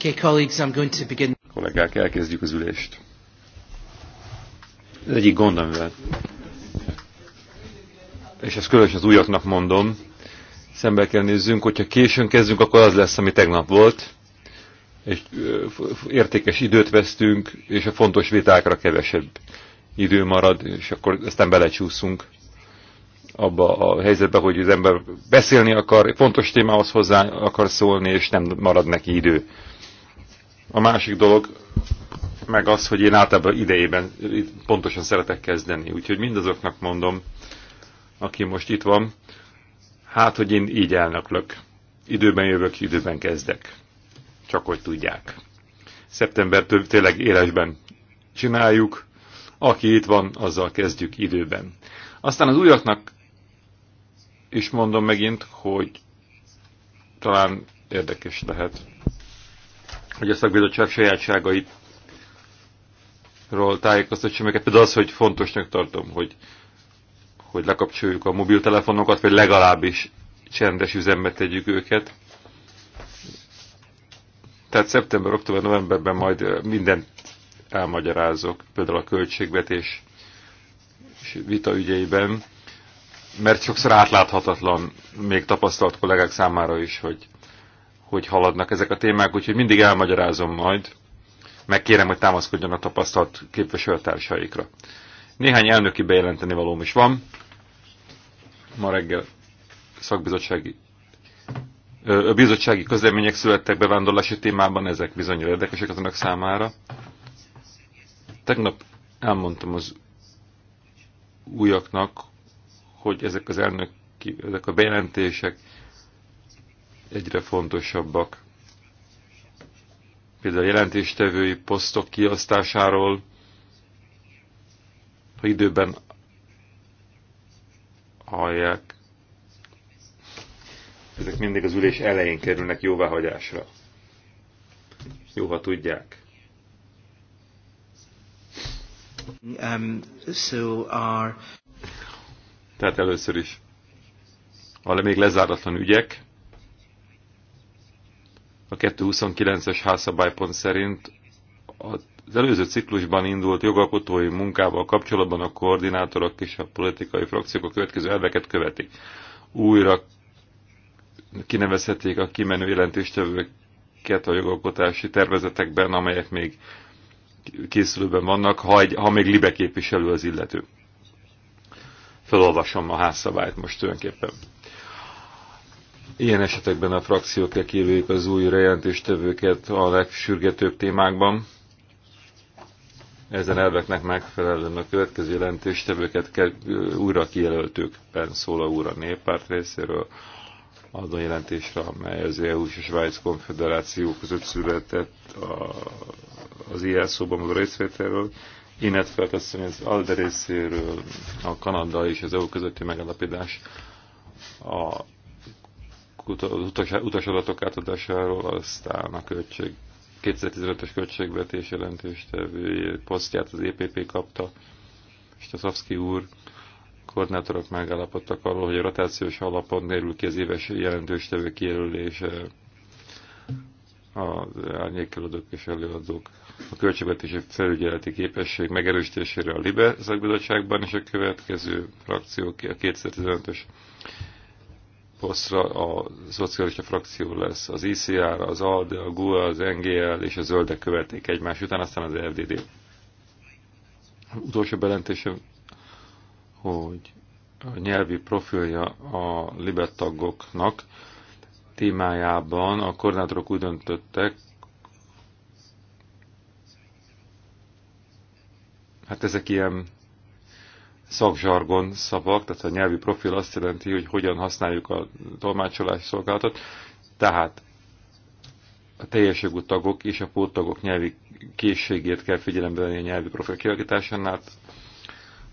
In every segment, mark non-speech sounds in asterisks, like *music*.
Okay, colleagues, I'm going to begin. Kollégák, elkezdjük az ülést. Ez egyik gond, amivel, és ezt különösen az újaknak mondom, szembe kell nézzünk, hogyha későn kezdünk, akkor az lesz, ami tegnap volt, és értékes időt vesztünk, és a fontos vitákra kevesebb idő marad, és akkor aztán belecsúszunk abba a helyzetbe, hogy az ember beszélni akar, fontos témához hozzá akar szólni, és nem marad neki idő a másik dolog meg az, hogy én általában idejében pontosan szeretek kezdeni. Úgyhogy mindazoknak mondom, aki most itt van, hát, hogy én így elnöklök. Időben jövök, időben kezdek. Csak hogy tudják. Szeptembertől tényleg élesben csináljuk. Aki itt van, azzal kezdjük időben. Aztán az újaknak is mondom megint, hogy talán érdekes lehet hogy a szakbizottság sajátságaitról tájékoztatja meg. Például az, hogy fontosnak tartom, hogy, hogy lekapcsoljuk a mobiltelefonokat, vagy legalábbis csendes üzembe tegyük őket. Tehát szeptember, október, novemberben majd mindent elmagyarázok, például a költségvetés vita ügyeiben, mert sokszor átláthatatlan még tapasztalt kollégák számára is, hogy hogy haladnak ezek a témák, úgyhogy mindig elmagyarázom majd, megkérem, hogy támaszkodjon a tapasztalt képviselőtársaikra. Néhány elnöki bejelenteni valóm is van. Ma reggel szakbizottsági a bizottsági közlemények születtek bevándorlási témában, ezek bizony érdekesek az önök számára. Tegnap elmondtam az újaknak, hogy ezek az elnök, ezek a bejelentések egyre fontosabbak. Például jelentéstevői posztok kiasztásáról, ha időben hallják, ezek mindig az ülés elején kerülnek jóváhagyásra. Jó, ha tudják. Um, so our... Tehát először is ha még lezáratlan ügyek, a 229-es házszabálypont szerint az előző ciklusban indult jogalkotói munkával kapcsolatban a koordinátorok és a politikai frakciók a következő elveket követik. Újra kinevezhetik a kimenő jelentéstevőket a jogalkotási tervezetekben, amelyek még készülőben vannak, ha, egy, ha még libe képviselő az illető. Felolvasom a házszabályt most tulajdonképpen. Ilyen esetekben a frakciók kell kérjék az új rejelentéstevőket a legsürgetőbb témákban. Ezen elveknek megfelelően a következő jelentéstevőket kell, újra kijelöltük. Ben Szóla úr a néppárt részéről azon jelentésre, amely az EU és a Svájc Konfederáció között született a, az ilyen szóban való részvételről. Inet felteszem az ALDE részéről a Kanada és az EU közötti megállapodás a utas, utasadatok átadásáról, aztán a költség, 2015 es költségvetés jelentéstevő posztját az EPP kapta, Szavszki úr, koordinátorok megállapodtak arról, hogy a rotációs alapon nérül ki az éves jelentőstevő kijelölése az árnyékelődők és előadók a költségvetési felügyeleti képesség megerősítésére a LIBE szakbizottságban, és a következő frakció a 2015-ös posztra a szocialista frakció lesz, az ICR, az ALDE, a GUA, az NGL és a zöldek követik egymás után, aztán az FDD. Utolsó bejelentésem, hogy a nyelvi profilja a libet tagoknak témájában a koordinátorok úgy döntöttek, hát ezek ilyen szakzsargon szavak, tehát a nyelvi profil azt jelenti, hogy hogyan használjuk a tolmácsolási szolgálatot. Tehát a teljes jogú tagok és a póttagok nyelvi készségét kell figyelembe venni a nyelvi profil kialakításánál,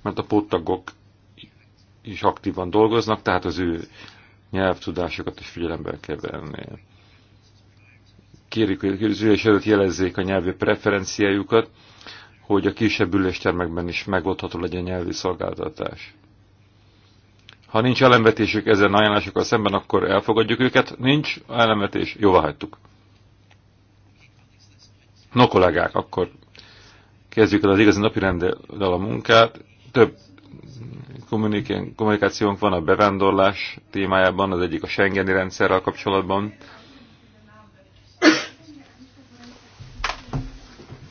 mert a póttagok is aktívan dolgoznak, tehát az ő nyelvtudásokat is figyelembe kell venni. Kérjük, hogy az ülés előtt jelezzék a nyelvi preferenciájukat, hogy a kisebb üléstermekben is megoldható legyen nyelvi szolgáltatás. Ha nincs ellenvetésük ezen ajánlásokkal szemben, akkor elfogadjuk őket. Nincs ellenvetés, jóvá hagytuk. No, kollégák, akkor kezdjük el az igazi napi rendel a munkát. Több kommunikációnk van a bevándorlás témájában, az egyik a Schengeni rendszerrel kapcsolatban.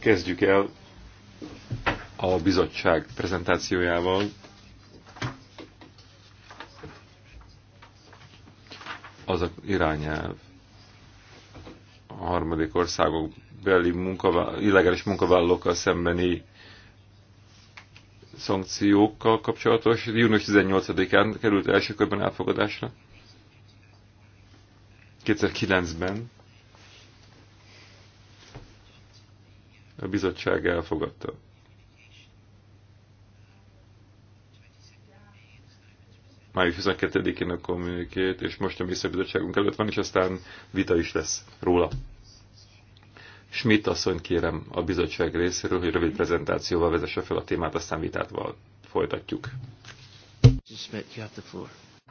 Kezdjük el a bizottság prezentációjával. Az a irányelv a harmadik országok beli munkavá... illegális munkavállalókkal szembeni szankciókkal kapcsolatos. Június 18-án került első körben elfogadásra. 2009-ben a bizottság elfogadta. május 22-én a kommunikét, és most a visszabizottságunk előtt van, és aztán vita is lesz róla. Schmidt asszony, kérem a bizottság részéről, hogy rövid prezentációval vezesse fel a témát, aztán vitát folytatjuk.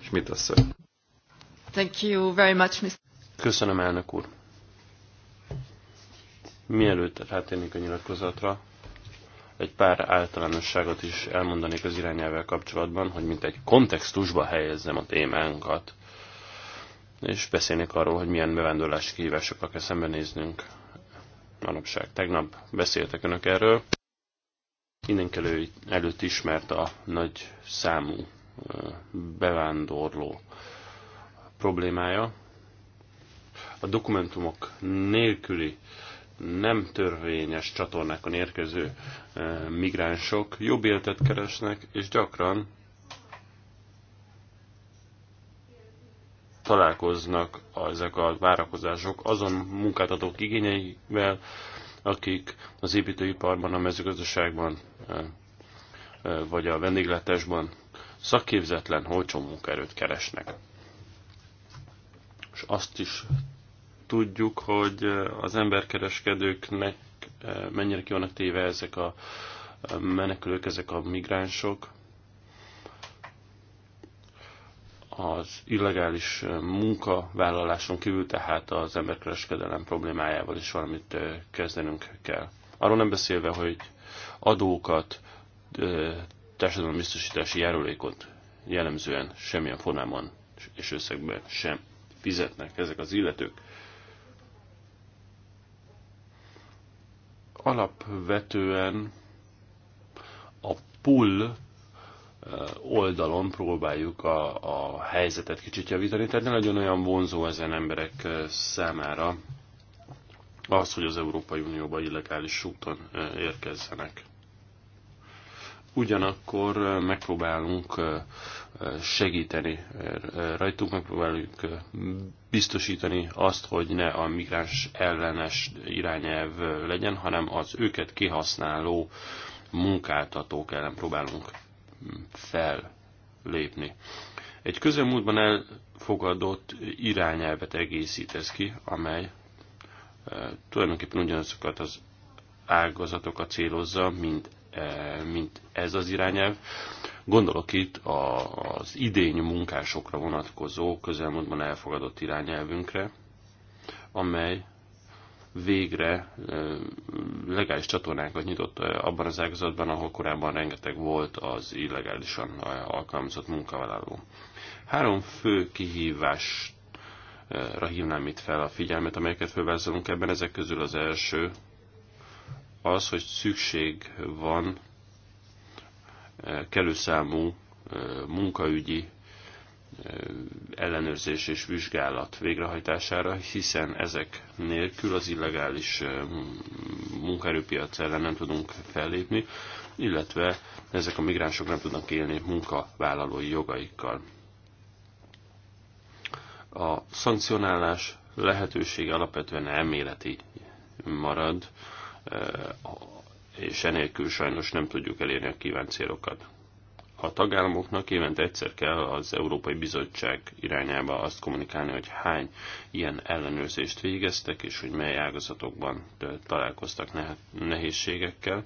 Schmidt asszony. Thank you very much, Mr. Köszönöm, elnök úr. Mielőtt rátérnék a nyilatkozatra, egy pár általánosságot is elmondanék az irányelvvel kapcsolatban, hogy mint egy kontextusba helyezzem a témánkat, és beszélnék arról, hogy milyen bevándorlási kihívásokkal kell szembenéznünk manapság. Tegnap beszéltek önök erről. Mindenki elő, előtt ismert a nagy számú bevándorló problémája. A dokumentumok nélküli nem törvényes csatornákon érkező eh, migránsok jobb életet keresnek, és gyakran találkoznak ezek a várakozások azon munkáltatók igényeivel, akik az építőiparban, a mezőgazdaságban eh, eh, vagy a vendégletesben szakképzetlen, holcsó munkaerőt keresnek. És azt is tudjuk, hogy az emberkereskedőknek mennyire ki vannak téve ezek a menekülők, ezek a migránsok. Az illegális munkavállaláson kívül tehát az emberkereskedelem problémájával is valamit kezdenünk kell. Arról nem beszélve, hogy adókat, társadalmi biztosítási járulékot jellemzően semmilyen formában és összegben sem fizetnek ezek az illetők. alapvetően a pull eh, oldalon próbáljuk a, a helyzetet kicsit javítani, tehát ne legyen olyan vonzó ezen emberek eh, számára az, hogy az Európai Unióba illegális úton eh, érkezzenek. Ugyanakkor megpróbálunk segíteni eh, rajtuk, megpróbáljuk eh, biztosítani azt, hogy ne a migráns ellenes irányelv eh, legyen, hanem az őket kihasználó munkáltatók ellen próbálunk mm, fellépni. Egy közelmúltban elfogadott irányelvet egészít ez ki, amely tulajdonképpen ugyanazokat az ágazatokat célozza, mint, mint ez az irányelv. Gondolok itt az idény munkásokra vonatkozó közelmúltban elfogadott irányelvünkre, amely végre legális csatornákat nyitott abban az ágazatban, ahol korábban rengeteg volt az illegálisan alkalmazott munkavállaló. Három fő kihívásra hívnám itt fel a figyelmet, amelyeket fölvázolunk ebben. Ezek közül az első az, hogy szükség van kellő számú munkaügyi ellenőrzés és vizsgálat végrehajtására, hiszen ezek nélkül az illegális munkaerőpiac ellen nem tudunk fellépni, illetve ezek a migránsok nem tudnak élni munkavállalói jogaikkal. A szankcionálás lehetősége alapvetően elméleti marad, és enélkül sajnos nem tudjuk elérni a kívánt célokat. A tagállamoknak évente egyszer kell az Európai Bizottság irányába azt kommunikálni, hogy hány ilyen ellenőrzést végeztek, és hogy mely ágazatokban találkoztak nehézségekkel.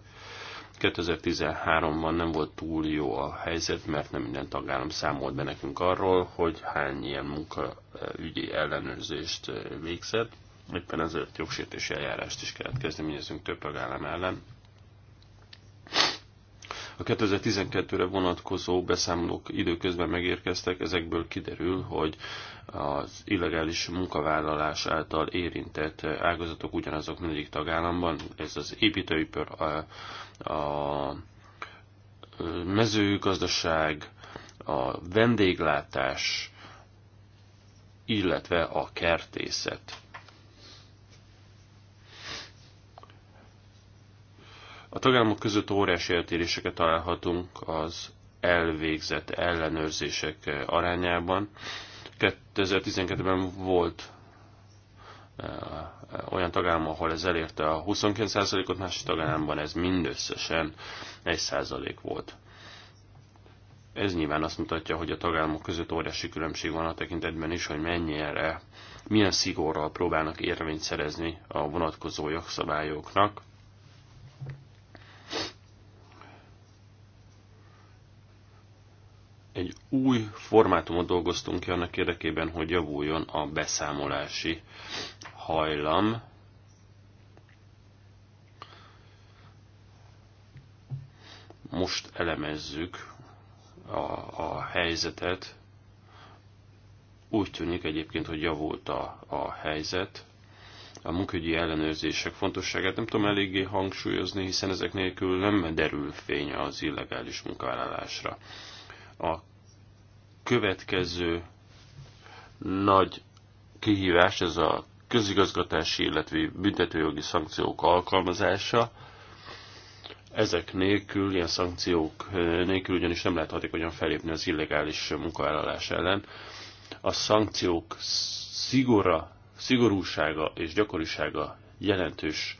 2013-ban nem volt túl jó a helyzet, mert nem minden tagállam számolt be nekünk arról, hogy hány ilyen munkaügyi ellenőrzést eh, végzett. Éppen ezért jogsértési eljárást is kellett kezdeményezünk több tagállam ellen. A 2012-re vonatkozó beszámolók időközben megérkeztek, ezekből kiderül, hogy az illegális munkavállalás által érintett ágazatok ugyanazok mindegyik tagállamban. Ez az építőipar, a, a mezőgazdaság, a vendéglátás, illetve a kertészet. A tagállamok között óriási eltéréseket találhatunk az elvégzett ellenőrzések arányában. 2012-ben volt eh, olyan tagállam, ahol ez elérte a 29%-ot, másik tagállamban ez mindösszesen 1% volt. Ez nyilván azt mutatja, hogy a tagállamok között óriási különbség van a tekintetben is, hogy mennyire, milyen szigorral próbálnak érvényt szerezni a vonatkozó jogszabályoknak. egy új formátumot dolgoztunk ki annak érdekében, hogy javuljon a beszámolási hajlam. Most elemezzük a, a helyzetet. Úgy tűnik egyébként, hogy javult a, a helyzet. A munkügyi ellenőrzések fontosságát nem tudom eléggé hangsúlyozni, hiszen ezek nélkül nem derül fény az illegális munkavállalásra a következő nagy kihívás, ez a közigazgatási, illetve büntetőjogi szankciók alkalmazása. Ezek nélkül, ilyen szankciók eh, nélkül ugyanis nem lehet hatékonyan felépni az illegális munkavállalás ellen. A szankciók szigora, szigorúsága és gyakorisága jelentős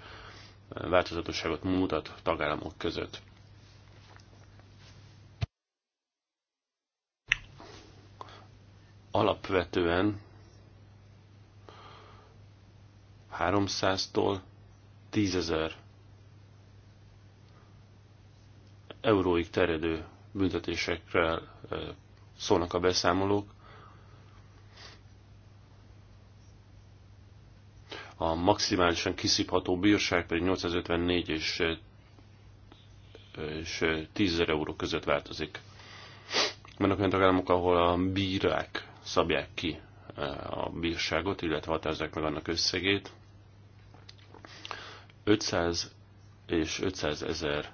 eh, változatosságot mutat tagállamok között. alapvetően 300-tól 10.000 euróig terjedő büntetésekre szólnak a beszámolók. A maximálisan kiszipható bírság pedig 854 és, és 10.000 euró között változik. Vannak olyan tagállamok, ahol a bírák szabják ki e, a bírságot, illetve határozzák meg annak összegét. 500 és 500 ezer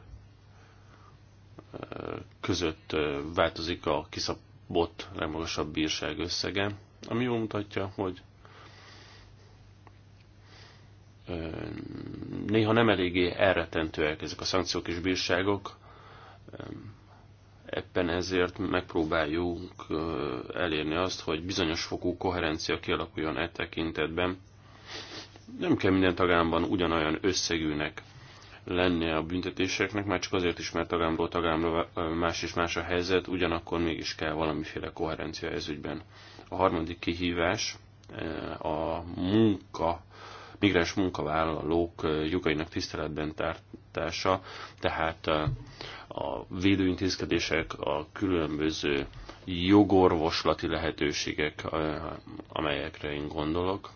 e, között e, változik a kiszabott legmagasabb bírság összege, ami jól mutatja, hogy néha nem eléggé elretentőek ezek a szankciók és bírságok, Ebben ezért megpróbáljuk elérni azt, hogy bizonyos fokú koherencia kialakuljon e tekintetben. Nem kell minden tagámban ugyanolyan összegűnek lenni a büntetéseknek, már csak azért is, mert tagámról tagámra más és más a helyzet, ugyanakkor mégis kell valamiféle koherencia ez ügyben. A harmadik kihívás a munka migráns munkavállalók jogainak tiszteletben tartása, tehát a védőintézkedések, a különböző jogorvoslati lehetőségek, amelyekre én gondolok.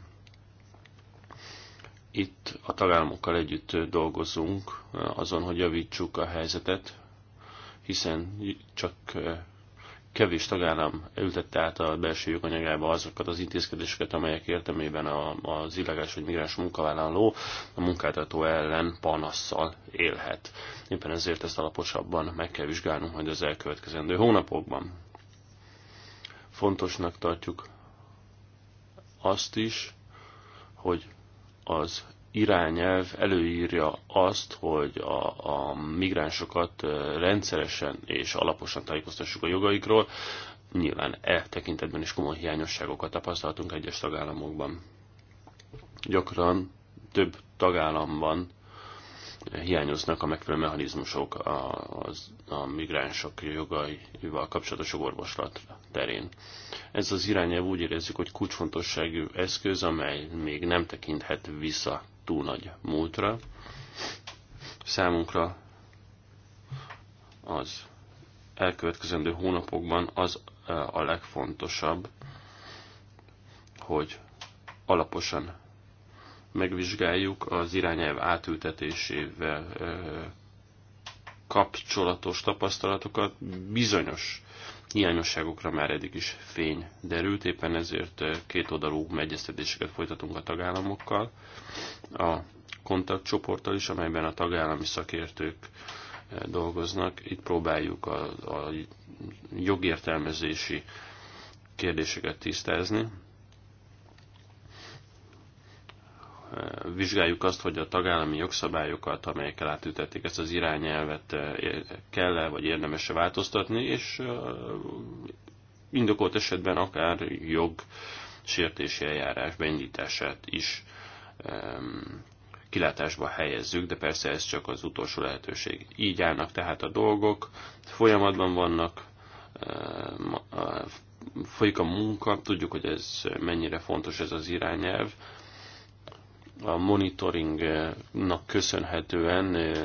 Itt a tagállamokkal együtt dolgozunk azon, hogy javítsuk a helyzetet, hiszen csak kevés tagállam ültette át a belső joganyagába azokat az intézkedéseket, amelyek értelmében az illegális vagy migráns munkavállaló a munkáltató ellen panasszal élhet. Éppen ezért ezt alaposabban meg kell vizsgálnunk majd az elkövetkezendő hónapokban. Fontosnak tartjuk azt is, hogy az irányelv előírja azt, hogy a, a migránsokat rendszeresen és alaposan tájékoztassuk a jogaikról. Nyilván e tekintetben is komoly hiányosságokat tapasztaltunk egyes tagállamokban. Gyakran több tagállamban hiányoznak a megfelelő mechanizmusok a, az, a migránsok jogaival kapcsolatos orvoslat terén. Ez az irányelv úgy érezzük, hogy kulcsfontosságú eszköz, amely még nem tekinthet vissza túl nagy múltra. Számunkra az elkövetkezendő hónapokban az a legfontosabb, hogy alaposan megvizsgáljuk az irányelv átültetésével kapcsolatos tapasztalatokat, bizonyos hiányosságokra már eddig is fény derült, éppen ezért eh, két oldalú megegyeztetéseket folytatunk a tagállamokkal, a kontaktcsoporttal is, amelyben a tagállami szakértők eh, dolgoznak. Itt próbáljuk a, a jogértelmezési kérdéseket tisztázni, vizsgáljuk azt, hogy a tagállami jogszabályokat, amelyekkel átültették ezt az irányelvet, e, kell-e vagy érdemes-e változtatni, és e, indokolt esetben akár jog sértési eljárás beindítását is e, kilátásba helyezzük, de persze ez csak az utolsó lehetőség. Így állnak tehát a dolgok, folyamatban vannak, folyik a munka, tudjuk, hogy ez mennyire fontos ez az irányelv, a monitoringnak köszönhetően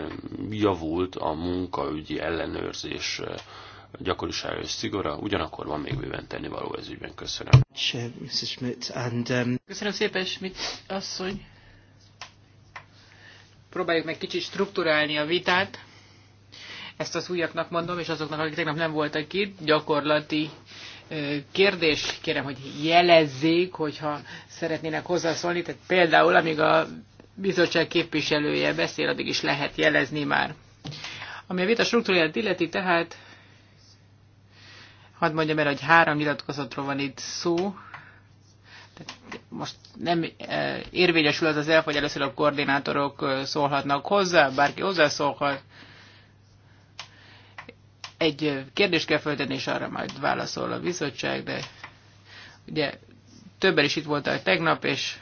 javult a munkaügyi ellenőrzés gyakorisága és szigora, ugyanakkor van még bőven tennivaló ez ügyben. Köszönöm. Um, Köszönöm szépen, Schmidt asszony. Próbáljuk meg kicsit strukturálni a vitát. Ezt az újaknak mondom, és azoknak, akik tegnap nem voltak itt, gyakorlati kérdés, kérem, hogy jelezzék, hogyha szeretnének hozzászólni. Tehát például, amíg a bizottság képviselője beszél, addig is lehet jelezni már. Ami a vita struktúráját illeti, tehát hadd mondjam el, hogy három nyilatkozatról van itt szó. Tehát most nem érvényesül az az elf, hogy először a koordinátorok szólhatnak hozzá, bárki hozzászólhat, egy kérdést kell föltenni, és arra majd válaszol a bizottság, de ugye többen is itt voltál tegnap, és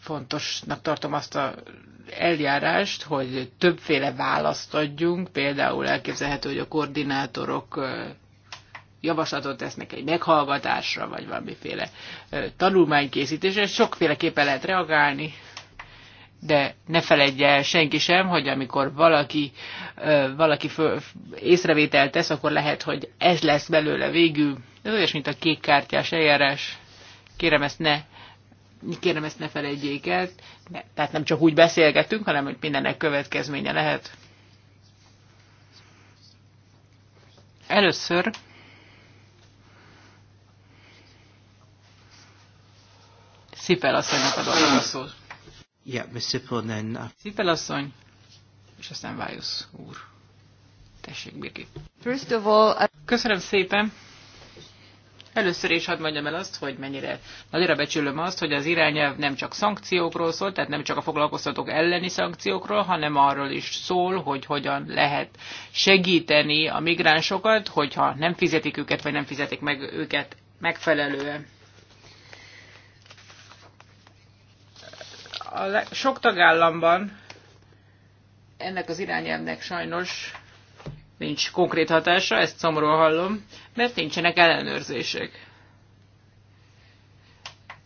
fontosnak tartom azt a eljárást, hogy többféle választ adjunk, például elképzelhető, hogy a koordinátorok javaslatot tesznek egy meghallgatásra, vagy valamiféle tanulmánykészítésre, sokféleképpen lehet reagálni, de ne feledje el senki sem, hogy amikor valaki, valaki észrevételt tesz, akkor lehet, hogy ez lesz belőle végül. Ez olyas, mint a kékkártyás eljárás. Kérem ezt ne kérem ezt ne felejtjék el, ne, tehát nem csak úgy beszélgetünk, hanem hogy mindennek következménye lehet. Először Szipel asszonynak adom a szót. Yeah, Miss then... Uh, és aztán Vájusz úr. Tessék, Birgit. First of all... I... Köszönöm szépen. Először is hadd mondjam el azt, hogy mennyire nagyra becsülöm azt, hogy az irányelv nem csak szankciókról szól, tehát nem csak a foglalkoztatók elleni szankciókról, hanem arról is szól, hogy hogyan lehet segíteni a migránsokat, hogyha nem fizetik őket, vagy nem fizetik meg őket megfelelően. a le- sok tagállamban ennek az irányelvnek sajnos nincs konkrét hatása, ezt szomorúan hallom, mert nincsenek ellenőrzések.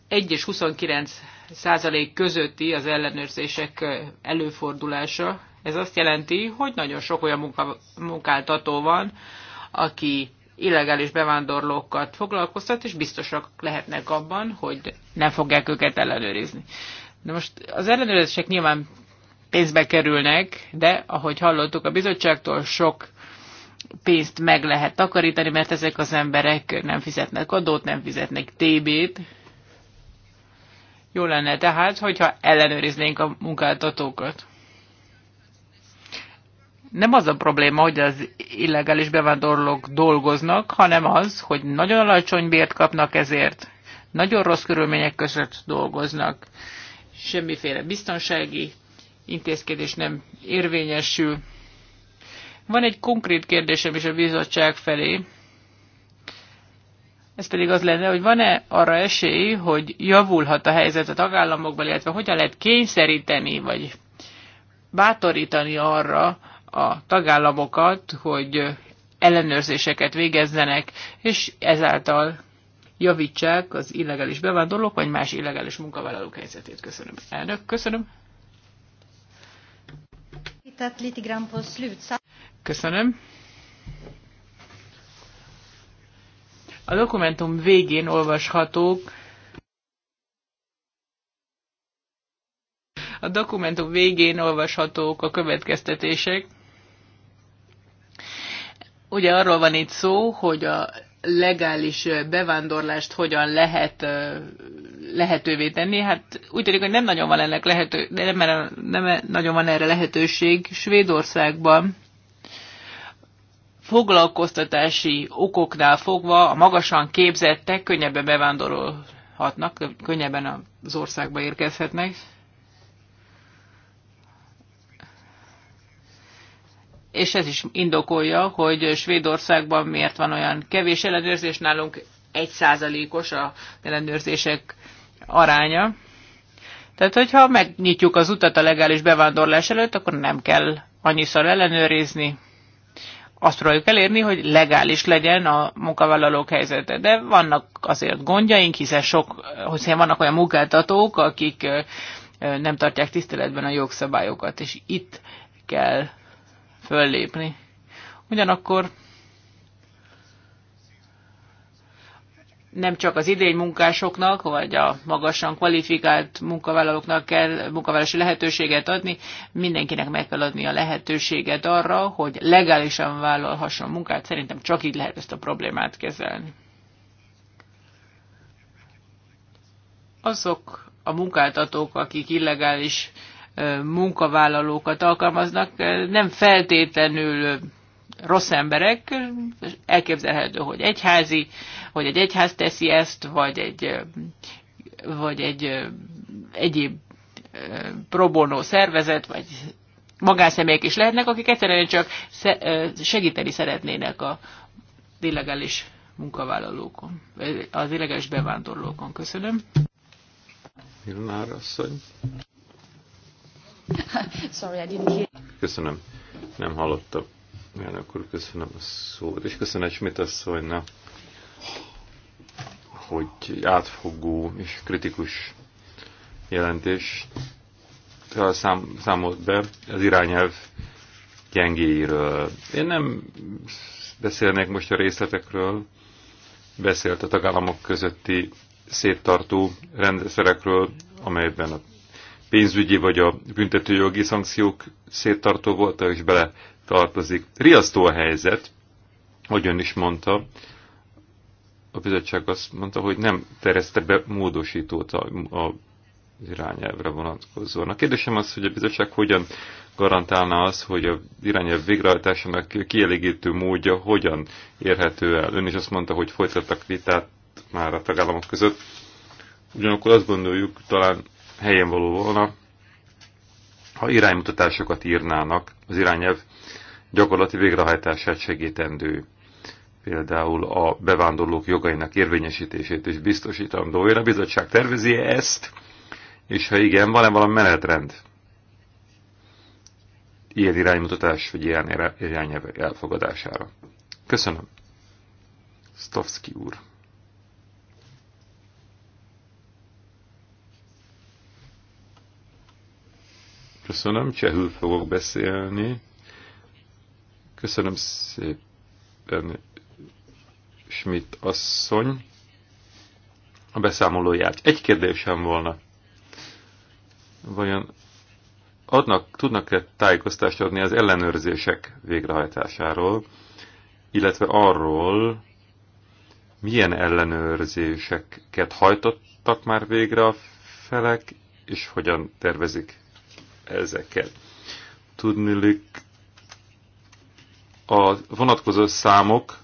1 és 29 százalék közötti az ellenőrzések előfordulása. Ez azt jelenti, hogy nagyon sok olyan munka, munkáltató van, aki illegális bevándorlókat foglalkoztat, és biztosak lehetnek abban, hogy nem fogják őket ellenőrizni. Na most az ellenőrzések nyilván pénzbe kerülnek, de ahogy hallottuk a bizottságtól, sok pénzt meg lehet takarítani, mert ezek az emberek nem fizetnek adót, nem fizetnek TB-t. Jó lenne tehát, hogyha ellenőriznénk a munkáltatókat. Nem az a probléma, hogy az illegális bevándorlók dolgoznak, hanem az, hogy nagyon alacsony bért kapnak ezért, nagyon rossz körülmények között dolgoznak semmiféle biztonsági intézkedés nem érvényesül. Van egy konkrét kérdésem is a bizottság felé. Ez pedig az lenne, hogy van-e arra esély, hogy javulhat a helyzet a tagállamokban, illetve hogyan lehet kényszeríteni, vagy bátorítani arra a tagállamokat, hogy ellenőrzéseket végezzenek, és ezáltal javítsák az illegális bevándorlók, vagy más illegális munkavállalók helyzetét. Köszönöm. Elnök, köszönöm. Köszönöm. A dokumentum végén olvashatók A dokumentum végén olvashatók a következtetések. Ugye arról van itt szó, hogy a legális bevándorlást hogyan lehet lehetővé tenni. Hát úgy tűnik, hogy nem nagyon van ennek lehető, nem, nem nagyon van erre lehetőség Svédországban. Foglalkoztatási okoknál fogva a magasan képzettek könnyebben bevándorolhatnak, könnyebben az országba érkezhetnek. és ez is indokolja, hogy Svédországban miért van olyan kevés ellenőrzés, nálunk egy százalékos a ellenőrzések aránya. Tehát, hogyha megnyitjuk az utat a legális bevándorlás előtt, akkor nem kell annyiszor ellenőrizni. Azt próbáljuk elérni, hogy legális legyen a munkavállalók helyzete. De vannak azért gondjaink, hiszen, sok, hiszen vannak olyan munkáltatók, akik nem tartják tiszteletben a jogszabályokat, és itt kell föllépni. Ugyanakkor nem csak az idény munkásoknak, vagy a magasan kvalifikált munkavállalóknak kell munkavállalási lehetőséget adni, mindenkinek meg kell adni a lehetőséget arra, hogy legálisan vállalhasson munkát. Szerintem csak így lehet ezt a problémát kezelni. Azok a munkáltatók, akik illegális munkavállalókat alkalmaznak, nem feltétlenül rossz emberek, elképzelhető, hogy egyházi, hogy egy egyház teszi ezt, vagy egy, vagy egy egyéb probonó szervezet, vagy magánszemélyek is lehetnek, akik egyszerűen csak segíteni szeretnének a illegális munkavállalókon, az illegális bevándorlókon. Köszönöm. Milnár asszony. *laughs* Sorry, I didn't hear. Köszönöm. Nem hallottam. Elnök akkor köszönöm a szót. És köszönöm Schmidt asszonynak, hogy átfogó és kritikus jelentés szám, számolt be az irányelv gyengéiről. Én nem beszélnék most a részletekről, beszélt a tagállamok közötti széttartó rendszerekről, amelyben a pénzügyi vagy a büntetőjogi szankciók széttartó volt, és bele tartozik. Riasztó a helyzet, ahogy ön is mondta, a bizottság azt mondta, hogy nem terezte be módosítót a, a irányelvre vonatkozóan. A kérdésem az, hogy a bizottság hogyan garantálná az, hogy a irányelv végrehajtásának kielégítő módja hogyan érhető el. Ön is azt mondta, hogy folytattak vitát már a tagállamok között. Ugyanakkor azt gondoljuk, talán helyen való volna, ha iránymutatásokat írnának, az irányelv gyakorlati végrehajtását segítendő, például a bevándorlók jogainak érvényesítését is biztosítandó. Én a bizottság tervezi -e ezt, és ha igen, van-e valami menetrend? Ilyen iránymutatás, vagy ilyen irányelv elfogadására. Köszönöm. Stavsky úr. Köszönöm, csehül fogok beszélni. Köszönöm szépen, Schmidt asszony, a beszámolóját. Egy kérdésem volna. Vajon adnak, tudnak-e tájékoztást adni az ellenőrzések végrehajtásáról, illetve arról, milyen ellenőrzéseket hajtottak már végre a felek, és hogyan tervezik ezeket. Tudnilik a vonatkozó számok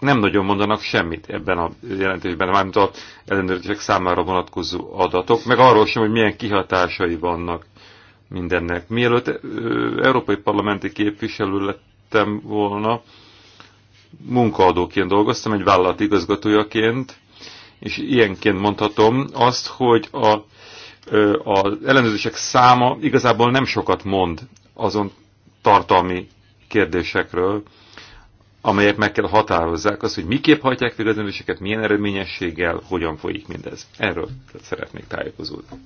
nem nagyon mondanak semmit ebben a jelentésben, mármint az ellenőrzések számára vonatkozó adatok, meg arról sem, hogy milyen kihatásai vannak mindennek. Mielőtt európai parlamenti képviselő lettem volna, munkaadóként dolgoztam, egy vállalat igazgatójaként, és ilyenként mondhatom azt, hogy a az ellenőrzések száma igazából nem sokat mond azon tartalmi kérdésekről, amelyek meg kell határozzák azt, hogy miképp hajtják végre az ellenőrzéseket, milyen eredményességgel, hogyan folyik mindez. Erről szeretnék tájékozódni.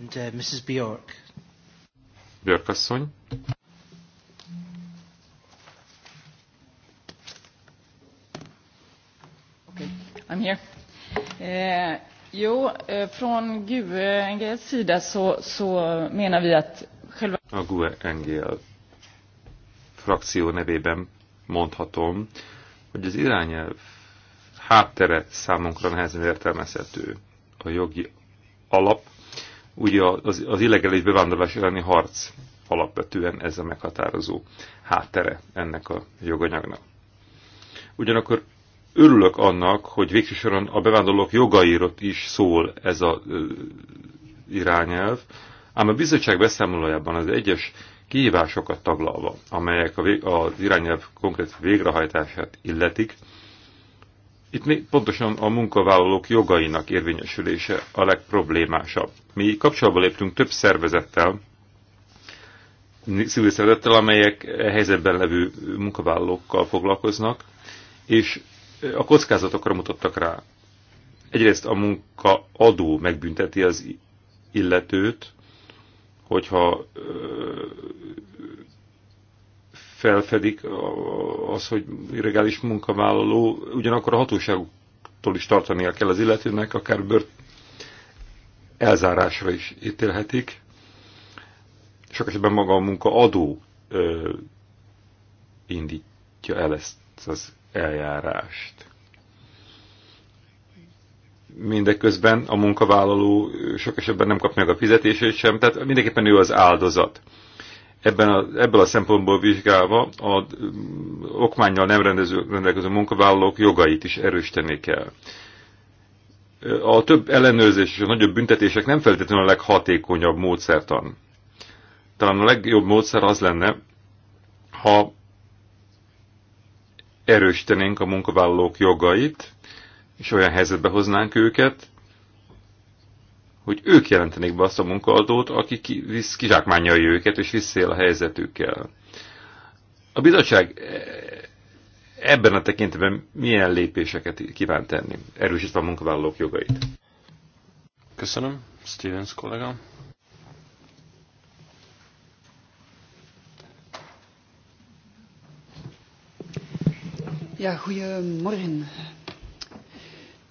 And, uh, Mrs. Bjork. Bjork asszony. Okay. I'm here. Uh... Jo, eh, från GUE-NGLs sida så, så menar vi att själva... A GUE-NGL frakció nevében mondhatom, hogy az irányelv háttere számunkra nehezen értelmezhető. A jogi alap, ugye az, az illegális bevándorlás elleni harc alapvetően ez a meghatározó háttere ennek a joganyagnak. Ugyanakkor Örülök annak, hogy végső soron a bevándorlók jogairól is szól ez a irányelv, ám a bizottság beszámolójában az egyes kihívásokat taglalva, amelyek az irányelv konkrét végrehajtását illetik, itt még pontosan a munkavállalók jogainak érvényesülése a legproblémásabb. Mi kapcsolatba léptünk több szervezettel, civil szervezettel, amelyek helyzetben levő munkavállalókkal foglalkoznak, és a kockázatokra mutattak rá. Egyrészt a munkaadó megbünteti az illetőt, hogyha felfedik az, hogy illegális munkavállaló, ugyanakkor a hatóságoktól is tartania kell az illetőnek, akár bört elzárásra is ítélhetik. Sok esetben maga a munkaadó indítja el ezt az eljárást. Mindeközben a munkavállaló sok esetben nem kap meg a fizetését sem, tehát mindenképpen ő az áldozat. Ebben a, ebből a szempontból vizsgálva a mm, okmányjal nem rendező, rendelkező munkavállalók jogait is erősíteni kell. A több ellenőrzés és a nagyobb büntetések nem feltétlenül a leghatékonyabb módszertan. Talán a legjobb módszer az lenne, ha erősítenénk a munkavállalók jogait, és olyan helyzetbe hoznánk őket, hogy ők jelentenék be azt a munkaadót, aki kizsákmányolja őket, és visszél a helyzetükkel. A bizottság e, ebben a tekintetben milyen lépéseket kíván tenni, erősítve a munkavállalók jogait? Köszönöm, Stevens kollégám. Ja, goedemorgen.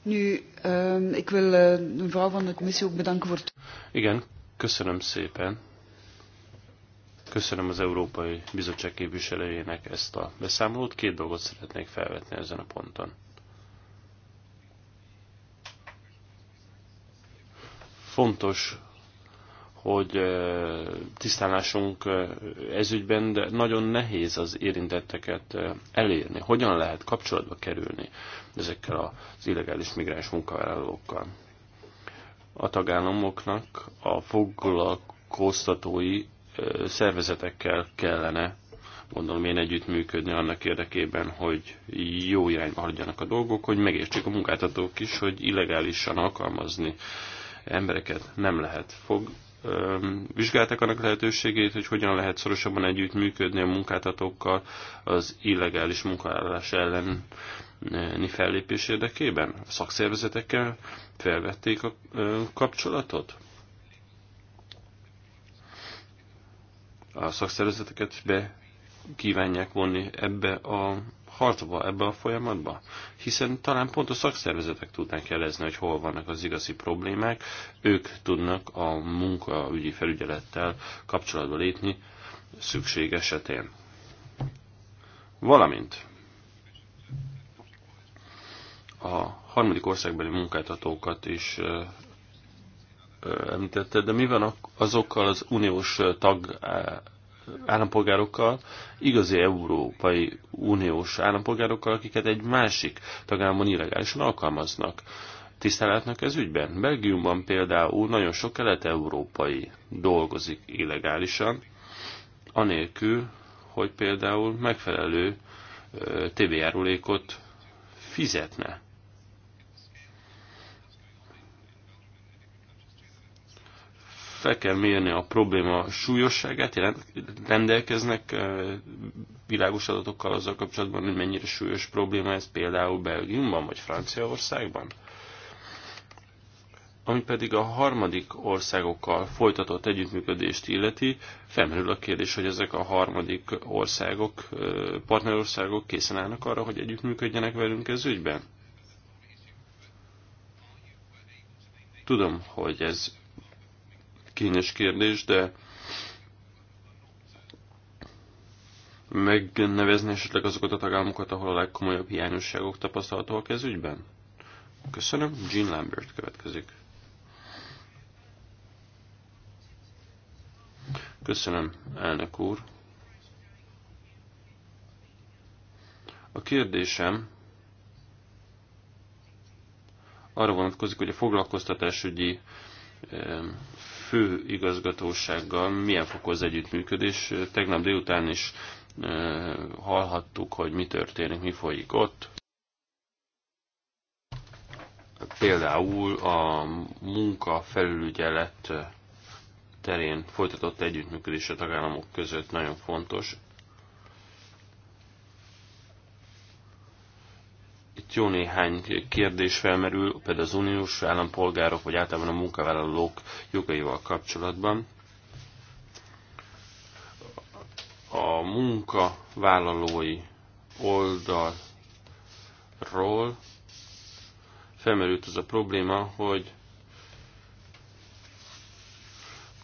Nu, uh, ik wil uh, de mevrouw van de commissie ook bedanken voor het... Igen, köszönöm szépen. Köszönöm az Európai Bizottság képviselőjének ezt a beszámolót. Két dolgot szeretnék felvetni ezen a ponton. Fontos, hogy tisztánásunk ezügyben, de nagyon nehéz az érintetteket elérni. Hogyan lehet kapcsolatba kerülni ezekkel az illegális migráns munkavállalókkal? A tagállamoknak a foglalkoztatói szervezetekkel kellene gondolom én együttműködni annak érdekében, hogy jó irányba haladjanak a dolgok, hogy megértsék a munkáltatók is, hogy illegálisan alkalmazni embereket nem lehet. Fog, vizsgálták annak lehetőségét, hogy hogyan lehet szorosabban együtt működni a munkáltatókkal az illegális munkaállás elleni fellépés érdekében? A szakszervezetekkel felvették a kapcsolatot? A szakszervezeteket be kívánják vonni ebbe a harcba ebbe a folyamatba? Hiszen talán pont a szakszervezetek tudnánk jelezni, hogy hol vannak az igazi problémák, ők tudnak a munkaügyi felügyelettel kapcsolatba lépni szükség esetén. Valamint a harmadik országbeli munkáltatókat is említette, de mi van azokkal az uniós tag állampolgárokkal, igazi Európai Uniós állampolgárokkal, akiket egy másik tagállamon illegálisan alkalmaznak. Tisztelátnak ez ügyben? Belgiumban például nagyon sok kelet-európai dolgozik illegálisan, anélkül, hogy például megfelelő tévéjárulékot fizetne. fel kell mérni a probléma súlyosságát, rendelkeznek világos adatokkal azzal kapcsolatban, hogy mennyire súlyos probléma ez például Belgiumban vagy Franciaországban? Ami pedig a harmadik országokkal folytatott együttműködést illeti, felmerül a kérdés, hogy ezek a harmadik országok, partnerországok készen állnak arra, hogy együttműködjenek velünk ez ügyben? Tudom, hogy ez kényes kérdés, de megnevezni esetleg azokat a tagállamokat, ahol a legkomolyabb hiányosságok tapasztalhatóak ez ügyben? Köszönöm. Jean Lambert következik. Köszönöm, elnök úr. A kérdésem arra vonatkozik, hogy a foglalkoztatásügyi fő igazgatósággal milyen fokú az együttműködés. Tegnap délután is hallhattuk, hogy mi történik, mi folyik ott. Például a munka felügyelet terén folytatott együttműködés a tagállamok között nagyon fontos. Itt jó néhány kérdés felmerül, például az uniós állampolgárok, vagy általában a munkavállalók jogaival kapcsolatban. A munkavállalói oldalról felmerült az a probléma, hogy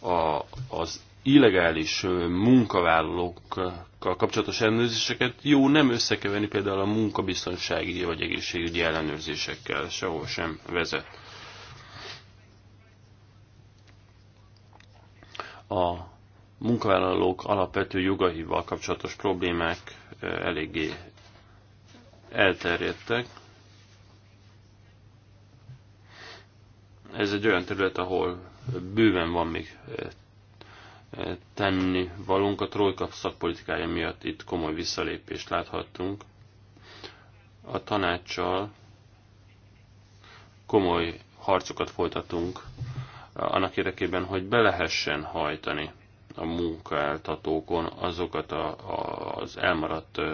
a, az illegális munkavállalókkal kapcsolatos ellenőrzéseket jó nem összekeverni például a munkabiztonsági vagy egészségügyi ellenőrzésekkel, sehol sem vezet. A munkavállalók alapvető jogaival kapcsolatos problémák eléggé elterjedtek. Ez egy olyan terület, ahol bőven van még tenni valunk. A trojka szakpolitikája miatt itt komoly visszalépést láthattunk. A tanácssal komoly harcokat folytatunk eh, annak érdekében, hogy be lehessen hajtani a munkáltatókon azokat a, a, az elmaradt eh,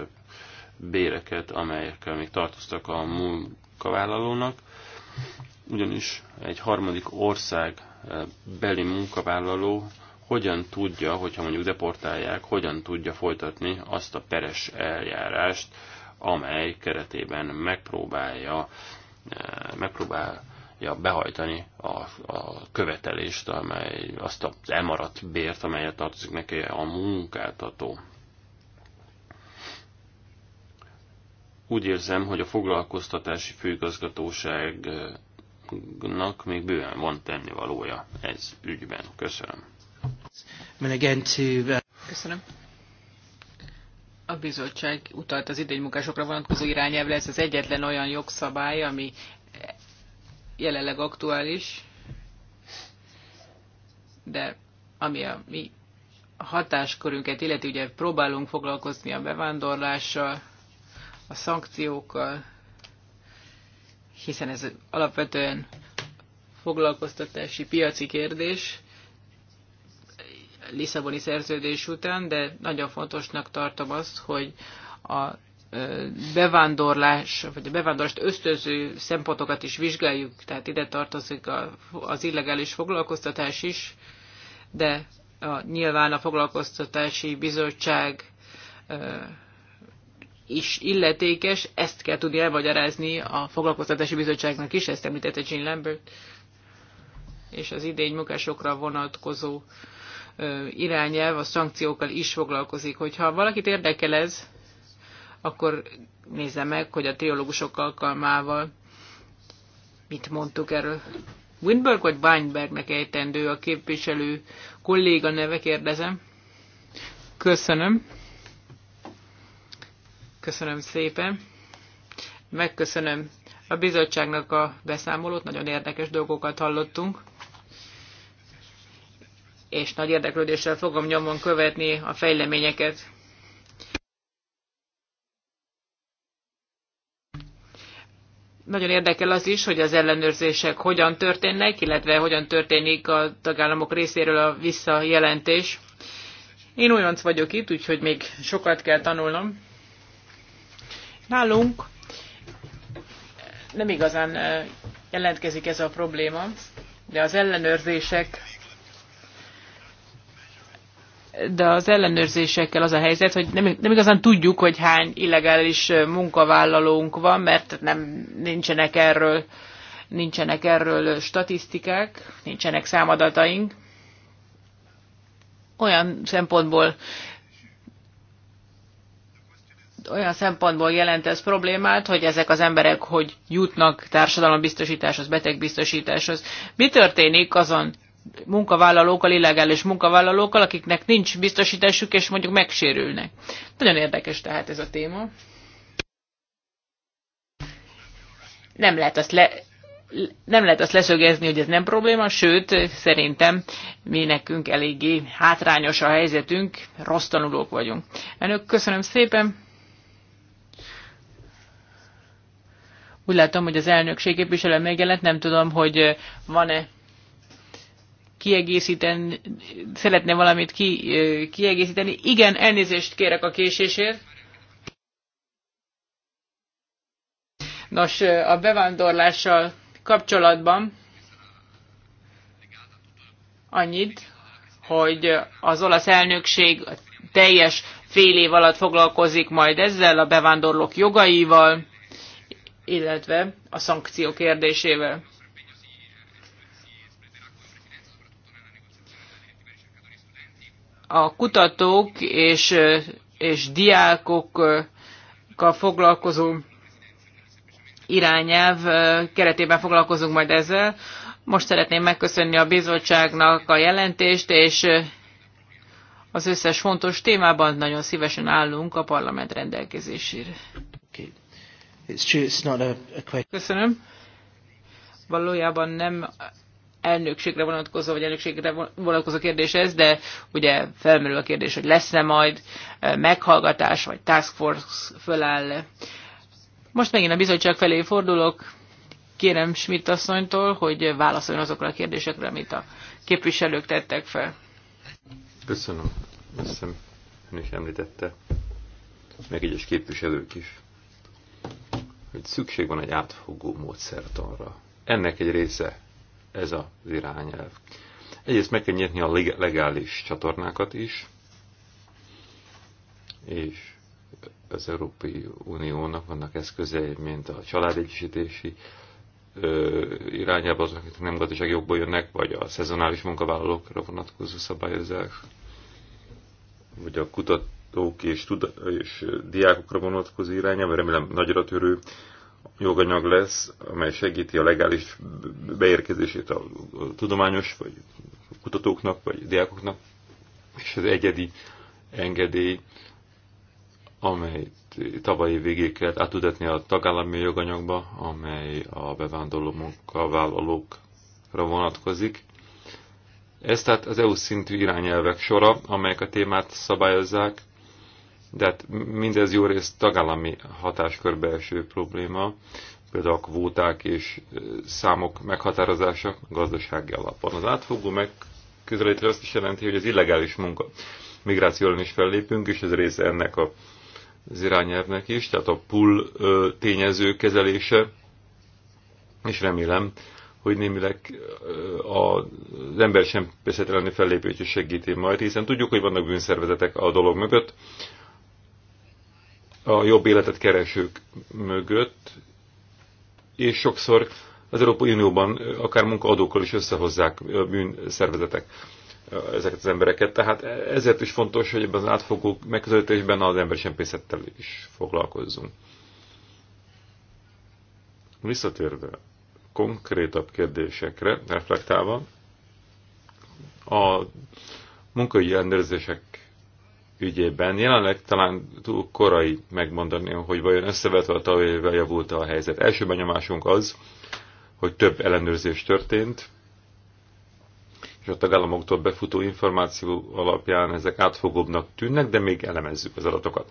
béreket, amelyekkel még tartoztak a munkavállalónak, ugyanis egy harmadik ország eh, beli munkavállaló hogyan tudja, hogyha mondjuk deportálják, hogyan tudja folytatni azt a peres eljárást, amely keretében megpróbálja, eh, megpróbálja behajtani a, a követelést, amely azt az elmaradt bért, amelyet tartozik neki a munkáltató. Úgy érzem, hogy a foglalkoztatási főigazgatóságnak még bőven van tennivalója ez ügyben. Köszönöm. Uh, Köszönöm. A bizottság utalt az idénymunkásokra vonatkozó irányelv lesz az egyetlen olyan jogszabály, ami jelenleg aktuális, de ami a mi hatáskörünket illeti, ugye próbálunk foglalkozni a bevándorlással, a szankciókkal, hiszen ez alapvetően foglalkoztatási piaci kérdés, Lisszaboni szerződés után, de nagyon fontosnak tartom azt, hogy a bevándorlás, vagy a bevándorlást ösztöző szempontokat is vizsgáljuk, tehát ide tartozik a, az illegális foglalkoztatás is, de a, nyilván a foglalkoztatási bizottság is illetékes, ezt kell tudni elmagyarázni a foglalkoztatási bizottságnak is, ezt említette Jean Lambert, és az idény munkásokra vonatkozó irányelv a szankciókkal is foglalkozik. Hogyha valakit érdekel ez, akkor nézze meg, hogy a triológusok alkalmával mit mondtuk erről. Windberg vagy Weinbergnek ejtendő a képviselő kolléga neve, kérdezem. Köszönöm. Köszönöm szépen. Megköszönöm a bizottságnak a beszámolót, nagyon érdekes dolgokat hallottunk és nagy érdeklődéssel fogom nyomon követni a fejleményeket. Nagyon érdekel az is, hogy az ellenőrzések hogyan történnek, illetve hogyan történik a tagállamok részéről a visszajelentés. Én olyanc vagyok itt, úgyhogy még sokat kell tanulnom. Nálunk nem igazán eh, jelentkezik ez a probléma, de az ellenőrzések de az ellenőrzésekkel az a helyzet, hogy nem, nem igazán tudjuk, hogy hány illegális munkavállalónk van, mert nem nincsenek erről, nincsenek erről statisztikák, nincsenek számadataink. Olyan szempontból olyan szempontból jelent ez problémát, hogy ezek az emberek hogy jutnak társadalombiztosításhoz, betegbiztosításhoz. Mi történik azon munkavállalókkal, illegális munkavállalókkal, akiknek nincs biztosításuk, és mondjuk megsérülnek. Nagyon érdekes tehát ez a téma. Nem lehet azt le, nem lehet azt leszögezni, hogy ez nem probléma, sőt, szerintem mi nekünk eléggé hátrányos a helyzetünk, rossz tanulók vagyunk. Önök, köszönöm szépen! Úgy látom, hogy az elnökség képviselő megjelent, nem tudom, hogy van-e kiegészíteni, szeretne valamit ki, kiegészíteni. Igen, elnézést kérek a késésért. Nos, a bevándorlással kapcsolatban annyit, hogy az olasz elnökség teljes fél év alatt foglalkozik majd ezzel, a bevándorlók jogaival, illetve a szankció kérdésével. a kutatók és, és diákokkal foglalkozó irányelv keretében foglalkozunk majd ezzel. Most szeretném megköszönni a bizottságnak a jelentést, és az összes fontos témában nagyon szívesen állunk a parlament rendelkezésére. Köszönöm. Valójában nem elnökségre vonatkozó, vagy elnökségre vonatkozó kérdés ez, de ugye felmerül a kérdés, hogy lesz-e majd e, meghallgatás, vagy task force föláll -e. Most megint a bizottság felé fordulok. Kérem Schmidt asszonytól, hogy válaszoljon azokra a kérdésekre, amit a képviselők tettek fel. Köszönöm. Azt hiszem, ön is említette, meg egyes képviselők is, hogy szükség van egy átfogó módszert arra. Ennek egy része ez az irányelv. Egyrészt meg kell nyitni a legális csatornákat is, és az Európai Uniónak vannak eszközei, mint a családegyesítési irányába azok, akik nem gazdasági jogból jönnek, vagy a szezonális munkavállalókra vonatkozó szabályozás, vagy a kutatók és, tuda- és diákokra vonatkozó irányába, remélem nagyra törő joganyag lesz, amely segíti a legális beérkezését a tudományos vagy kutatóknak, vagy diákoknak, és az egyedi engedély, amely tavalyi végéig kellett átudatni a tagállami joganyagba, amely a bevándorló munkavállalókra vonatkozik. Ez tehát az EU szintű irányelvek sora, amelyek a témát szabályozzák, de hát mindez jó részt tagállami hatáskörbe eső probléma, például a kvóták és számok meghatározása gazdasági alapon. Az átfogó megközelítés azt is jelenti, hogy az illegális munka migrációlan is fellépünk, és ez része ennek a, az irányelvnek is, tehát a pull tényező kezelése, és remélem, hogy némileg az ember sem beszélteleni fellépőt is segíti majd, hiszen tudjuk, hogy vannak bűnszervezetek a dolog mögött, a jobb életet keresők mögött, és sokszor az Európai Unióban akár munkaadókkal is összehozzák bűnszervezetek ezeket az embereket. Tehát e, ezért is fontos, hogy ebben az átfogó megközelítésben az embersempészettel is foglalkozzunk. Visszatérve konkrétabb kérdésekre, reflektálva, a munkai ellenőrzések ügyében. Jelenleg talán túl korai megmondani, hogy vajon összevetve a tavalyével javult a helyzet. Első benyomásunk az, hogy több ellenőrzés történt, és a tagállamoktól befutó információ alapján ezek átfogóbbnak tűnnek, de még elemezzük az adatokat.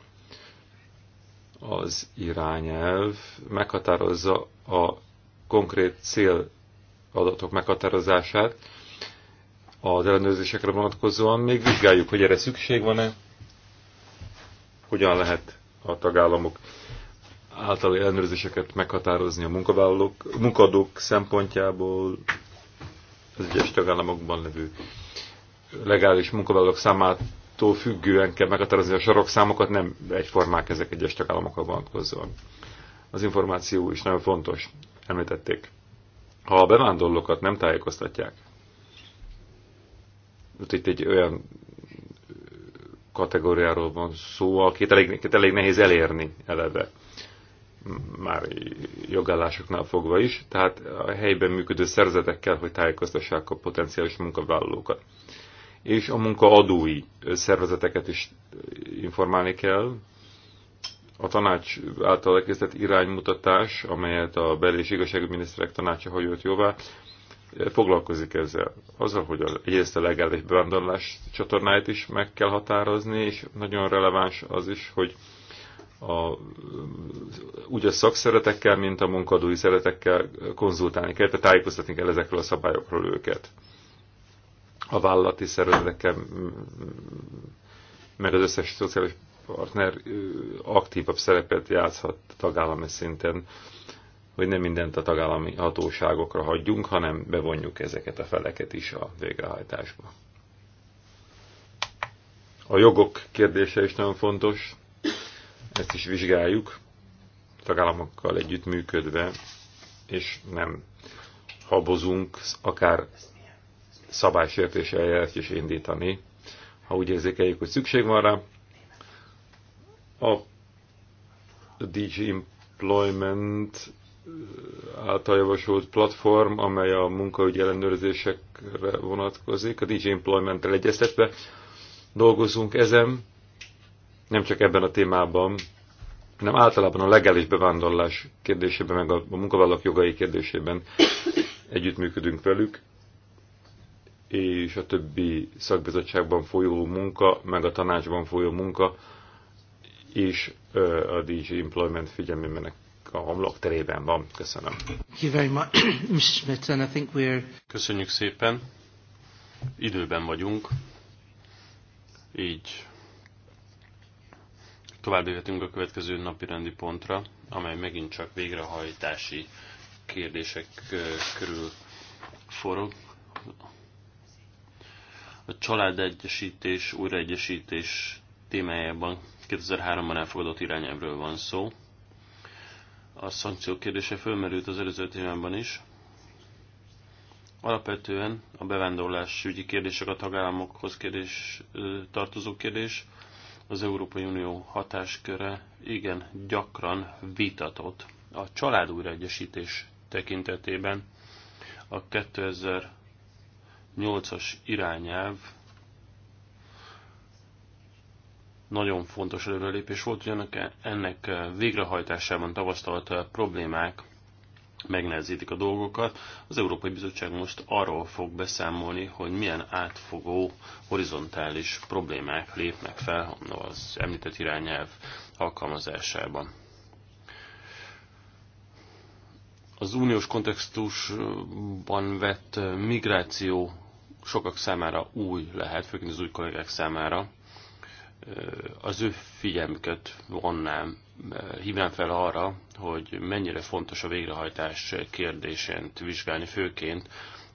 Az irányelv meghatározza a konkrét cél adatok meghatározását az ellenőrzésekre vonatkozóan. Még vizsgáljuk, hogy erre szükség van-e, hogyan lehet a tagállamok által ellenőrzéseket meghatározni a munkavállalók, munkadók szempontjából az egyes tagállamokban levő legális munkavállalók számától függően kell meghatározni a sarokszámokat, nem egyformák ezek egyes tagállamokra vonatkozóan. Az információ is nagyon fontos, említették. Ha a bevándorlókat nem tájékoztatják, itt egy olyan kategóriáról van szó, akit elég, akit elég nehéz elérni eleve, már jogállásoknál fogva is, tehát a helyben működő szerzetekkel, hogy tájékoztassák a potenciális munkavállalókat. És a munkaadói szervezeteket is informálni kell. A tanács által elkezdett iránymutatás, amelyet a bel- és igazságügyminiszterek tanácsa hagyott jóvá, foglalkozik ezzel. Azzal, hogy egyrészt a legális bevándorlás csatornáit is meg kell határozni, és nagyon releváns az is, hogy a, úgy a szakszeretekkel, mint a munkadói szeretekkel konzultálni kell, tehát tájékoztatni kell ezekről a szabályokról őket. A vállalati szervezetekkel, meg az összes szociális partner aktívabb szerepet játszhat tagállami szinten hogy nem mindent a tagállami hatóságokra hagyjunk, hanem bevonjuk ezeket a feleket is a végrehajtásba. A jogok kérdése is nagyon fontos, ezt is vizsgáljuk, tagállamokkal együttműködve, és nem habozunk akár szabálysértés eljárást is indítani, ha úgy érzékeljük, hogy szükség van rá. A DG Employment által javasolt platform, amely a munkaügyi ellenőrzésekre vonatkozik, a DJ Employment-tel egyeztetve dolgozunk ezen, nem csak ebben a témában, hanem általában a legális bevándorlás kérdésében, meg a munkavállalók jogai kérdésében együttműködünk velük, és a többi szakbizottságban folyó munka, meg a tanácsban folyó munka is a DJ Employment figyelmének a homlok terében van. Köszönöm. *coughs* Köszönjük szépen. Időben vagyunk, így tovább léphetünk a következő napi rendi pontra, amely megint csak végrehajtási kérdések körül forog. A családegyesítés, újraegyesítés témájában 2003-ban elfogadott irányelvről van szó a szankciók kérdése fölmerült az előző témában is. Alapvetően a bevándorlás ügyi kérdések a tagállamokhoz kérdés, tartozó kérdés, az Európai Unió hatásköre igen gyakran vitatott. A család újraegyesítés tekintetében a 2008-as irányelv Nagyon fontos előrelépés volt, ugyanak ennek végrehajtásában tavasztalt problémák megnehezítik a dolgokat. Az Európai Bizottság most arról fog beszámolni, hogy milyen átfogó, horizontális problémák lépnek fel az említett irányelv alkalmazásában. Az uniós kontextusban vett migráció sokak számára új lehet, főként az új kollégák számára az ő figyelmüket vonnám, hívnám fel arra, hogy mennyire fontos a végrehajtás kérdésént vizsgálni, főként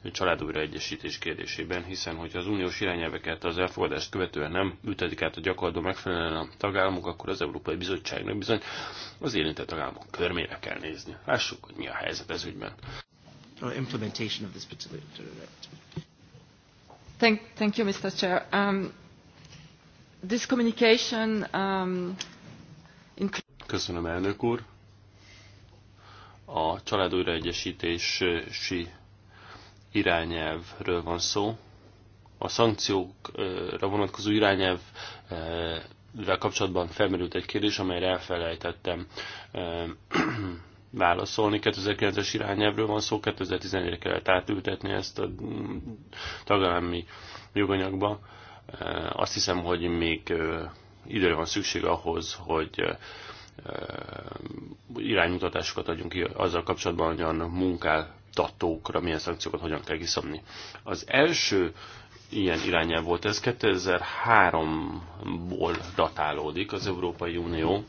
a család újraegyesítés kérdésében, hiszen hogyha az uniós irányelveket az elfogadást követően nem ütetik át a gyakorló megfelelően a tagállamok, akkor az Európai Bizottságnak bizony az érintett tagállamok körmére kell nézni. Lássuk, hogy mi a helyzet ez ügyben. Thank, thank you, Mr. Chair. Um, Um, Köszönöm, elnök úr. A családújraegyesítési irányelvről van szó. A szankciókra vonatkozó irányelvvel kapcsolatban felmerült egy kérdés, amelyre elfelejtettem *clears throat* válaszolni. 2009-es irányelvről van szó, 2011-re kellett átültetni ezt a mm, tagállami joganyagba azt hiszem, hogy még időre van szükség ahhoz, hogy iránymutatásokat adjunk ki azzal kapcsolatban, hogy a munkáltatókra milyen szankciókat hogyan kell kiszabni. Az első ilyen irányel volt ez, 2003-ból datálódik az Európai Unió,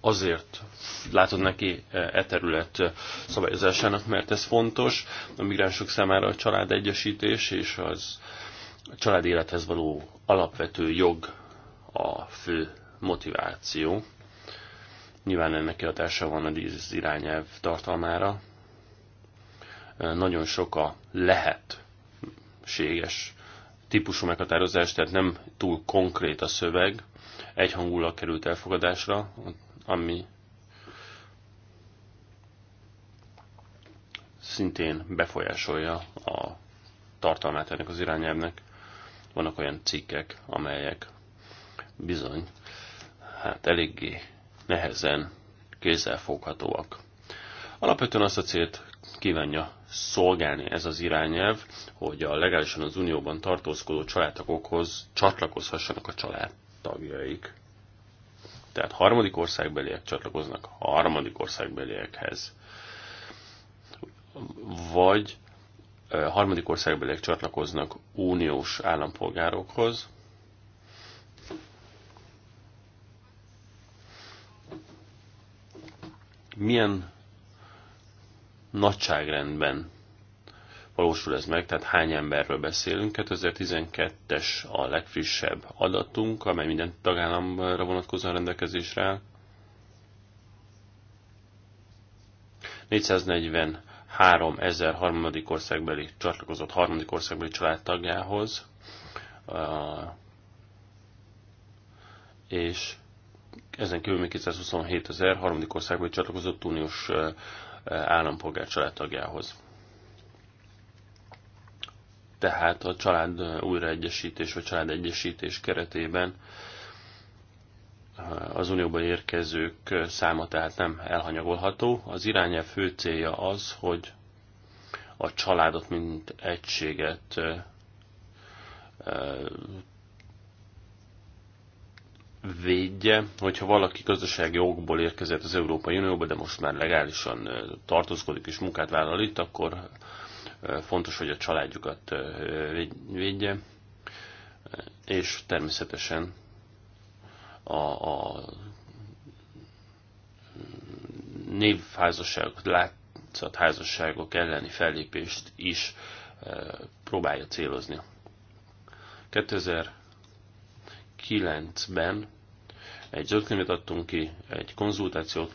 azért látod neki e terület szabályozásának, mert ez fontos a migránsok számára a család egyesítés és az a család élethez való alapvető jog a fő motiváció. Nyilván ennek kihatása van a díz irányelv tartalmára. Nagyon sok a lehetséges típusú meghatározás, tehát nem túl konkrét a szöveg, egyhangulag került elfogadásra, ami szintén befolyásolja a tartalmát ennek az irányelvnek. Vannak olyan cikkek, amelyek bizony, hát eléggé nehezen kézzelfoghatóak. Alapvetően azt a célt kívánja szolgálni ez az irányelv, hogy a legálisan az unióban tartózkodó családtagokhoz csatlakozhassanak a családtagjaik. Tehát harmadik országbeliek csatlakoznak harmadik országbeliekhez. Vagy harmadik országbeliek csatlakoznak uniós állampolgárokhoz, milyen nagyságrendben valósul ez meg, tehát hány emberről beszélünk. 2012-es a legfrissebb adatunk, amely minden tagállamra vonatkozóan rendelkezésre áll. 440 ezer harmadik országbeli csatlakozott harmadik országbeli családtagjához, és ezen kívül még 227 ezer harmadik országbeli csatlakozott uniós állampolgár családtagjához. Tehát a család újraegyesítés vagy családegyesítés keretében az unióban érkezők száma tehát nem elhanyagolható. Az irányelv fő célja az, hogy a családot, mint egységet védje, hogyha valaki gazdasági okból érkezett az Európai Unióba, de most már legálisan tartózkodik és munkát vállal itt, akkor fontos, hogy a családjukat védje, és természetesen a, a névházasságok, látszatházasságok elleni fellépést is e, próbálja célozni. 2009-ben egy zöldkönyvet adtunk ki, egy konzultációt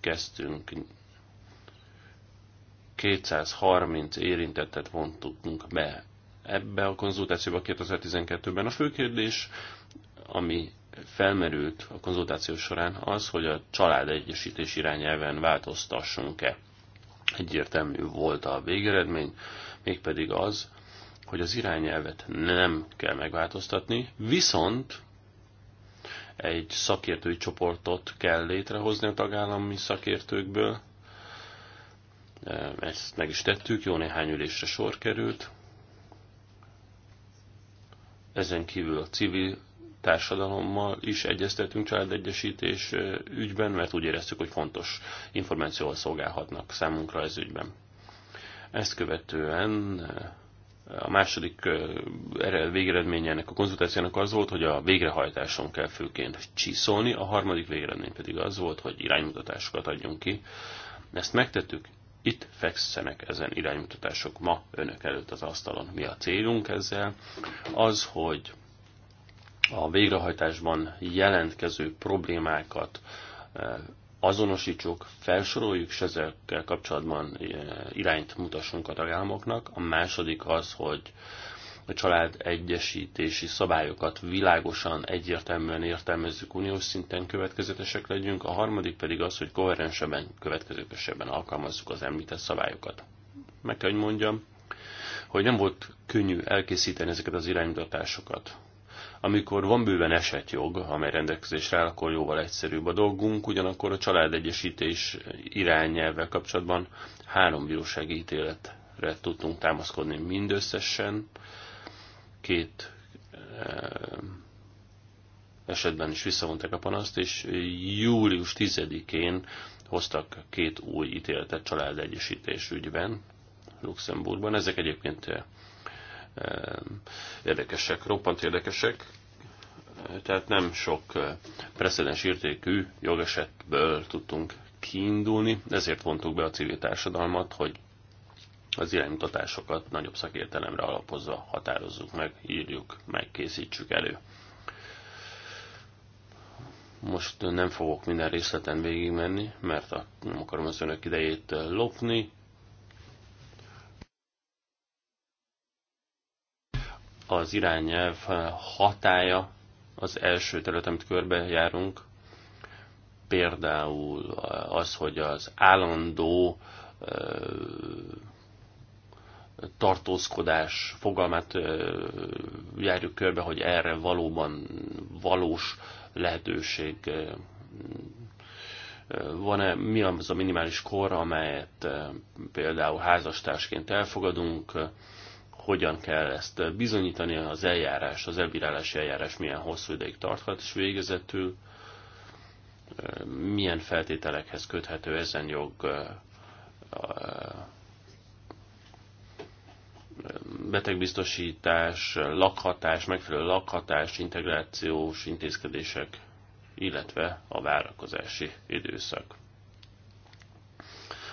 kezdtünk, 230 érintettet vontunk be ebbe a konzultációba 2012-ben. A fő kérdés, ami felmerült a konzultáció során az, hogy a családegyesítés irányelven változtassunk-e. Egyértelmű volt a végeredmény, mégpedig az, hogy az irányelvet nem kell megváltoztatni, viszont egy szakértői csoportot kell létrehozni a tagállami szakértőkből. Ezt meg is tettük, jó néhány ülésre sor került. Ezen kívül a civil társadalommal is egyeztetünk családegyesítés ügyben, mert úgy éreztük, hogy fontos információval szolgálhatnak számunkra ez ügyben. Ezt követően a második végeredménye ennek a konzultációnak az volt, hogy a végrehajtáson kell főként csiszolni, a harmadik végeredmény pedig az volt, hogy iránymutatásokat adjunk ki. Ezt megtettük, itt fekszenek ezen iránymutatások ma önök előtt az asztalon. Mi a célunk ezzel? Az, hogy a végrehajtásban jelentkező problémákat eh, azonosítsuk, felsoroljuk, és ezekkel kapcsolatban eh, irányt mutassunk a tagállamoknak. A második az, hogy a család egyesítési szabályokat világosan, egyértelműen értelmezzük uniós szinten következetesek legyünk, a harmadik pedig az, hogy koherensebben, következetesebben alkalmazzuk az említett szabályokat. Meg kell, hogy mondjam, hogy nem volt könnyű elkészíteni ezeket az iránymutatásokat. Amikor van bőven esetjog, amely rendelkezésre áll, akkor jóval egyszerűbb a dolgunk, ugyanakkor a családegyesítés irányelvvel kapcsolatban három bírósági ítéletre tudtunk támaszkodni mindösszesen, két eh, esetben is visszavonták a panaszt, és július 10-én hoztak két új ítéletet családegyesítés ügyben Luxemburgban. Ezek egyébként eh, érdekesek, roppant érdekesek. Tehát nem sok eh, precedens értékű jogesetből tudtunk kiindulni, ezért vontuk be a civil társadalmat, hogy az iránymutatásokat nagyobb szakértelemre alapozva határozzuk meg, írjuk megkészítsük elő. Most nem fogok minden részleten végigmenni, mert nem akarom az önök idejét eh, lopni. az irányelv hatája az első terület, amit körbejárunk, például az, hogy az állandó tartózkodás fogalmát járjuk körbe, hogy erre valóban valós lehetőség van-e, mi az a minimális kor, amelyet például házastársként elfogadunk, hogyan kell ezt bizonyítani, az eljárás, az elbírálási eljárás milyen hosszú ideig tarthat, és végezetül milyen feltételekhez köthető ezen jog betegbiztosítás, lakhatás, megfelelő lakhatás, integrációs intézkedések, illetve a várakozási időszak.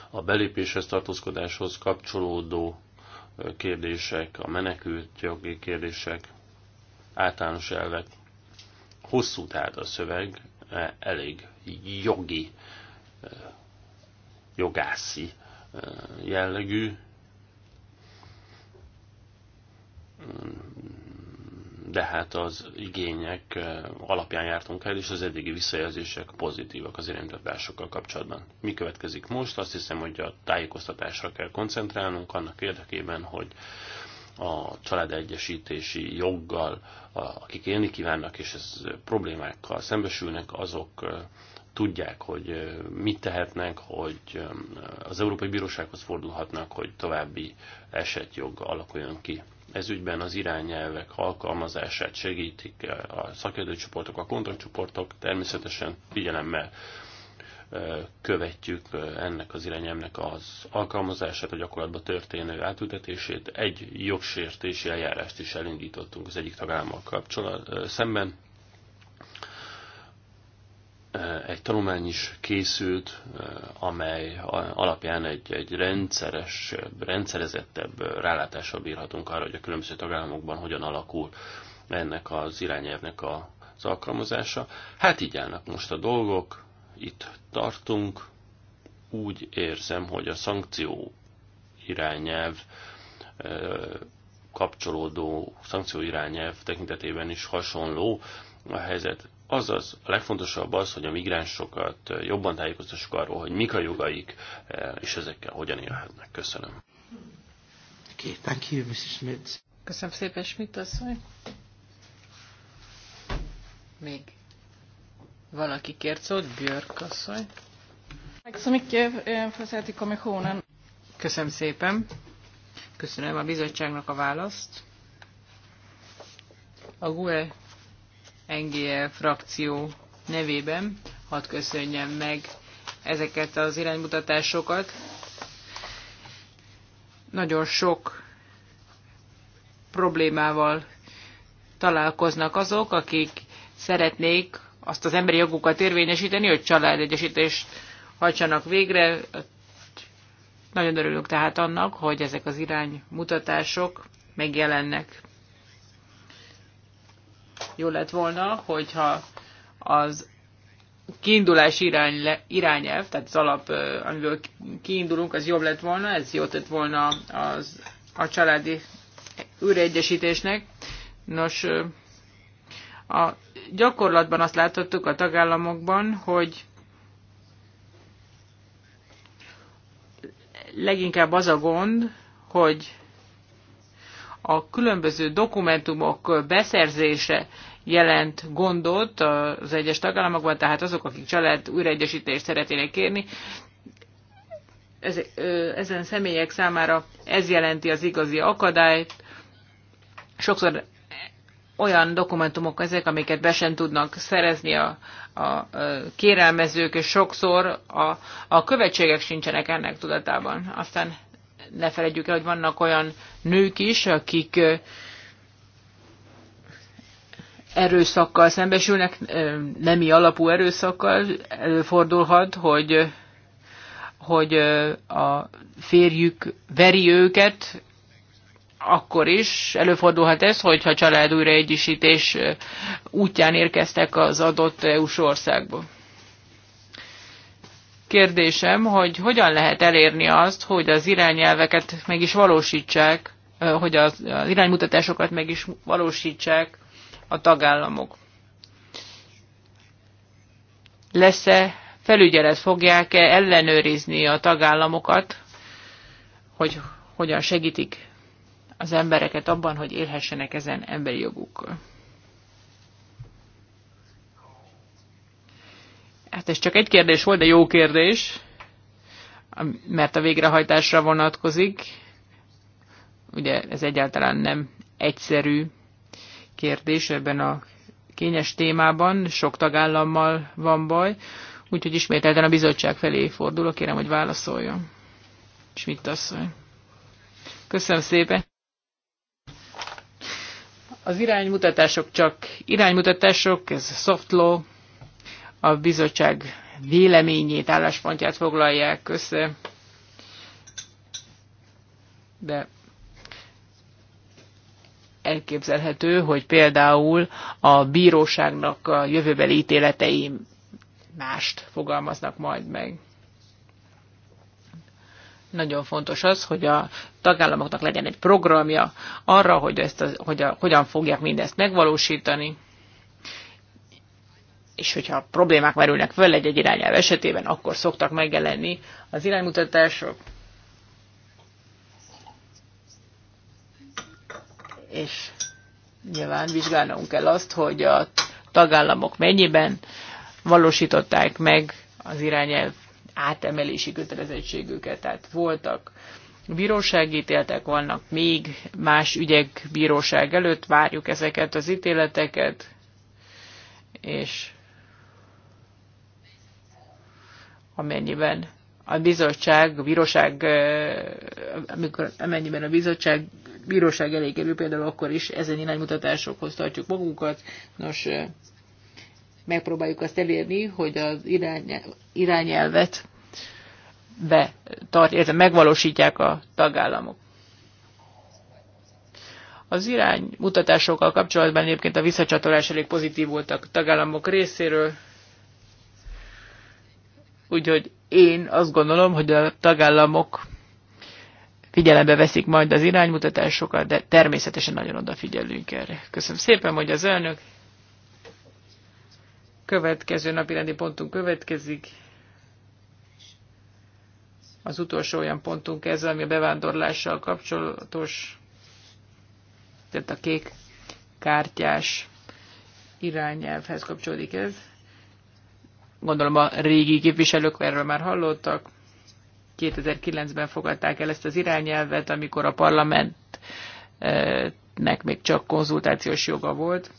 A belépéshez tartózkodáshoz kapcsolódó kérdések, a menekült jogi kérdések, általános elvek. Hosszú tehát a szöveg, elég jogi, jogászi jellegű de hát az igények alapján jártunk el, és az eddigi visszajelzések pozitívak az irányítatásokkal kapcsolatban. Mi következik most? Azt hiszem, hogy a tájékoztatásra kell koncentrálnunk annak érdekében, hogy a családegyesítési joggal, akik élni kívánnak, és ez problémákkal szembesülnek, azok tudják, hogy mit tehetnek, hogy az Európai Bírósághoz fordulhatnak, hogy további esetjog alakuljon ki ez ügyben az irányelvek alkalmazását segítik a szakértőcsoportok, a kontaktcsoportok, természetesen figyelemmel követjük ennek az irányelvnek az alkalmazását, a gyakorlatba történő átültetését. Egy jogsértési eljárást is elindítottunk az egyik tagállammal kapcsolatban szemben, Eh, egy tanulmány is készült, eh, amely alapján egy, egy rendszeres, rendszerezettebb rálátással bírhatunk arra, hogy a különböző tagállamokban hogyan alakul ennek az irányelvnek az alkalmazása. Hát így állnak most a dolgok, itt tartunk. Úgy érzem, hogy a szankció irányelv eh, kapcsolódó szankció irányelv tekintetében is hasonló a helyzet Azaz, a legfontosabb az, hogy a migránsokat eh, jobban tájékoztassuk arról, hogy mik a jogaik, eh, és ezekkel hogyan élhetnek. Köszönöm. Okay, thank you, Mrs. Schmidt. Köszönöm szépen, Schmidt asszony. Még valaki kért szót, Björk asszony. Köszönöm eh, szépen. Köszönöm a bizottságnak a választ. A GUE NGL frakció nevében hadd köszönjem meg ezeket az iránymutatásokat. Nagyon sok problémával találkoznak azok, akik szeretnék azt az emberi jogukat érvényesíteni, hogy családegyesítést hagysanak végre. Nagyon örülök tehát annak, hogy ezek az iránymutatások megjelennek. Jó lett volna, hogyha az kiindulás irány, irányelv, tehát az alap, amiből kiindulunk, az jobb lett volna, ez jó tett volna az, a családi újraegyesítésnek. Nos, a gyakorlatban azt láthattuk a tagállamokban, hogy leginkább az a gond, hogy a különböző dokumentumok beszerzése jelent gondot az egyes tagállamokban, tehát azok, akik család újraegyesítést szeretnének kérni, ezen személyek számára ez jelenti az igazi akadályt. Sokszor olyan dokumentumok ezek, amiket be sem tudnak szerezni a, a, a kérelmezők, és sokszor a, a követségek sincsenek ennek tudatában. Aztán ne felejtjük el, hogy vannak olyan nők is, akik erőszakkal szembesülnek, nemi alapú erőszakkal előfordulhat, hogy, hogy a férjük veri őket, akkor is előfordulhat ez, hogyha család újraegyisítés útján érkeztek az adott EU-s országba. Kérdésem, hogy hogyan lehet elérni azt, hogy az irányelveket meg is valósítsák, hogy az iránymutatásokat meg is valósítsák a tagállamok. Lesz-e felügyelet, fogják-e ellenőrizni a tagállamokat, hogy hogyan segítik az embereket abban, hogy élhessenek ezen emberi jogukkal. Hát ez csak egy kérdés volt, de jó kérdés, mert a végrehajtásra vonatkozik. Ugye ez egyáltalán nem egyszerű kérdés ebben a kényes témában, sok tagállammal van baj, úgyhogy ismételten a bizottság felé fordulok, kérem, hogy válaszoljon. És mit asszony? Köszönöm szépen! Az iránymutatások csak iránymutatások, ez soft law, a bizottság véleményét, álláspontját foglalják össze, de elképzelhető, hogy például a bíróságnak a jövőbeli ítéletei mást fogalmaznak majd meg. Nagyon fontos az, hogy a tagállamoknak legyen egy programja arra, hogy, ezt a, hogy a, hogyan fogják mindezt megvalósítani, és hogyha problémák merülnek föl egy-egy irányelv esetében, akkor szoktak megjelenni az iránymutatások, és nyilván vizsgálnunk kell azt, hogy a tagállamok mennyiben valósították meg az irányelv átemelési kötelezettségüket. Tehát voltak bírósági vannak még más ügyek bíróság előtt, várjuk ezeket az ítéleteket, és amennyiben a bizottság, a bíróság, amikor, amennyiben a bizottság, bíróság elé kerül, például akkor is ezen iránymutatásokhoz tartjuk magunkat. Nos, megpróbáljuk azt elérni, hogy az irány, irányelvet be tart, illetve megvalósítják a tagállamok. Az iránymutatásokkal kapcsolatban egyébként a visszacsatolás elég pozitív voltak a tagállamok részéről, úgyhogy én azt gondolom, hogy a tagállamok figyelembe veszik majd az iránymutatásokat, de természetesen nagyon odafigyelünk erre. Köszönöm szépen, hogy az elnök. Következő napi rendi pontunk következik. Az utolsó olyan pontunk ez, ami a bevándorlással kapcsolatos, tehát a kék kártyás irányelvhez kapcsolódik ez. Gondolom a régi képviselők erről már hallottak. 2009-ben fogadták el ezt az irányelvet, amikor a parlamentnek még csak konzultációs joga volt.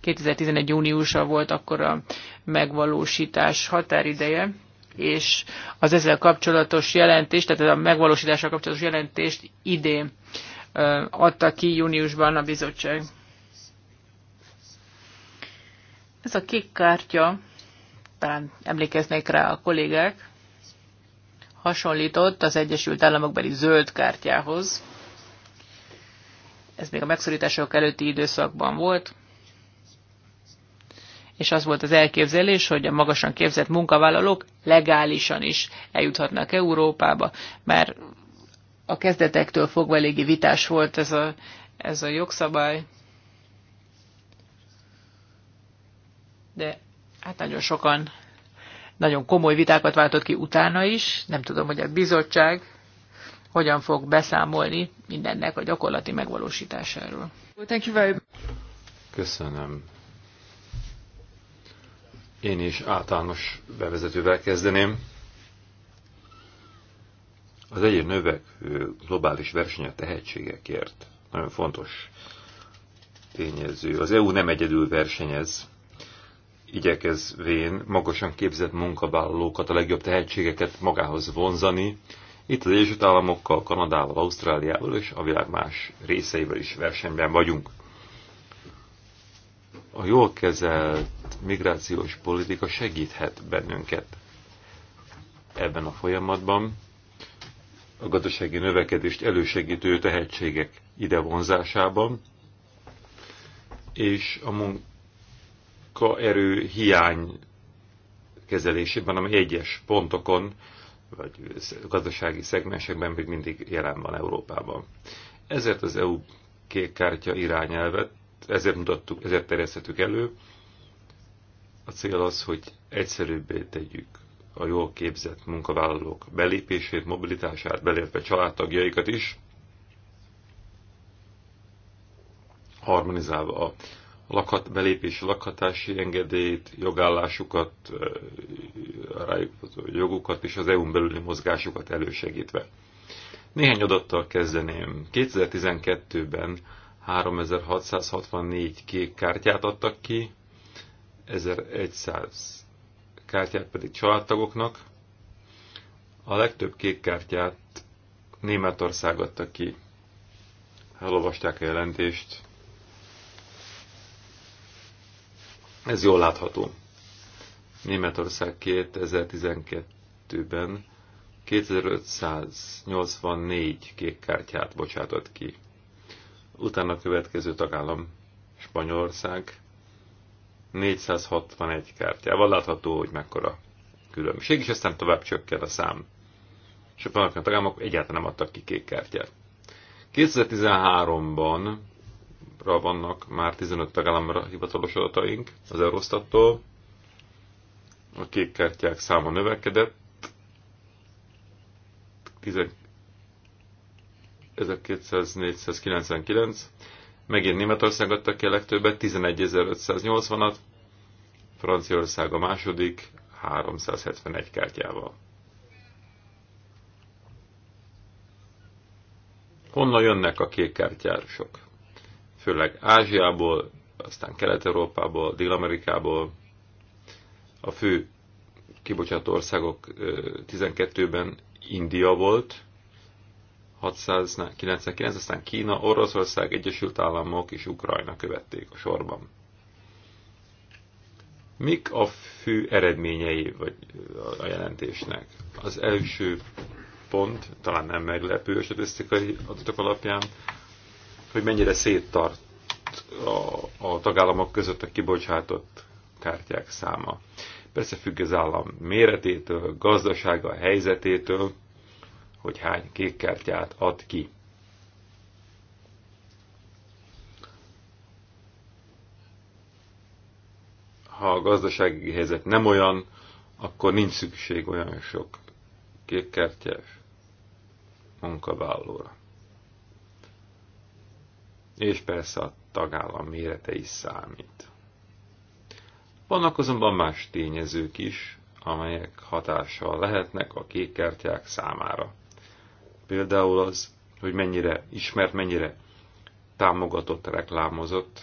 2011. júniusa volt akkor a megvalósítás határideje, és az ezzel kapcsolatos jelentést, tehát a megvalósítással kapcsolatos jelentést idén adta ki júniusban a bizottság. Ez a kék kártya, talán emlékeznék rá a kollégák, hasonlított az Egyesült Államokbeli zöld kártyához. Ez még a megszorítások előtti időszakban volt, és az volt az elképzelés, hogy a magasan képzett munkavállalók legálisan is eljuthatnak Európába, mert a kezdetektől fogva eléggé vitás volt ez a, ez a jogszabály. de hát nagyon sokan nagyon komoly vitákat váltott ki utána is. Nem tudom, hogy a bizottság hogyan fog beszámolni mindennek a gyakorlati megvalósításáról. Thank you very Köszönöm. Én is általános bevezetővel kezdeném. Az egyre növekvő globális verseny a tehetségekért nagyon fontos tényező. Az EU nem egyedül versenyez, igyekezvén magasan képzett munkavállalókat, a legjobb tehetségeket magához vonzani, itt az Egyesült Államokkal, Kanadával, Ausztráliával és a világ más részeivel is versenyben vagyunk. A jól kezelt migrációs politika segíthet bennünket ebben a folyamatban. A gazdasági növekedést elősegítő tehetségek idevonzásában, és a munka munkaerő hiány kezelésében, ami egyes pontokon, vagy gazdasági szegmensekben még mindig jelen van Európában. Ezért az EU kék kártya irányelvet, ezért mutattuk, ezért terjesztettük elő. A cél az, hogy egyszerűbbé tegyük a jól képzett munkavállalók belépését, mobilitását, belépve családtagjaikat is, harmonizálva a lakhat, belépési lakhatási engedélyt, jogállásukat, rájuk jogukat és az EU-n belüli mozgásukat elősegítve. Néhány adattal kezdeném. 2012-ben 3664 kék kártyát adtak ki, 1100 kártyát pedig családtagoknak. A legtöbb kék kártyát Németország adta ki. Elolvasták a jelentést. Ez jól látható. Németország 2012-ben 2584 kék kártyát bocsátott ki. Utána a következő tagállam, Spanyolország, 461 kártyával látható, hogy mekkora különbség, és aztán tovább csökken a szám. És a tagállamok, egyáltalán nem adtak ki kék kártyát. 2013-ban ra vannak már 15 tagállamra hivatalos adataink az Eurostattól. A kék kártyák száma növekedett. 1200 Megint Németország adta ki a legtöbbet, 11.580-at. Franciaország a második, 371 kártyával. Honnan jönnek a kék kártyások? főleg Ázsiából, aztán Kelet-Európából, Dél-Amerikából, a fő kibocsátó országok 12-ben India volt, 699, aztán Kína, Oroszország, Egyesült Államok és Ukrajna követték a sorban. Mik a fő eredményei vagy a jelentésnek? Az első pont, talán nem meglepő a statisztikai adatok alapján, hogy mennyire széttart a, a tagállamok között a kibocsátott kártyák száma. Persze függ az állam méretétől, gazdasága, helyzetétől, hogy hány kék kártyát ad ki. Ha a gazdasági helyzet nem olyan, akkor nincs szükség olyan sok kártyás munkavállalóra és persze a tagállam mérete is számít. Vannak azonban más tényezők is, amelyek hatással lehetnek a kék kártyák számára. Például az, hogy mennyire ismert, mennyire támogatott, reklámozott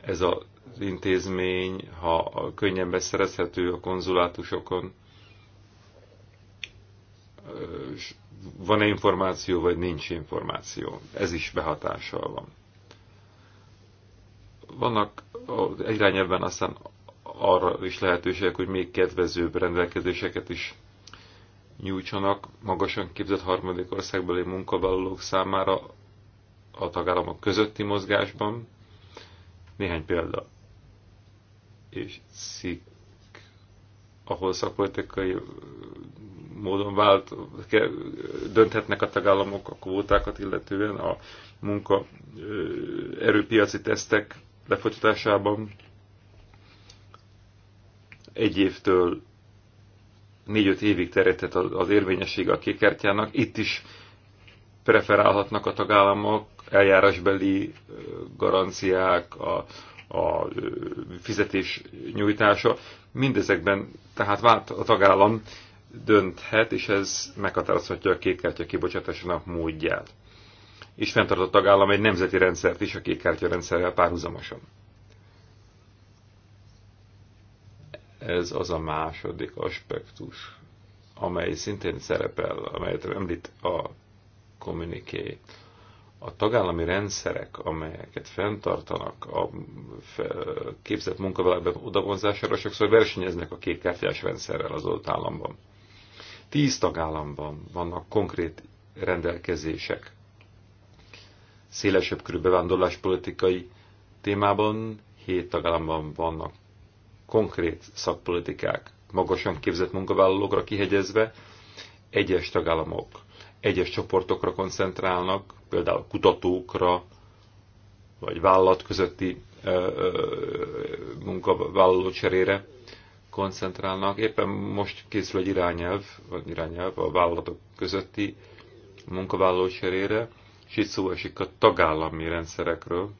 ez az intézmény, ha könnyen beszerezhető a konzulátusokon, van-e információ, vagy nincs információ. Ez is behatással van. Vannak az aztán arra is lehetőségek, hogy még kedvezőbb rendelkezéseket is nyújtsanak magasan képzett harmadik országbeli munkavállalók számára a tagállamok közötti mozgásban. Néhány példa és szik ahol szakpolitikai módon vált, dönthetnek a tagállamok a kvótákat, illetően a munka erőpiaci tesztek lefogyatásában egy évtől négy-öt évig terjedhet az érvényessége a kékkártyának. Itt is preferálhatnak a tagállamok eljárásbeli garanciák, a, a fizetés nyújtása. Mindezekben tehát vált a tagállam dönthet, és ez meghatározhatja a kékkártya kibocsátásának módját. És fenntartott a tagállam egy nemzeti rendszert is a kékkártya rendszerrel párhuzamosan. Ez az a második aspektus, amely szintén szerepel, amelyet említ a kommuniké. A tagállami rendszerek, amelyeket fenntartanak a képzett munkavállalók odavonzására, sokszor versenyeznek a kékkártyás rendszerrel az adott államban. Tíz tagállamban vannak konkrét rendelkezések. Szélesebb körű politikai témában hét tagállamban vannak konkrét szakpolitikák, magasan képzett munkavállalókra kihegyezve, egyes tagállamok egyes csoportokra koncentrálnak, például kutatókra, vagy vállalat közötti munkavállaló cserére, koncentrálnak. Éppen most készül egy irányelv, irányelv a vállalatok közötti munkavállaló cserére, és itt szó esik a tagállami rendszerekről,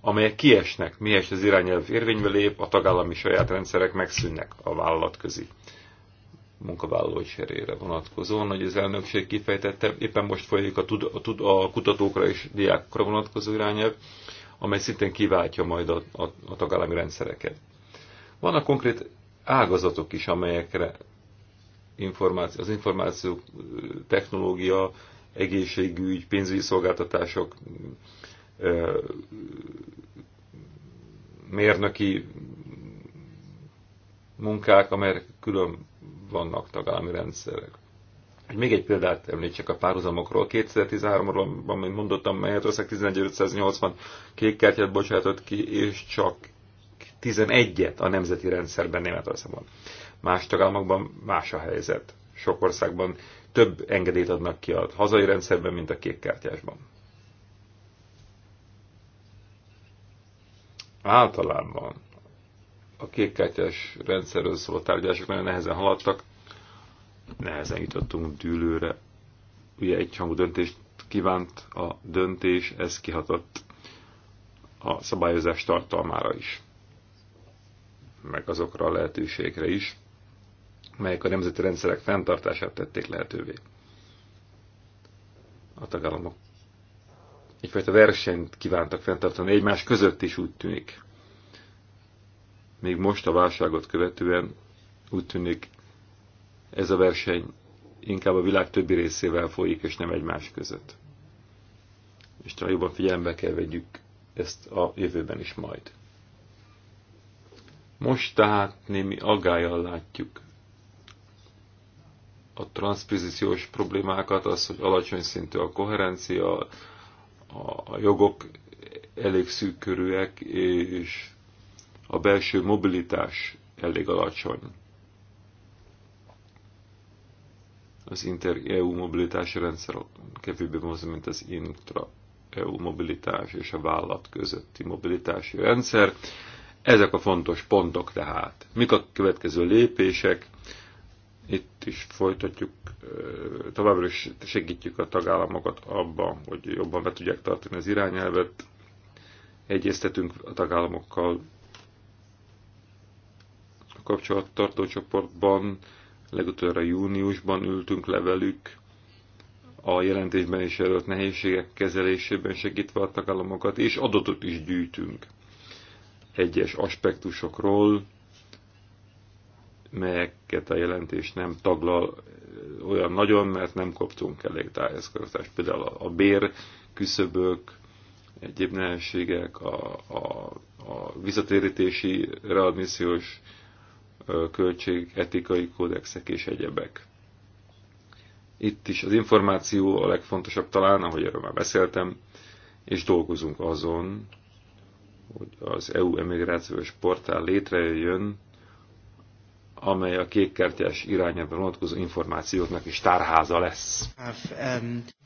amelyek kiesnek, mihez az irányelv érvénybe lép, a tagállami saját rendszerek megszűnnek a közi munkavállaló cserére vonatkozóan, hogy az elnökség kifejtette, éppen most folyik a, tud, a, tud, a kutatókra és diákokra vonatkozó irányelv, amely szintén kiváltja majd a, a, a tagállami rendszereket. Vannak konkrét ágazatok is, amelyekre információ, az információ technológia, egészségügy, pénzügyi szolgáltatások, mérnöki munkák, amelyek külön vannak tagállami rendszerek. Még egy példát említsek a párhuzamokról. 2013-ban, mint mondottam, Magyarország 11.580 kék kártyát bocsátott ki, és csak 11-et a nemzeti rendszerben Németországban. Más tagállamokban más a helyzet. Sok országban több engedélyt adnak ki a hazai rendszerben, mint a kékkártyásban. Általában a kékkártyás rendszerről szóló tárgyalások nagyon nehezen haladtak, nehezen jutottunk dűlőre. Ugye egyhangú döntést kívánt a döntés, ez kihatott a szabályozás tartalmára is meg azokra a lehetőségre is, melyek a nemzeti rendszerek fenntartását tették lehetővé. A tagállamok egyfajta versenyt kívántak fenntartani egymás között is úgy tűnik. Még most a válságot követően úgy tűnik ez a verseny inkább a világ többi részével folyik, és nem egymás között. És talán jobban figyelembe kell vegyük ezt a jövőben is majd. Most tehát némi aggájjal látjuk a transzpozíciós problémákat, az, hogy alacsony szintű a koherencia, a, a jogok elég szűkörűek, és a belső mobilitás elég alacsony. Az inter-EU mobilitási rendszer kevésbé mozog, mint az intra-EU mobilitás és a vállalat közötti mobilitási rendszer. Ezek a fontos pontok tehát. Mik a következő lépések? Itt is folytatjuk, továbbra is segítjük a tagállamokat abban, hogy jobban be tudják tartani az irányelvet. Egyeztetünk a tagállamokkal a kapcsolattartó csoportban, legutóbb a júniusban ültünk le velük, a jelentésben is előtt nehézségek kezelésében segítve a tagállamokat, és adatot is gyűjtünk egyes aspektusokról, melyeket a jelentés nem taglal olyan nagyon, mert nem kaptunk elég tájékoztatást. Például a bér küszöbök, egyéb nehézségek, a, a, a visszatérítési readmissziós költség, etikai kódexek és egyebek. Itt is az információ a legfontosabb talán, ahogy erről már beszéltem, és dolgozunk azon, hogy az EU emigrációs portál létrejöjjön, amely a kékkártyás irányában vonatkozó információknak is tárháza lesz.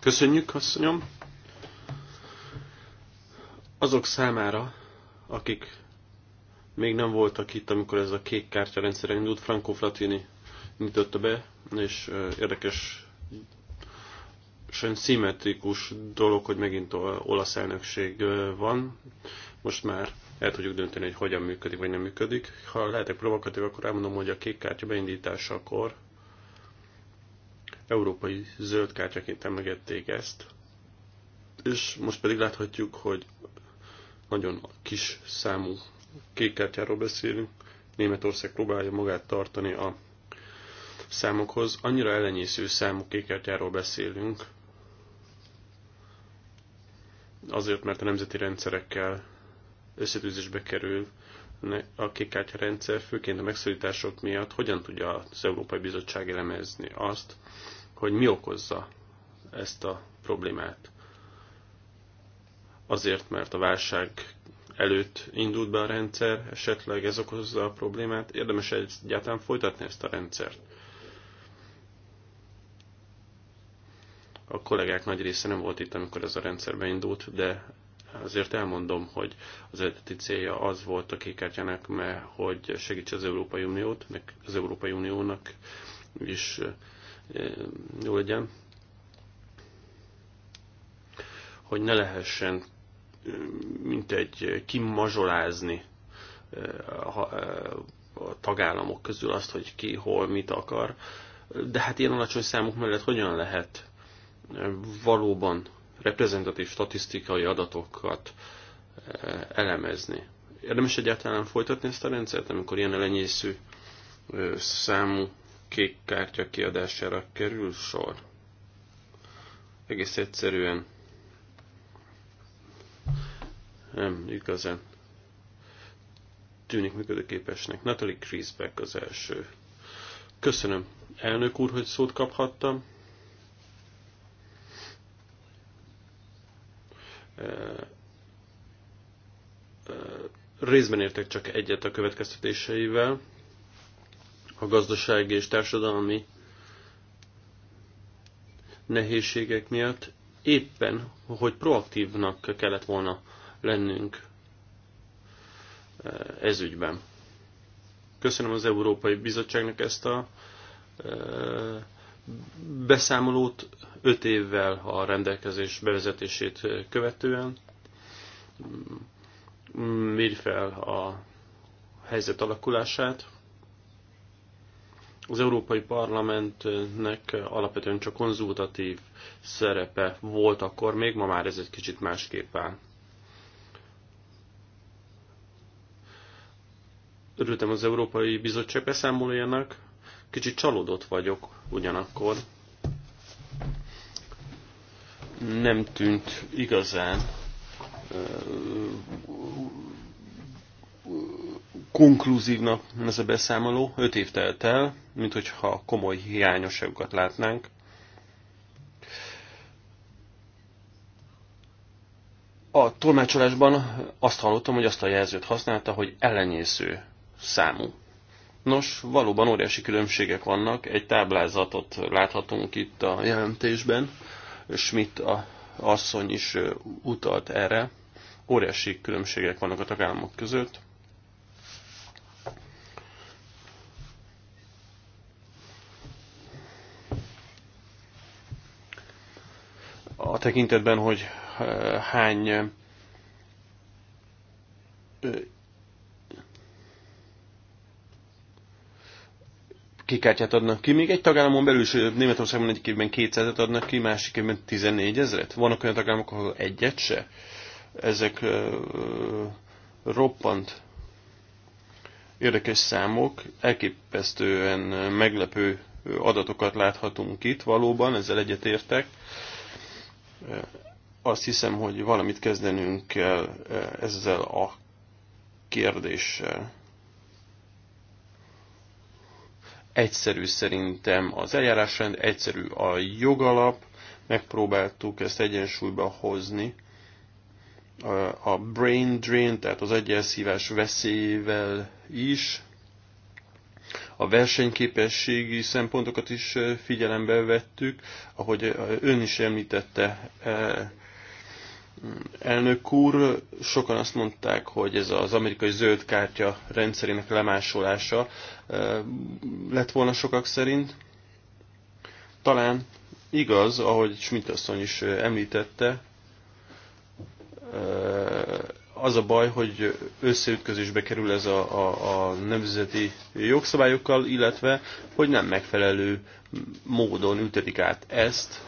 Köszönjük, asszonyom! Azok számára, akik még nem voltak itt, amikor ez a kék kártya rendszer indult, Franco Fratini nyitotta be, és érdekes sem szimmetrikus dolog, hogy megint olasz elnökség van most már el tudjuk dönteni, hogy hogyan működik, vagy nem működik. Ha lehetek provokatív, akkor elmondom, hogy a kék kártya beindításakor európai zöld kártyaként emlegették ezt, és most pedig láthatjuk, hogy nagyon kis számú kék kártyáról beszélünk. Németország próbálja magát tartani a számokhoz. Annyira ellenyésző számú kék kártyáról beszélünk, azért, mert a nemzeti rendszerekkel összetűzésbe kerül a kékkártya rendszer, főként a megszorítások miatt, hogyan tudja az Európai Bizottság elemezni azt, hogy mi okozza ezt a problémát. Azért, mert a válság előtt indult be a rendszer, esetleg ez okozza a problémát, érdemes egyáltalán folytatni ezt a rendszert. A kollégák nagy része nem volt itt, amikor ez a rendszer beindult, de azért elmondom, hogy az eredeti célja az volt a kékártyának, mert hogy segítse az Európai Uniót, meg az Európai Uniónak is jó legyen, hogy ne lehessen mint egy kimazsolázni a tagállamok közül azt, hogy ki hol mit akar. De hát ilyen alacsony számok mellett hogyan lehet valóban reprezentatív statisztikai adatokat eh, elemezni. Érdemes egyáltalán folytatni ezt a rendszert, amikor ilyen elenyésző számú kék kártya kiadására kerül sor? Egész egyszerűen nem igazán tűnik működőképesnek. Natalie Kriszbeck az első. Köszönöm, elnök úr, hogy szót kaphattam. Részben értek csak egyet a következtetéseivel. A gazdasági és társadalmi nehézségek miatt éppen, hogy proaktívnak kellett volna lennünk ez ügyben. Köszönöm az Európai Bizottságnak ezt a beszámolót 5 évvel a rendelkezés bevezetését követően Mérj fel a helyzet alakulását. Az Európai Parlamentnek alapvetően csak konzultatív szerepe volt akkor még, ma már ez egy kicsit másképp áll. Örültem az Európai Bizottság beszámolójának, Kicsit csalódott vagyok ugyanakkor. Nem tűnt igazán konkluzívnak ez a beszámoló. Öt év telt el, mint hogyha komoly hiányosságokat látnánk. A tolmácsolásban azt hallottam, hogy azt a jelzőt használta, hogy ellenyésző számú Nos, valóban óriási különbségek vannak. Egy táblázatot láthatunk itt a jelentésben. Schmidt a asszony is utalt erre. Óriási különbségek vannak a tagállamok között. A tekintetben, hogy hány kikártyát adnak ki, még egy tagállamon belül is Németországban egyik évben 200 adnak ki, másik évben 14 ezeret. Vannak olyan tagállamok, ahol egyet se. Ezek ö, roppant érdekes számok, elképesztően meglepő adatokat láthatunk itt valóban, ezzel egyetértek. Azt hiszem, hogy valamit kezdenünk kell ezzel a kérdéssel. Egyszerű szerintem az eljárásrend, egyszerű a jogalap, megpróbáltuk ezt egyensúlyba hozni. A brain drain, tehát az egyelszívás veszélyével is, a versenyképességi szempontokat is figyelembe vettük, ahogy ön is említette, e, Elnök úr, sokan azt mondták, hogy ez az amerikai zöld kártya rendszerének lemásolása eh, lett volna sokak szerint. Talán igaz, ahogy Schmidt asszony is eh, említette, eh, az a baj, hogy összeütközésbe kerül ez a, a, a nemzeti jogszabályokkal, illetve hogy nem megfelelő módon ültetik át ezt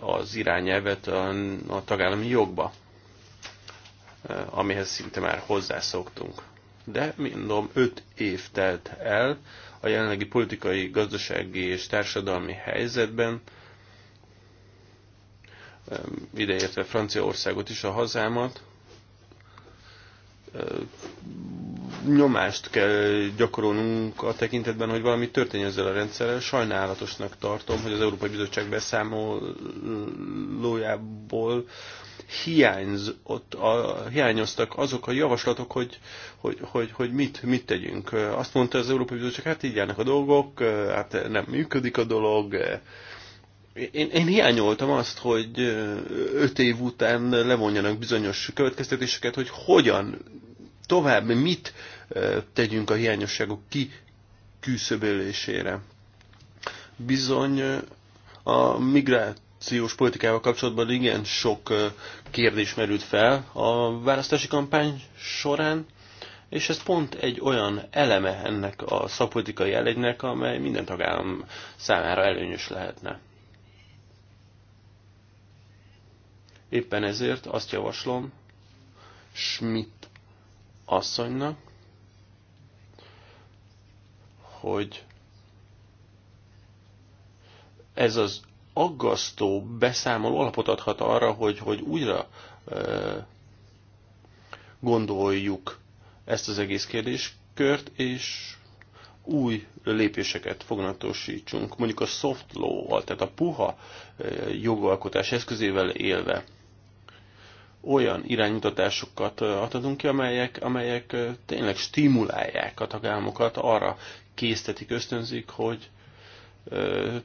az irányelvet a, a tagállami jogba, amihez szinte már hozzászoktunk. De mindom öt év telt el a jelenlegi politikai, gazdasági és társadalmi helyzetben, ideértve Franciaországot is, a hazámat, nyomást kell gyakorolnunk a tekintetben, hogy valami történjen ezzel a rendszerrel. Sajnálatosnak tartom, hogy az Európai Bizottság beszámolójából hiányzott, a, hiányoztak azok a javaslatok, hogy, hogy, hogy, hogy mit, mit tegyünk. Azt mondta az Európai Bizottság, hát így járnak a dolgok, hát nem működik a dolog. Én, én hiányoltam azt, hogy öt év után levonjanak bizonyos következtetéseket, hogy hogyan tovább mit tegyünk a hiányosságok kiküszöbölésére. Bizony a migrációs politikával kapcsolatban igen sok kérdés merült fel a választási kampány során, és ez pont egy olyan eleme ennek a szakpolitikai elegynek, amely minden tagállam számára előnyös lehetne. Éppen ezért azt javaslom, Schmidt asszonynak, hogy ez az aggasztó beszámoló alapot adhat arra, hogy, hogy újra e, gondoljuk ezt az egész kérdéskört, és új lépéseket fognatosítsunk, mondjuk a soft law-val, tehát a puha jogalkotás eszközével élve olyan iránymutatásokat adunk ki, amelyek, amelyek tényleg stimulálják a tagállamokat, arra késztetik, ösztönzik, hogy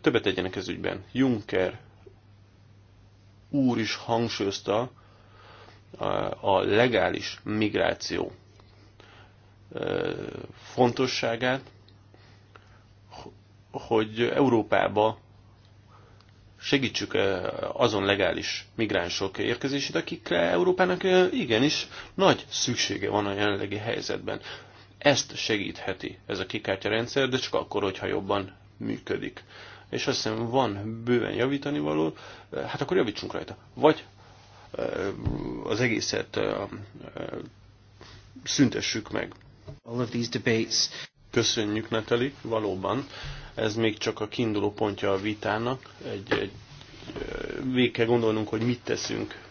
többet tegyenek ez ügyben. Juncker úr is hangsúlyozta a legális migráció fontosságát, hogy Európába segítsük eh, azon legális migránsok érkezését, akikre Európának eh, igenis nagy szüksége van a jelenlegi helyzetben. Ezt segítheti ez a kikártya rendszer, de csak akkor, hogyha jobban működik. És azt hiszem van bőven javítani való, eh, hát akkor javítsunk rajta. Vagy az egészet szüntessük meg. All of these debates. Köszönjük, Natali, valóban ez még csak a kiinduló pontja a vitának. Egy, egy, végig kell gondolnunk, hogy mit teszünk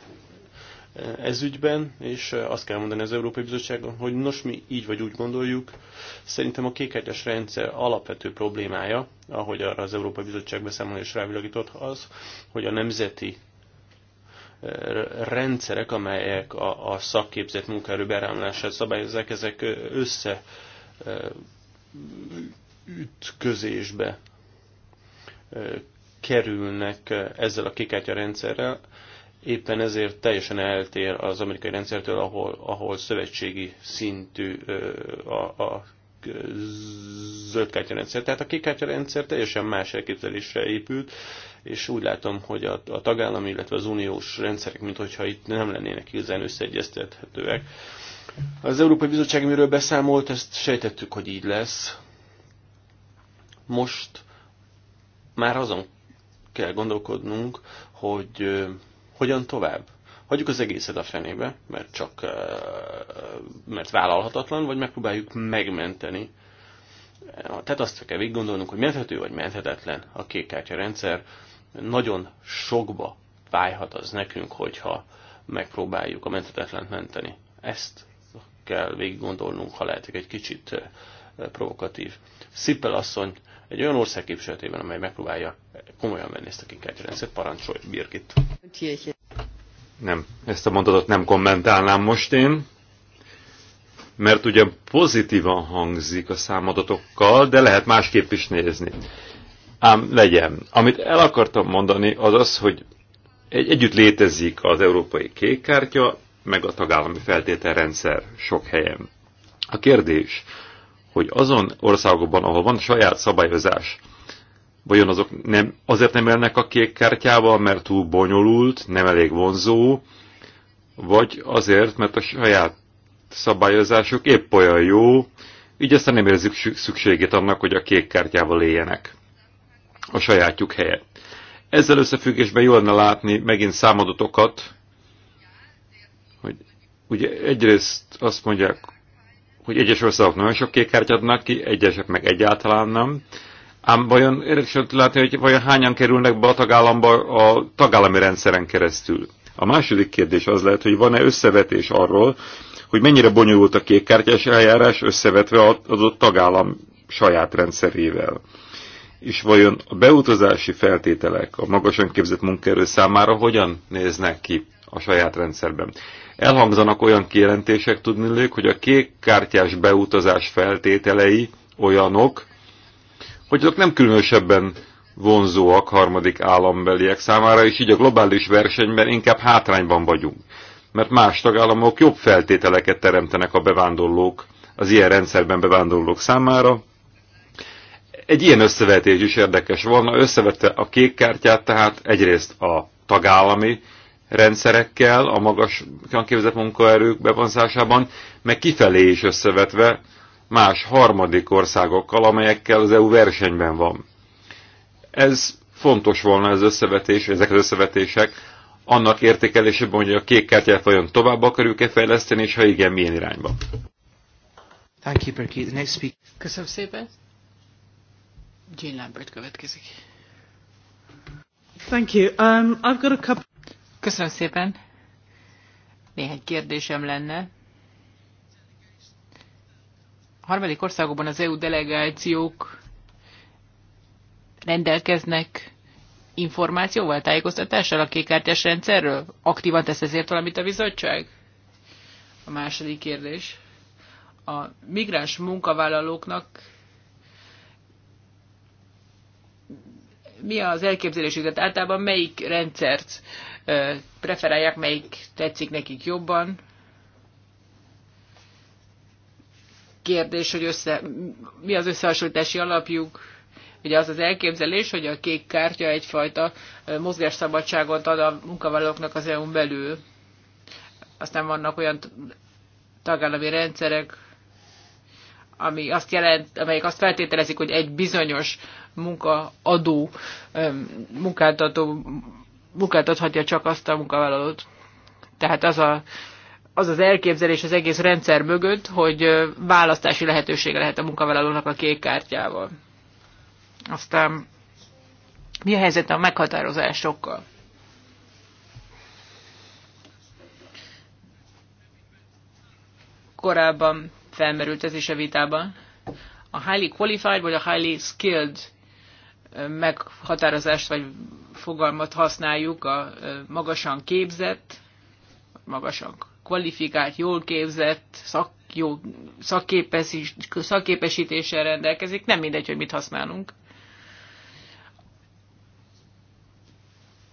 ez ügyben, és azt kell mondani az Európai Bizottságon, hogy nos, mi így vagy úgy gondoljuk. Szerintem a kékertes rendszer alapvető problémája, ahogy arra az Európai Bizottság beszámolás rávilagított, az, hogy a nemzeti rendszerek, amelyek a, a szakképzett munkaerő berámlását szabályozzák, ezek össze ütközésbe kerülnek ezzel a kikátya rendszerrel, éppen ezért teljesen eltér az amerikai rendszertől, ahol, ahol szövetségi szintű a, a zöldkártya rendszer. Tehát a kék rendszer teljesen más elképzelésre épült, és úgy látom, hogy a, a tagállami, illetve az uniós rendszerek, mintha itt nem lennének igazán összeegyeztethetőek. Az Európai Bizottság miről beszámolt, ezt sejtettük, hogy így lesz. Most már azon kell gondolkodnunk, hogy hogyan tovább. Hagyjuk az egészet a fenébe, mert csak mert vállalhatatlan, vagy megpróbáljuk megmenteni. Tehát azt kell végig gondolnunk, hogy menthető vagy menthetetlen a kékkártya rendszer. Nagyon sokba fájhat az nekünk, hogyha megpróbáljuk a menthetetlent menteni. Ezt kell végig gondolnunk, ha lehetek egy kicsit provokatív. Szippel asszony egy olyan ország képviseletében, amely megpróbálja komolyan venni ezt a kikártyarendszert, parancsolj, Birgit. Nem, ezt a mondatot nem kommentálnám most én, mert ugye pozitívan hangzik a számadatokkal, de lehet másképp is nézni. Ám legyen. Amit el akartam mondani, az az, hogy egy, együtt létezik az európai kékkártya, meg a tagállami feltételrendszer sok helyen. A kérdés, hogy azon országokban, ahol van saját szabályozás, vajon azok nem, azért nem élnek a kék kártyával, mert túl bonyolult, nem elég vonzó, vagy azért, mert a saját szabályozásuk épp olyan jó, így aztán nem érzik szükségét annak, hogy a kék kártyával éljenek a sajátjuk helyett. Ezzel összefüggésben jól lenne látni megint számadatokat, hogy ugye egyrészt azt mondják, hogy egyes országok nagyon sok kék kártyát adnak ki, egyesek meg egyáltalán nem. Ám vajon érdekesen látni, hogy vajon hányan kerülnek be a tagállamba a tagállami rendszeren keresztül? A második kérdés az lehet, hogy van-e összevetés arról, hogy mennyire bonyolult a kékkártyás eljárás összevetve az adott tagállam saját rendszerével. És vajon a beutazási feltételek a magasan képzett munkaerő számára hogyan néznek ki a saját rendszerben? Elhangzanak olyan kijelentések lők, hogy a kék kártyás beutazás feltételei olyanok, hogy azok nem különösebben vonzóak harmadik állambeliek számára, és így a globális versenyben inkább hátrányban vagyunk. Mert más tagállamok jobb feltételeket teremtenek a bevándorlók, az ilyen rendszerben bevándorlók számára. Egy ilyen összevetés is érdekes volna, összevette a kék kártyát, tehát egyrészt a tagállami rendszerekkel, a magas képzett munkaerők bevonzásában, meg kifelé is összevetve más harmadik országokkal, amelyekkel az EU versenyben van. Ez fontos volna ez összevetés, ezek az összevetések, annak értékelésében, hogy a kék kártyát vajon tovább akarjuk-e fejleszteni, és ha igen, milyen irányba. Thank you, Berkey. The next speaker. Köszönöm szépen. Jean Lambert következik. Thank you. Um, I've got a couple... Köszönöm szépen. Néhány kérdésem lenne. A harmadik országokban az EU delegációk rendelkeznek információval, tájékoztatással a kékártyás rendszerről? Aktívan tesz ezért valamit a bizottság? A második kérdés. A migráns munkavállalóknak mi az elképzelésük? Tehát általában melyik rendszert preferálják, melyik tetszik nekik jobban. Kérdés, hogy össze, mi az összehasonlítási alapjuk. Ugye az az elképzelés, hogy a kék kártya egyfajta mozgásszabadságot ad a munkavállalóknak az EU-n belül. Aztán vannak olyan tagállami rendszerek, ami azt jelent, amelyik azt feltételezik, hogy egy bizonyos munkaadó, munkáltató munkáltathatja csak azt a munkavállalót. Tehát az a, az, az elképzelés az egész rendszer mögött, hogy választási lehetősége lehet a munkavállalónak a kék kártyával. Aztán mi a helyzet a meghatározásokkal? Korábban felmerült ez is a vitában. A highly qualified vagy a highly skilled meghatározást vagy fogalmat használjuk a magasan képzett, magasan kvalifikált, jól képzett, szak, jó, szakképesít, szakképesítéssel rendelkezik, nem mindegy, hogy mit használunk.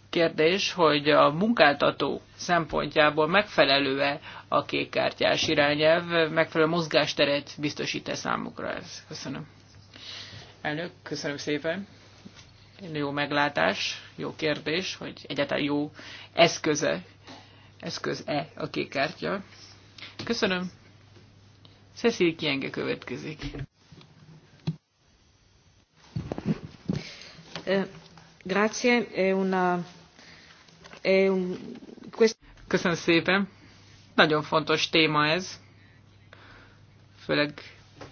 Kérdés, hogy a munkáltató szempontjából megfelelő-e a kékkártyás irányelv, megfelelő mozgásteret biztosít-e számukra ez? Köszönöm. Elnök, köszönöm szépen jó meglátás, jó kérdés, hogy egyáltalán jó eszköze, eszköz-e a kék Köszönöm. Cecil Kienge következik. Eh, grazie, è una... È un... Köszönöm szépen. Nagyon fontos téma ez. Főleg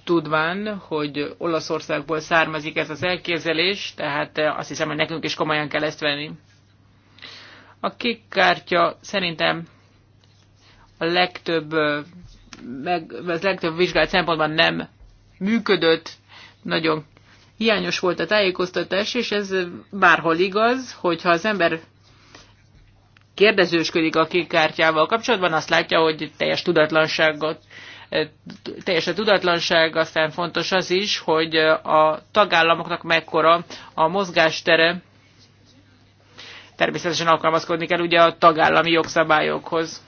tudván, hogy Olaszországból származik ez az elképzelés, tehát eh, azt hiszem, hogy nekünk is komolyan kell ezt venni. A kék kártya szerintem a legtöbb, eh, meg, az legtöbb vizsgált szempontban nem működött, nagyon hiányos volt a tájékoztatás, és ez bárhol igaz, hogyha az ember kérdezősködik a kék kártyával kapcsolatban, azt látja, hogy teljes tudatlanságot teljesen tudatlanság, aztán fontos az is, hogy a tagállamoknak mekkora a mozgástere, természetesen alkalmazkodni kell ugye a tagállami jogszabályokhoz.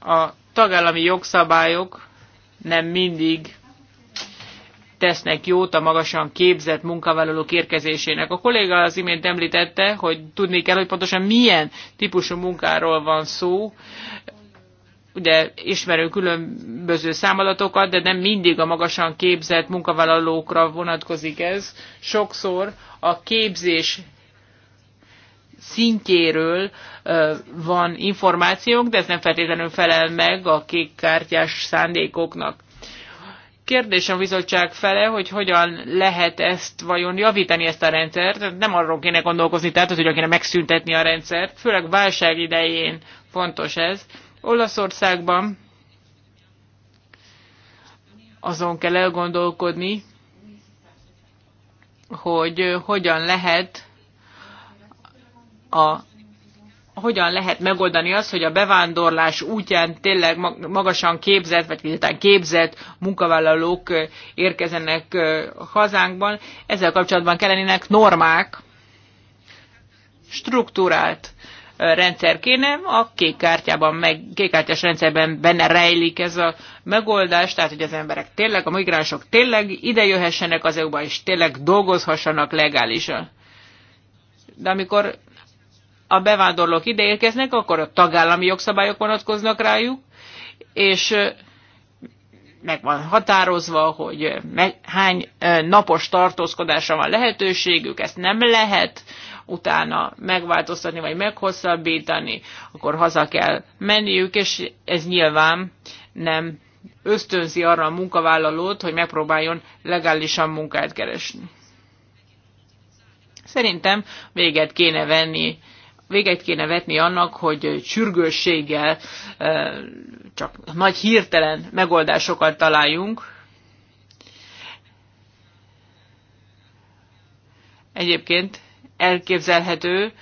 A tagállami jogszabályok nem mindig tesznek jót a magasan képzett munkavállalók érkezésének. A kolléga az imént említette, hogy tudni kell, hogy pontosan milyen típusú munkáról van szó, ugye ismerő különböző számadatokat, de nem mindig a magasan képzett munkavállalókra vonatkozik ez. Sokszor a képzés szintjéről van információk, de ez nem feltétlenül felel meg a kék kártyás szándékoknak. Kérdés a bizottság fele, hogy hogyan lehet ezt vajon javítani ezt a rendszert. Nem arról kéne gondolkozni, tehát hogy kéne megszüntetni a rendszert, főleg válság idején fontos ez. Olaszországban azon kell elgondolkodni, hogy hogyan lehet a hogyan lehet megoldani azt, hogy a bevándorlás útján tényleg magasan képzett, vagy egyáltalán képzett munkavállalók érkezenek hazánkban. Ezzel kapcsolatban kellenének normák, struktúrált rendszer kéne, a kék kártyában meg, kékkártyás rendszerben benne rejlik ez a megoldás, tehát hogy az emberek tényleg, a migránsok tényleg ide jöhessenek az EU-ba, és tényleg dolgozhassanak legálisan. De amikor a bevándorlók ide érkeznek, akkor a tagállami jogszabályok vonatkoznak rájuk, és meg van határozva, hogy hány napos tartózkodásra van lehetőségük, ezt nem lehet utána megváltoztatni, vagy meghosszabbítani, akkor haza kell menniük, és ez nyilván nem ösztönzi arra a munkavállalót, hogy megpróbáljon legálisan munkát keresni. Szerintem véget kéne venni véget kéne vetni annak, hogy sürgősséggel csak nagy hirtelen megoldásokat találjunk. Egyébként elképzelhető,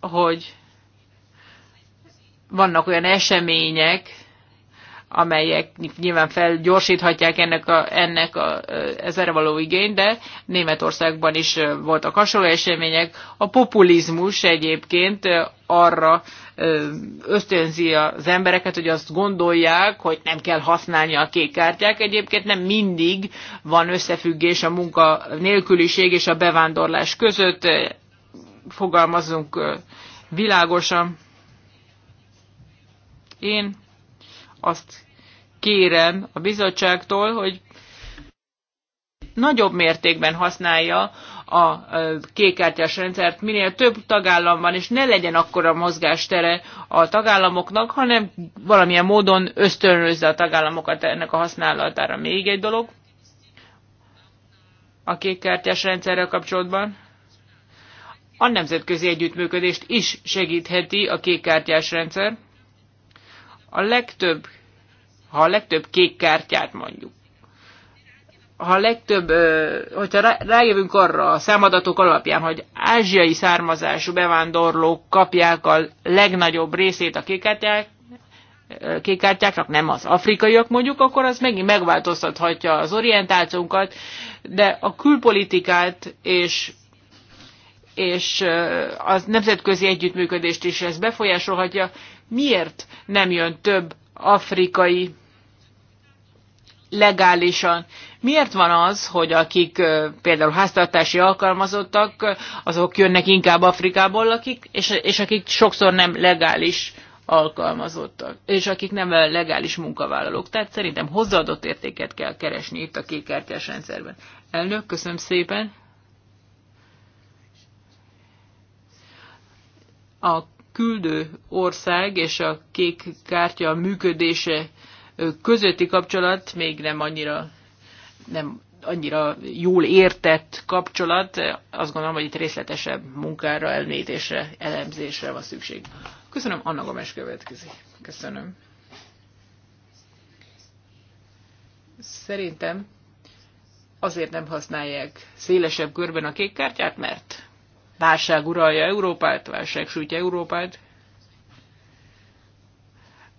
hogy vannak olyan események, amelyek nyilván felgyorsíthatják ennek a, ennek a, ez erre való igény, de Németországban is voltak hasonló események. A populizmus egyébként arra ösztönzi az embereket, hogy azt gondolják, hogy nem kell használni a kék kártyák. Egyébként nem mindig van összefüggés a munka nélküliség és a bevándorlás között. Fogalmazunk világosan. Én azt kérem a bizottságtól, hogy nagyobb mértékben használja a kékkártyás rendszert minél több tagállam van, és ne legyen akkora mozgástere a tagállamoknak, hanem valamilyen módon ösztönözze a tagállamokat ennek a használatára. Még egy dolog a kékkártyás rendszerrel kapcsolatban. A nemzetközi együttműködést is segítheti a kékkártyás rendszer. A legtöbb ha a legtöbb kék kártyát mondjuk, ha a legtöbb, hogyha rájövünk arra a számadatok alapján, hogy ázsiai származású bevándorlók kapják a legnagyobb részét a kékkártyák, kékkártyáknak, nem az afrikaiak mondjuk, akkor az megint megváltoztathatja az orientációnkat, de a külpolitikát és és az nemzetközi együttműködést is ez befolyásolhatja. Miért nem jön több afrikai legálisan. Miért van az, hogy akik például háztartási alkalmazottak, azok jönnek inkább Afrikából, akik, és, és akik sokszor nem legális alkalmazottak, és akik nem legális munkavállalók. Tehát szerintem hozzáadott értéket kell keresni itt a kékkártyás rendszerben. Elnök, köszönöm szépen. A küldő ország és a kék kártya működése közötti kapcsolat még nem annyira, nem annyira jól értett kapcsolat. Azt gondolom, hogy itt részletesebb munkára, elmétésre, elemzésre van szükség. Köszönöm, Anna Gomes következik. Köszönöm. Szerintem azért nem használják szélesebb körben a kék kártyát, mert válság uralja Európát, válság sújtja Európát.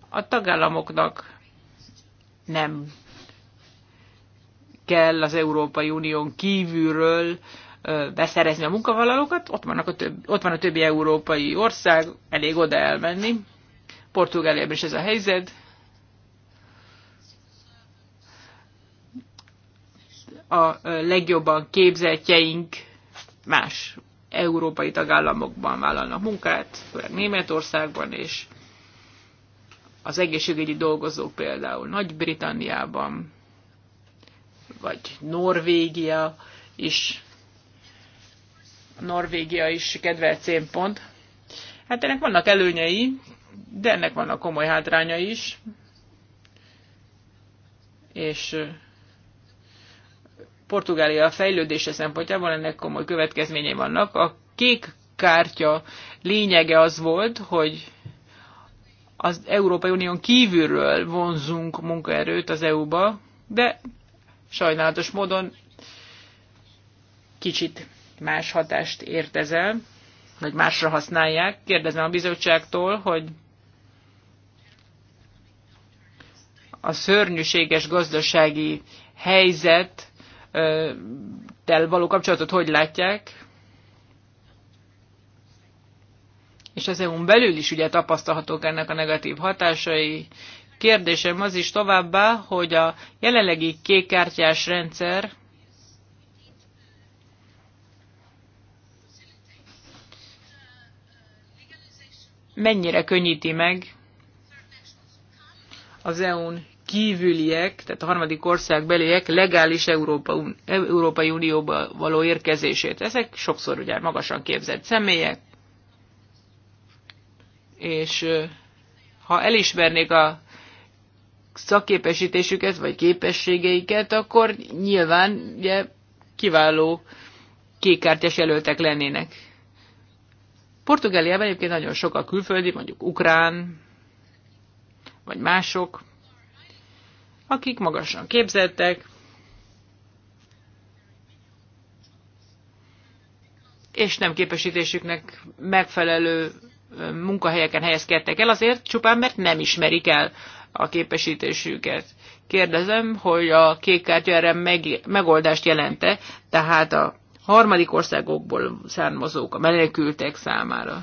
A tagállamoknak nem kell az Európai Unión kívülről beszerezni a munkavállalókat, ott, vannak a többi, ott van a többi európai ország, elég oda elmenni. Portugáliában is ez a helyzet. A legjobban képzeltjeink más európai tagállamokban vállalnak munkát, főleg Németországban és az egészségügyi dolgozók például Nagy-Britanniában, vagy Norvégia is, Norvégia is kedvelt célpont. Hát ennek vannak előnyei, de ennek vannak komoly hátránya is, és Portugália fejlődése szempontjából ennek komoly következményei vannak. A kék kártya lényege az volt, hogy az Európai Unión kívülről vonzunk munkaerőt az EU-ba, de sajnálatos módon kicsit más hatást ért ezzel, vagy másra használják. Kérdezem a bizottságtól, hogy a szörnyűséges gazdasági helyzet tel való kapcsolatot hogy látják, és az EU-n belül is ugye tapasztalhatók ennek a negatív hatásai. Kérdésem az is továbbá, hogy a jelenlegi kékkártyás rendszer mennyire könnyíti meg az EU-n kívüliek, tehát a harmadik ország beliek legális Európa, Európai Unióba való érkezését. Ezek sokszor ugye magasan képzett személyek, és ha elismernék a szakképesítésüket, vagy képességeiket, akkor nyilván ugye, kiváló kékkártyás jelöltek lennének. Portugáliában egyébként nagyon sok a külföldi, mondjuk ukrán, vagy mások, akik magasan képzettek, és nem képesítésüknek megfelelő munkahelyeken helyezkedtek el, azért csupán mert nem ismerik el a képesítésüket. Kérdezem, hogy a kék kártya erre meg, megoldást jelente, tehát a harmadik országokból származók, a menekültek számára.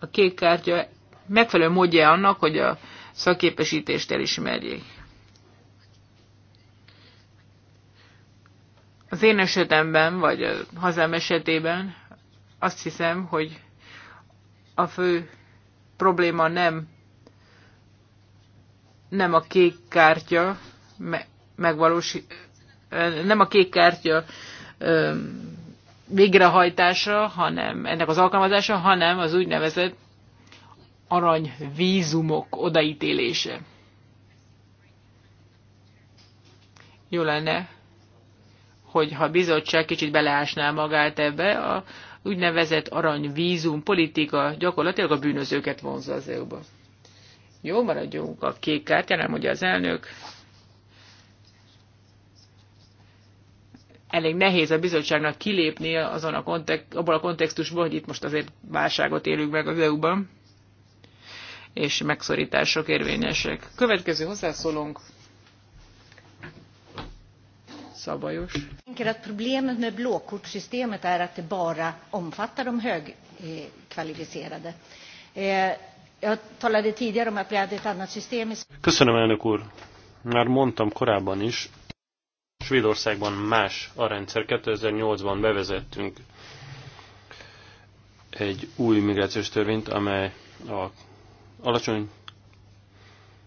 A kék kártya megfelelő módja annak, hogy a szakképesítést elismerjék. Az én esetemben, vagy a hazám esetében azt hiszem, hogy a fő probléma nem, nem a kék kártya megvalósít, nem a kék kártya végrehajtása, hanem ennek az alkalmazása, hanem az úgynevezett arany vízumok odaítélése. Jó lenne, hogyha a bizottság kicsit beleásná magát ebbe, a úgynevezett aranyvízum politika gyakorlatilag a bűnözőket vonzza az eu -ba. Jó, maradjunk a kék nem ugye az elnök. Elég nehéz a bizottságnak kilépni azon a kontek- abból a kontextusból, hogy itt most azért válságot élünk meg az EU-ban, és megszorítások érvényesek. Következő hozzászólunk szabályos. Att problemet med blåkortsystemet är att det bara omfattar de högkvalificerade. Eh, eh, jag talade tidigare om att vi hade ett annat system. Köszönöm elnök úr. Már mondtam korábban is, Svédországban más a rendszer. 2008-ban bevezettünk egy új migrációs törvényt, amely a alacsony,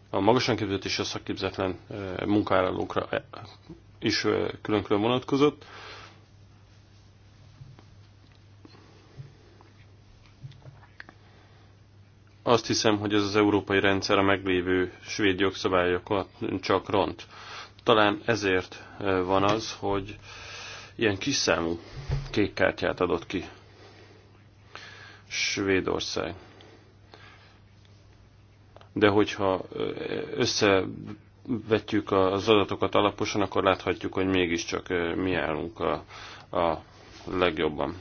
a magasan képzett és a szakképzetlen eh, munkavállalókra is külön-külön vonatkozott. Azt hiszem, hogy ez az európai rendszer a meglévő svéd jogszabályokat csak ront. Talán ezért van az, hogy ilyen kis számú kék kártyát adott ki Svédország. De hogyha össze vetjük az adatokat alaposan, akkor láthatjuk, hogy mégiscsak mi állunk a, a legjobban.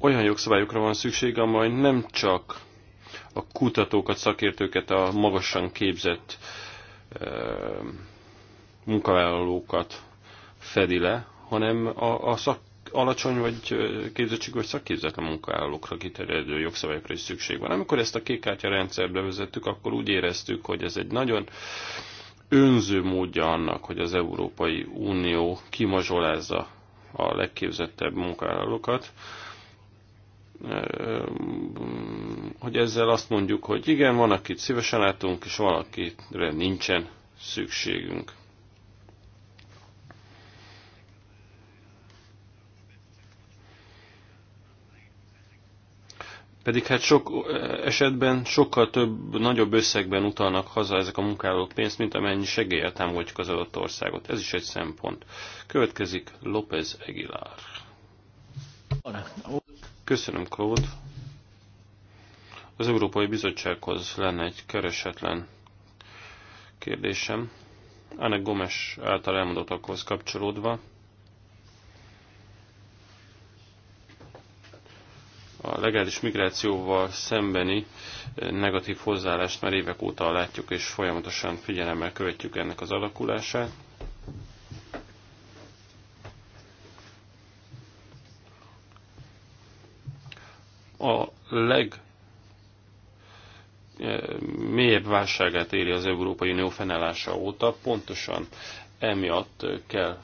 Olyan jogszabályokra van szükség, amely nem csak a kutatókat, szakértőket, a magasan képzett munkavállalókat fedi le, hanem a, a szak alacsony vagy képzettség vagy szakképzetlen munkaállókra kiterjedő jogszabályokra is szükség van. Amikor ezt a kékkártya rendszerbe vezettük, akkor úgy éreztük, hogy ez egy nagyon önző módja annak, hogy az Európai Unió kimazsolázza a legképzettebb munkaállókat, hogy ezzel azt mondjuk, hogy igen, van, akit szívesen látunk, és van, akire nincsen szükségünk. Pedig hát sok esetben sokkal több, nagyobb összegben utalnak haza ezek a munkálók pénzt, mint amennyi segéllyel támogatjuk az adott országot. Ez is egy szempont. Következik López Aguilar. Köszönöm, Claude. Az Európai Bizottsághoz lenne egy keresetlen kérdésem. Anne Gomes által elmondottakhoz kapcsolódva. a legális migrációval szembeni eh, negatív hozzáállást már évek óta látjuk, és folyamatosan figyelemmel követjük ennek az alakulását. A leg eh, mélyebb válságát éri az Európai Unió fennállása óta, pontosan emiatt kell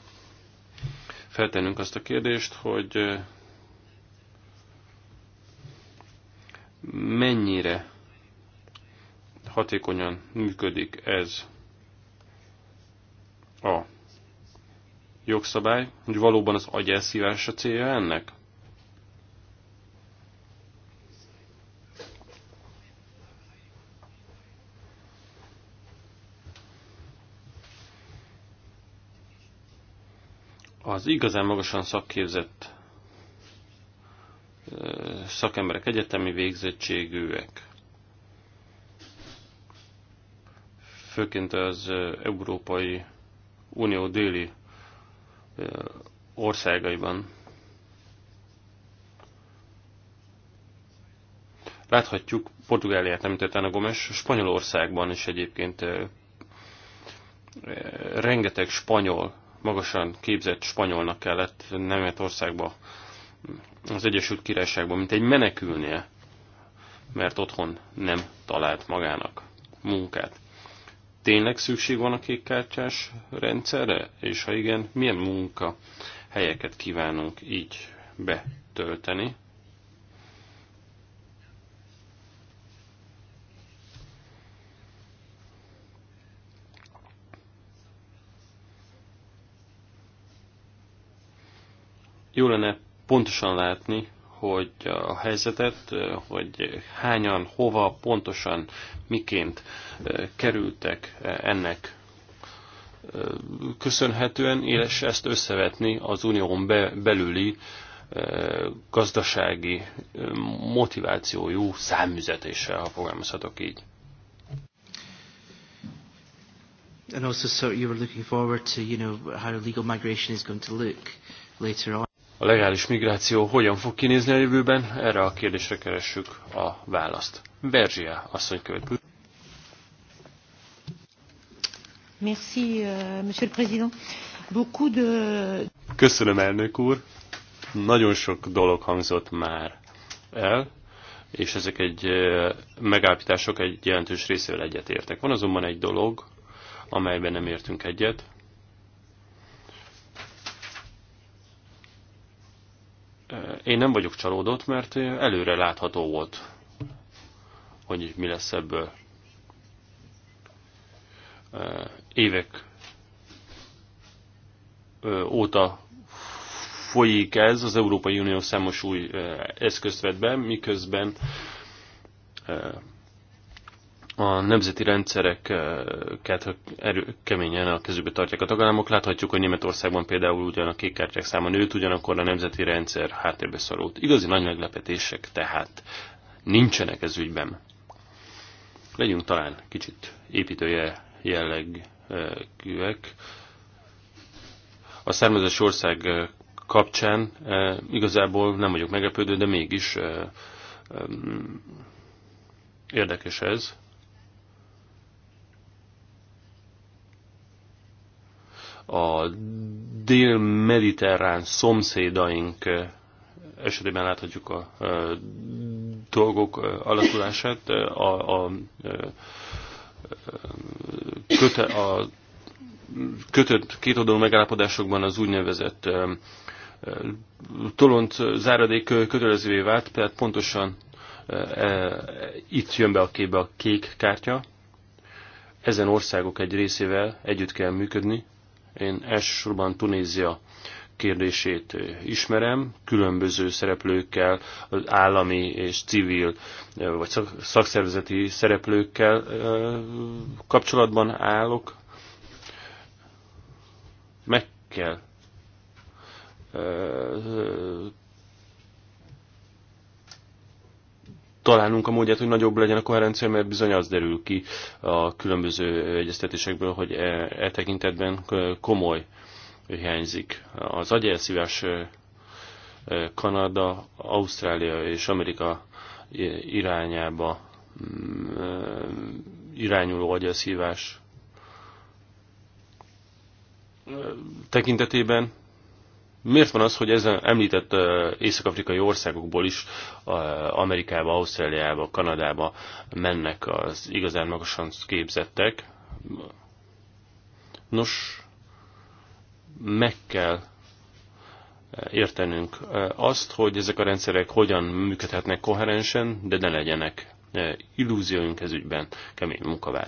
feltennünk azt a kérdést, hogy eh, mennyire hatékonyan működik ez a jogszabály, hogy valóban az agyelszívás a célja ennek? Az igazán magasan szakképzett szakemberek, egyetemi végzettségűek. Főként az Európai Unió déli országaiban. Láthatjuk, Portugáliát tettem a Gomes, Spanyolországban is egyébként rengeteg spanyol, magasan képzett spanyolnak kellett Németországba az Egyesült Királyságban, mint egy menekülnie, mert otthon nem talált magának munkát. Tényleg szükség van a kékkártyás rendszerre? És ha igen, milyen munka helyeket kívánunk így betölteni? Jó lenne pontosan látni, hogy a helyzetet, hogy hányan, hova, pontosan, miként eh, kerültek eh, ennek eh, köszönhetően, és ezt összevetni az unión belüli gazdasági motivációjú számüzetéssel, ha fogalmazhatok így. And also, so you were looking forward to, you know, how legal migration is going to look later on a legális migráció hogyan fog kinézni a jövőben, erre a kérdésre keressük a választ. Berzsia asszony követő. Merci, euh, monsieur le président. Beaucoup de... Köszönöm, elnök úr. Nagyon sok dolog hangzott már el, és ezek egy megállapítások egy jelentős részével egyetértek. Van azonban egy dolog, amelyben nem értünk egyet, Én nem vagyok csalódott, mert előre látható volt, hogy mi lesz ebből. Évek óta folyik ez, az Európai Unió számos új eszközt vett be, miközben a nemzeti rendszereket erő, keményen a kezükbe tartják a tagállamok. Láthatjuk, hogy Németországban például ugyan a kékkártyák száma nőtt, ugyanakkor a nemzeti rendszer háttérbe szorult. Igazi nagy meglepetések tehát nincsenek ez ügyben. Legyünk talán kicsit építője jellegűek. A származás ország kapcsán igazából nem vagyok meglepődő, de mégis érdekes ez. a dél-mediterrán szomszédaink eh, esetében láthatjuk a eh, dolgok eh, alakulását, a, a, köte, a kötött kétoldalú megállapodásokban az úgynevezett tolont záradék kötelezővé vált, tehát pontosan itt jön be a képbe a kék kártya. Ezen országok egy részével együtt kell működni, én elsősorban Tunézia kérdését ismerem, különböző szereplőkkel, állami és civil vagy szakszervezeti szereplőkkel kapcsolatban állok. Meg kell találnunk a módját, hogy nagyobb legyen a koherencia, mert bizony az derül ki a különböző egyeztetésekből, hogy e, e tekintetben komoly hiányzik. Az agyelszívás e, e, Kanada, Ausztrália és Amerika irányába mm, e, irányuló agyelszívás tekintetében Miért van az, hogy ezen említett észak-afrikai országokból is Amerikába, Ausztráliába, Kanadába mennek az igazán magasan képzettek? Nos, meg kell értenünk azt, hogy ezek a rendszerek hogyan működhetnek koherensen, de ne legyenek illúzióink ez ügyben, kemény munka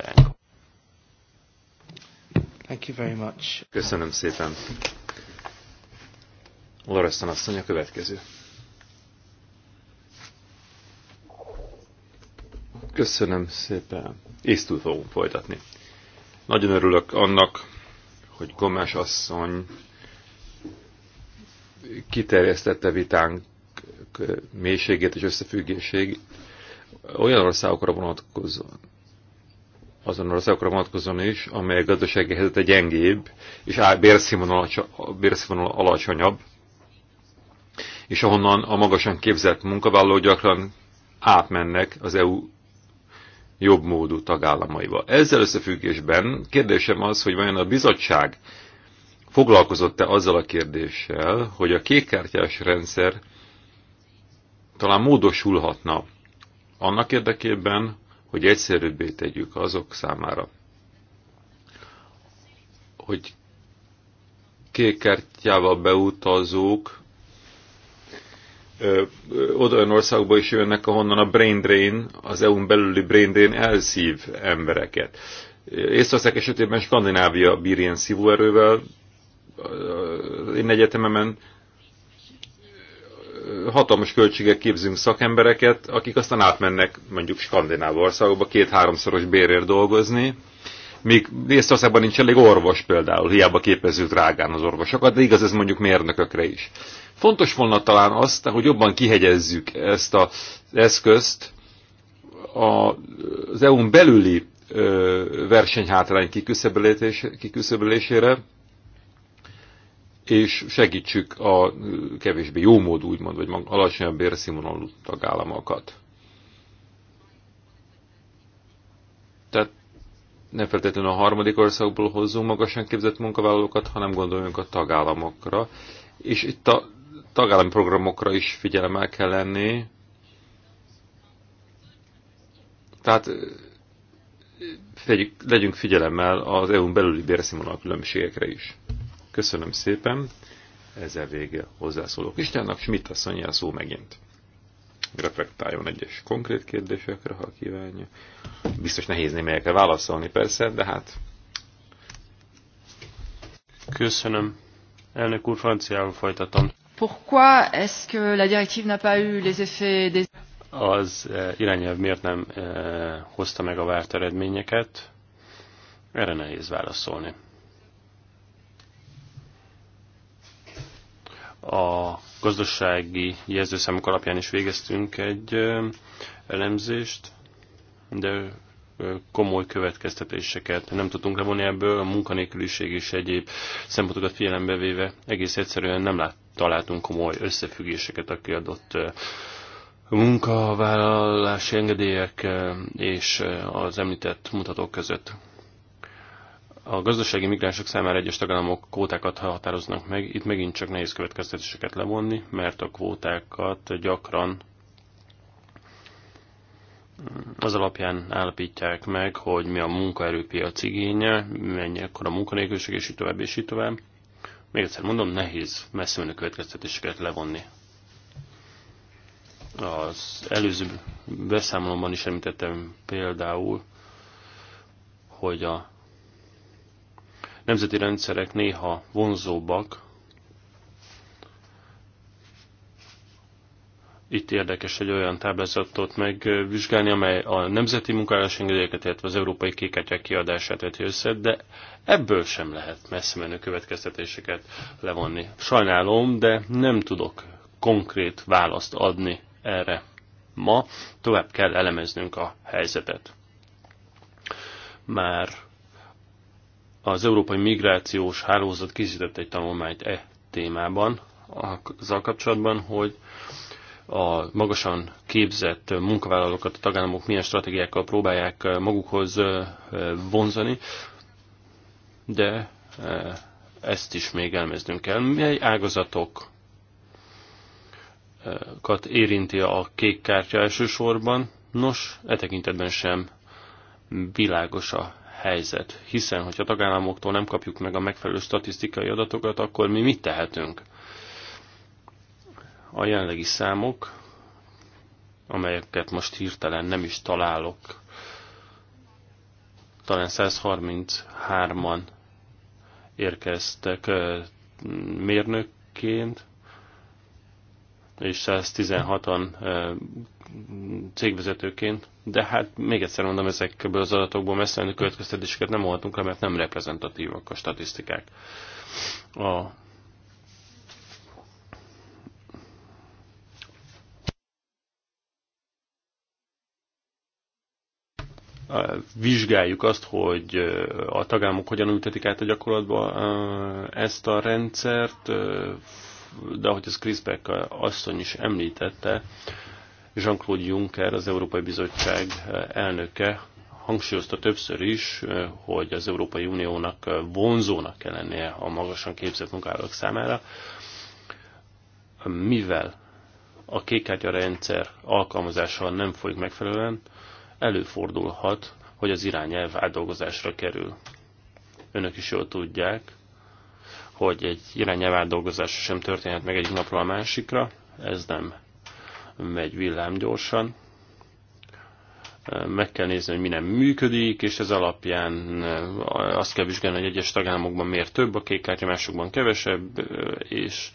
Köszönöm szépen. Lorestan asszony a következő. Köszönöm szépen. Észtül fogunk folytatni. Nagyon örülök annak, hogy Gomes asszony kiterjesztette vitánk mélységét és összefüggését olyan országokra vonatkozóan, azon országokra vonatkozóan is, amely a gazdasági helyzete gyengébb, és bérszínvonal alacsonyabb, és ahonnan a magasan képzett munkavállaló gyakran átmennek az EU jobb módú tagállamaiba. Ezzel összefüggésben kérdésem az, hogy vajon a bizottság foglalkozott-e azzal a kérdéssel, hogy a kékkártyás rendszer talán módosulhatna annak érdekében, hogy egyszerűbbé tegyük azok számára, hogy kékkártyával beutazók olyan országból is jönnek, ahonnan a brain drain, az EU-n belüli brain drain elszív embereket. Észország esetében Skandinávia bír ilyen szívóerővel, én egyetememen hatalmas költségek képzünk szakembereket, akik aztán átmennek mondjuk Skandináv országokba két-háromszoros bérért dolgozni, még Észtországban nincs elég orvos például, hiába képezzük drágán az orvosokat, de igaz ez mondjuk mérnökökre is. Fontos volna talán azt, hogy jobban kihegyezzük ezt az eszközt az EU-n belüli versenyhátrány kiküszöbölésére, és segítsük a kevésbé jó módú, úgymond, vagy alacsonyabb bérszínvonalú tagállamokat. Tehát nem feltétlenül a harmadik országból hozzunk magasan képzett munkavállalókat, hanem gondoljunk a tagállamokra. És itt a tagállami programokra is figyelemmel kell lenni. Tehát legyünk figyelemmel az EU-n belüli bérszínvonal különbségekre is. Köszönöm szépen. Ezzel vége hozzászólok. Istennek Schmidt a szó megint reflektáljon egyes konkrét kérdésekre, ha kívánja. Biztos nehéz némelyekre válaszolni persze, de hát... Köszönöm. Elnök úr, franciául folytatom. Pourquoi est-ce que la directive n'a pas eu les effets des... Az eh, irányelv miért nem eh, hozta meg a várt eredményeket? Erre nehéz válaszolni. A gazdasági jelzőszámok alapján is végeztünk egy elemzést, de komoly következtetéseket nem tudtunk levonni ebből, a munkanélküliség és egyéb szempontokat figyelembe véve egész egyszerűen nem lát, találtunk komoly összefüggéseket a kiadott munkavállalási engedélyek és az említett mutatók között. A gazdasági migránsok számára egyes tagállamok kvótákat határoznak meg, itt megint csak nehéz következtetéseket levonni, mert a kvótákat gyakran az alapján állapítják meg, hogy mi a munkaerőpiac igénye, mennyi akkor a munkanélküliség, és így tovább, és így tovább. Még egyszer mondom, nehéz messze menő következtetéseket levonni. Az előző beszámolomban is említettem például, hogy a nemzeti rendszerek néha vonzóbbak. Itt érdekes egy olyan táblázatot megvizsgálni, amely a nemzeti engedélyeket, illetve az európai kékátyák kiadását veti össze, de ebből sem lehet messze menő következtetéseket levonni. Sajnálom, de nem tudok konkrét választ adni erre ma. Tovább kell elemeznünk a helyzetet. Már az Európai Migrációs Hálózat készített egy tanulmányt e témában, azzal kapcsolatban, hogy a magasan képzett munkavállalókat a tagállamok milyen stratégiákkal próbálják magukhoz vonzani, de ezt is még elmeznünk kell. Mely ágazatokat érinti a kék kártya elsősorban? Nos, e tekintetben sem világos a helyzet, hiszen hogyha tagállamoktól nem kapjuk meg a megfelelő statisztikai adatokat, akkor mi mit tehetünk? A jelenlegi számok, amelyeket most hirtelen nem is találok, talán 133-an érkeztek mérnökként, és 116-an cégvezetőként, de hát még egyszer mondom, ezekből az adatokból messze a következtetéseket nem voltunk le, mert nem reprezentatívak a statisztikák. A vizsgáljuk azt, hogy a tagállamok hogyan ültetik át a gyakorlatba ezt a rendszert, de ahogy ez Chris Beck asszony is említette, Jean-Claude Juncker, az Európai Bizottság elnöke hangsúlyozta többször is, hogy az Európai Uniónak vonzónak kell lennie a magasan képzett munkálók számára, mivel a kékkártya rendszer alkalmazása nem folyik megfelelően, előfordulhat, hogy az irányelv átdolgozásra kerül. Önök is jól tudják, hogy egy irányelv átdolgozása sem történhet meg egy napról a másikra, ez nem megy villám gyorsan. Meg kell nézni, hogy mi nem működik, és ez alapján eh, azt kell vizsgálni, hogy egyes tagállamokban miért több a kék kártya, másokban kevesebb, eh, és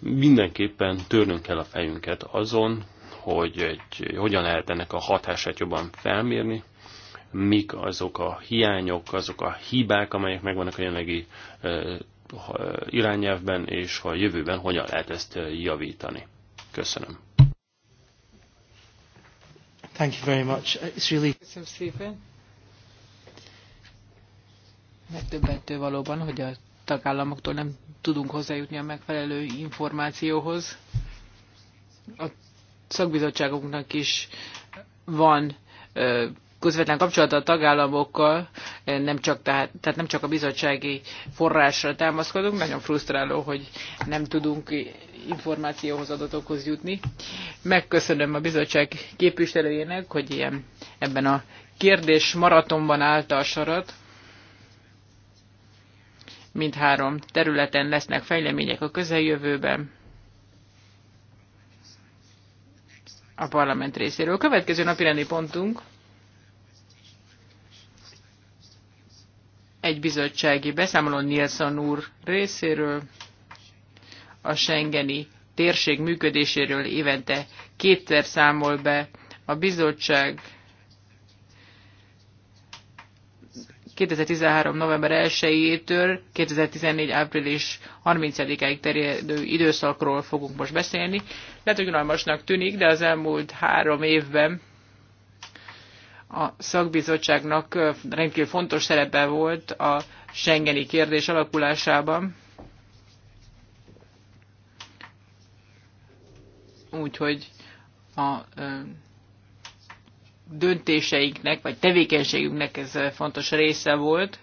mindenképpen törnünk kell a fejünket azon, hogy egy, hogyan lehet ennek a hatását jobban felmérni, mik azok a hiányok, azok a hibák, amelyek megvannak a jelenlegi eh, irányelvben, és a jövőben hogyan lehet ezt javítani. Köszönöm. Thank you very much. It's really... Köszönöm szépen. Megdöbbentő valóban, hogy a tagállamoktól nem tudunk hozzájutni a megfelelő információhoz. A szakbizottságunknak is van közvetlen kapcsolata a tagállamokkal, eh, nem csak, tehát, tehát nem csak a bizottsági forrásra támaszkodunk, nagyon frusztráló, hogy nem tudunk információhoz, adatokhoz jutni. Megköszönöm a bizottság képviselőjének, hogy ilyen ebben a kérdés maratonban állt a sarat. Mindhárom területen lesznek fejlemények a közeljövőben. a parlament részéről. A következő napi rendi pontunk egy bizottsági beszámoló Nielsen úr részéről a Schengeni térség működéséről évente kétszer számol be a bizottság 2013. november 1-től 2014. április 30-áig terjedő időszakról fogunk most beszélni. Lehet, hogy unalmasnak tűnik, de az elmúlt három évben a szakbizottságnak rendkívül fontos szerepe volt a Schengeni kérdés alakulásában. Úgyhogy a döntéseinknek, vagy tevékenységünknek ez fontos része volt.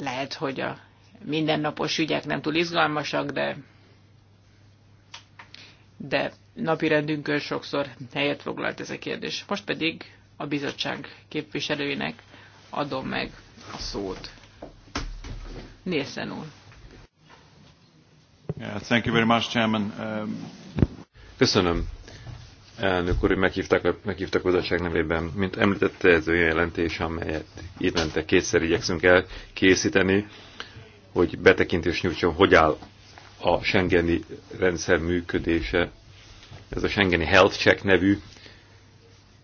Lehet, hogy a mindennapos ügyek nem túl izgalmasak, de, de napi rendünkön sokszor helyet foglalt ez a kérdés. Most pedig a bizottság képviselőinek adom meg a szót. Nielsen úr. Yeah, thank you very much, Chairman. Um... Köszönöm. Elnök úr, hogy meghívtak, meghívtak bizottság nevében. Mint említette, ez olyan jelentés, amelyet évente kétszer igyekszünk el készíteni, hogy betekintés nyújtson, hogy áll a Schengeni rendszer működése ez a Schengeni Health Check nevű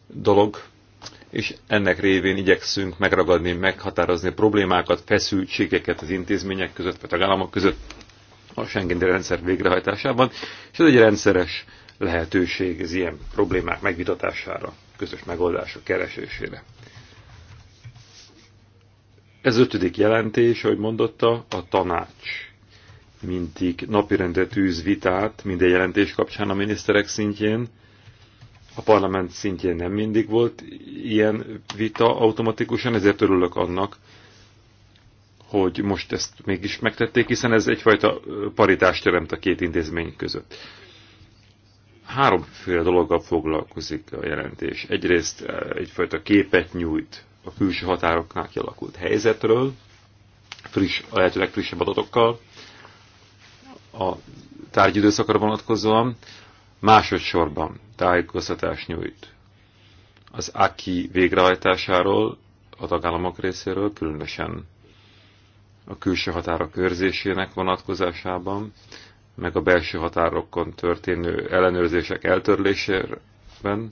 dolog, és ennek révén igyekszünk megragadni, meghatározni problémákat, feszültségeket az intézmények között, vagy tagállamok között a Schengeni rendszer végrehajtásában, és ez egy rendszeres lehetőség az ilyen problémák megvitatására, közös megoldások keresésére. Ez ötödik jelentés, ahogy mondotta, a tanács mindig napirendre tűz vitát minden jelentés kapcsán a miniszterek szintjén. A parlament szintjén nem mindig volt ilyen vita automatikusan, ezért örülök annak, hogy most ezt mégis megtették, hiszen ez egyfajta paritást teremt a két intézmény között. Háromféle dologgal foglalkozik a jelentés. Egyrészt egyfajta képet nyújt a külső határoknál kialakult helyzetről, friss, a lehető legfrissebb adatokkal, a tárgyidőszakra vonatkozóan, másodszorban tájékoztatást nyújt az AKI végrehajtásáról a tagállamok részéről, különösen a külső határok őrzésének vonatkozásában, meg a belső határokon történő ellenőrzések eltörlésében,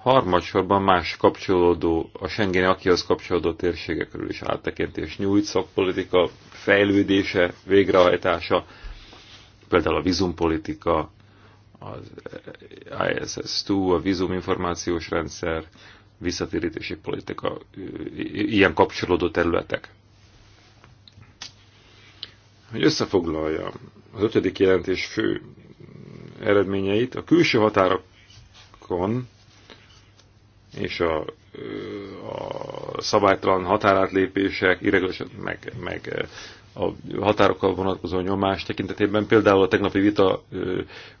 harmadsorban más kapcsolódó, a Schengeni akihoz kapcsolódó térségekről is áttekintés nyújt, szakpolitika fejlődése, végrehajtása, például a vízumpolitika, az ISS-2, a vízuminformációs rendszer, visszatérítési politika, ilyen kapcsolódó területek. Hogy összefoglaljam az ötödik jelentés fő eredményeit, a külső határokon és a, a szabálytalan határátlépések, irreguláris meg, meg a határokkal vonatkozó nyomás tekintetében. Például a tegnapi vita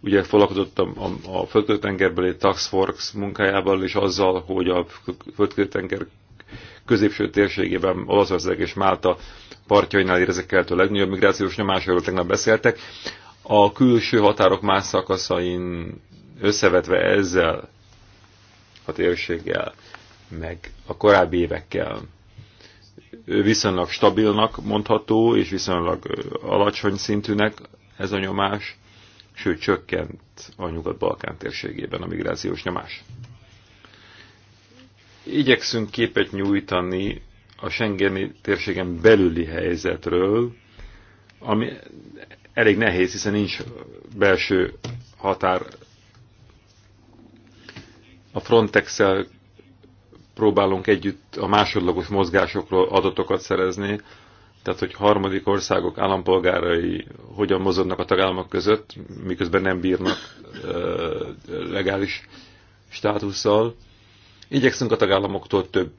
ugye foglalkozott a, a, a földkötengerbeli Tax Forks munkájával és azzal, hogy a földkötenger középső térségében Olaszország és Málta partjainál érzekelt a legnagyobb migrációs nyomásról tegnap beszéltek. A külső határok más szakaszain összevetve ezzel a térséggel, meg a korábbi évekkel viszonylag stabilnak mondható, és viszonylag alacsony szintűnek ez a nyomás, sőt csökkent a Nyugat-Balkán térségében a migrációs nyomás. Igyekszünk képet nyújtani a Schengeni térségen belüli helyzetről, ami elég nehéz, hiszen nincs belső határ. A Frontex-el próbálunk együtt a másodlagos mozgásokról adatokat szerezni, tehát hogy harmadik országok állampolgárai hogyan mozognak a tagállamok között, miközben nem bírnak legális státusszal. Igyekszünk a tagállamoktól több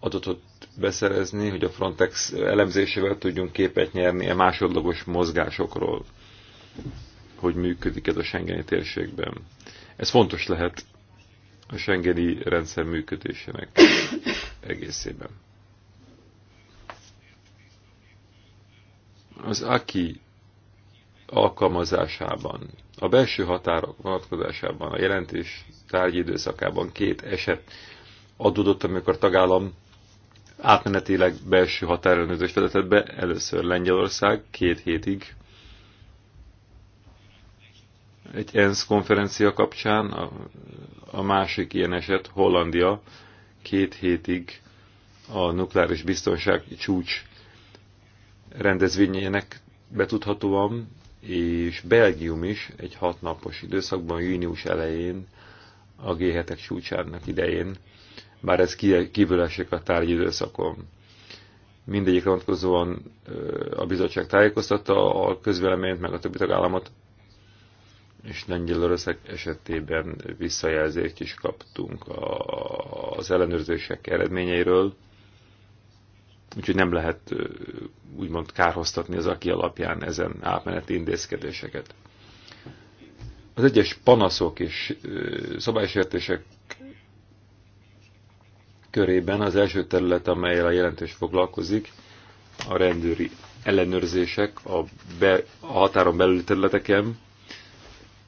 adatot beszerezni, hogy a Frontex elemzésével tudjunk képet nyerni a e másodlagos mozgásokról, hogy működik ez a Schengeni térségben. Ez fontos lehet a Schengeni rendszer működésének egészében. Az AKI alkalmazásában, a belső határok vonatkozásában, a jelentés tárgyi időszakában két eset adódott, amikor tagállam átmenetileg belső határellenőrzést vezetett be, először Lengyelország két hétig, egy ENSZ konferencia kapcsán, a, a másik ilyen eset Hollandia két hétig a nukleáris biztonság csúcs rendezvényének betudhatóan, és Belgium is egy hatnapos időszakban, június elején, a g 7 csúcsának idején, bár ez kívül esik a tárgy időszakon. Mindegyik vonatkozóan a bizottság tájékoztatta a közvéleményt, meg a többi tagállamot és Lengyelország esetében visszajelzést is kaptunk az ellenőrzések eredményeiről, úgyhogy nem lehet úgymond kárhoztatni az aki alapján ezen átmeneti intézkedéseket. Az egyes panaszok és szabálysértések körében az első terület, amelyel a jelentés foglalkozik, a rendőri ellenőrzések a, be, a határon belüli területeken,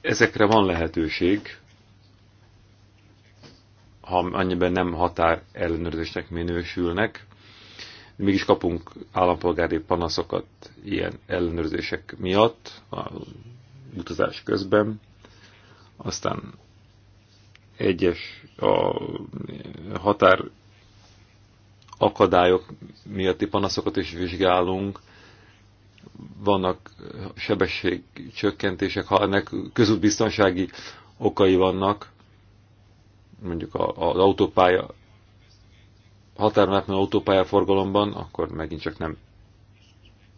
Ezekre van lehetőség, ha annyiben nem határ ellenőrzésnek minősülnek, mégis kapunk állampolgári panaszokat ilyen ellenőrzések miatt, a utazás közben, aztán egyes a határ akadályok miatti panaszokat is vizsgálunk, vannak sebességcsökkentések, ha ennek közútbiztonsági okai vannak, mondjuk az autópálya határon átmenő autópálya forgalomban, akkor megint csak nem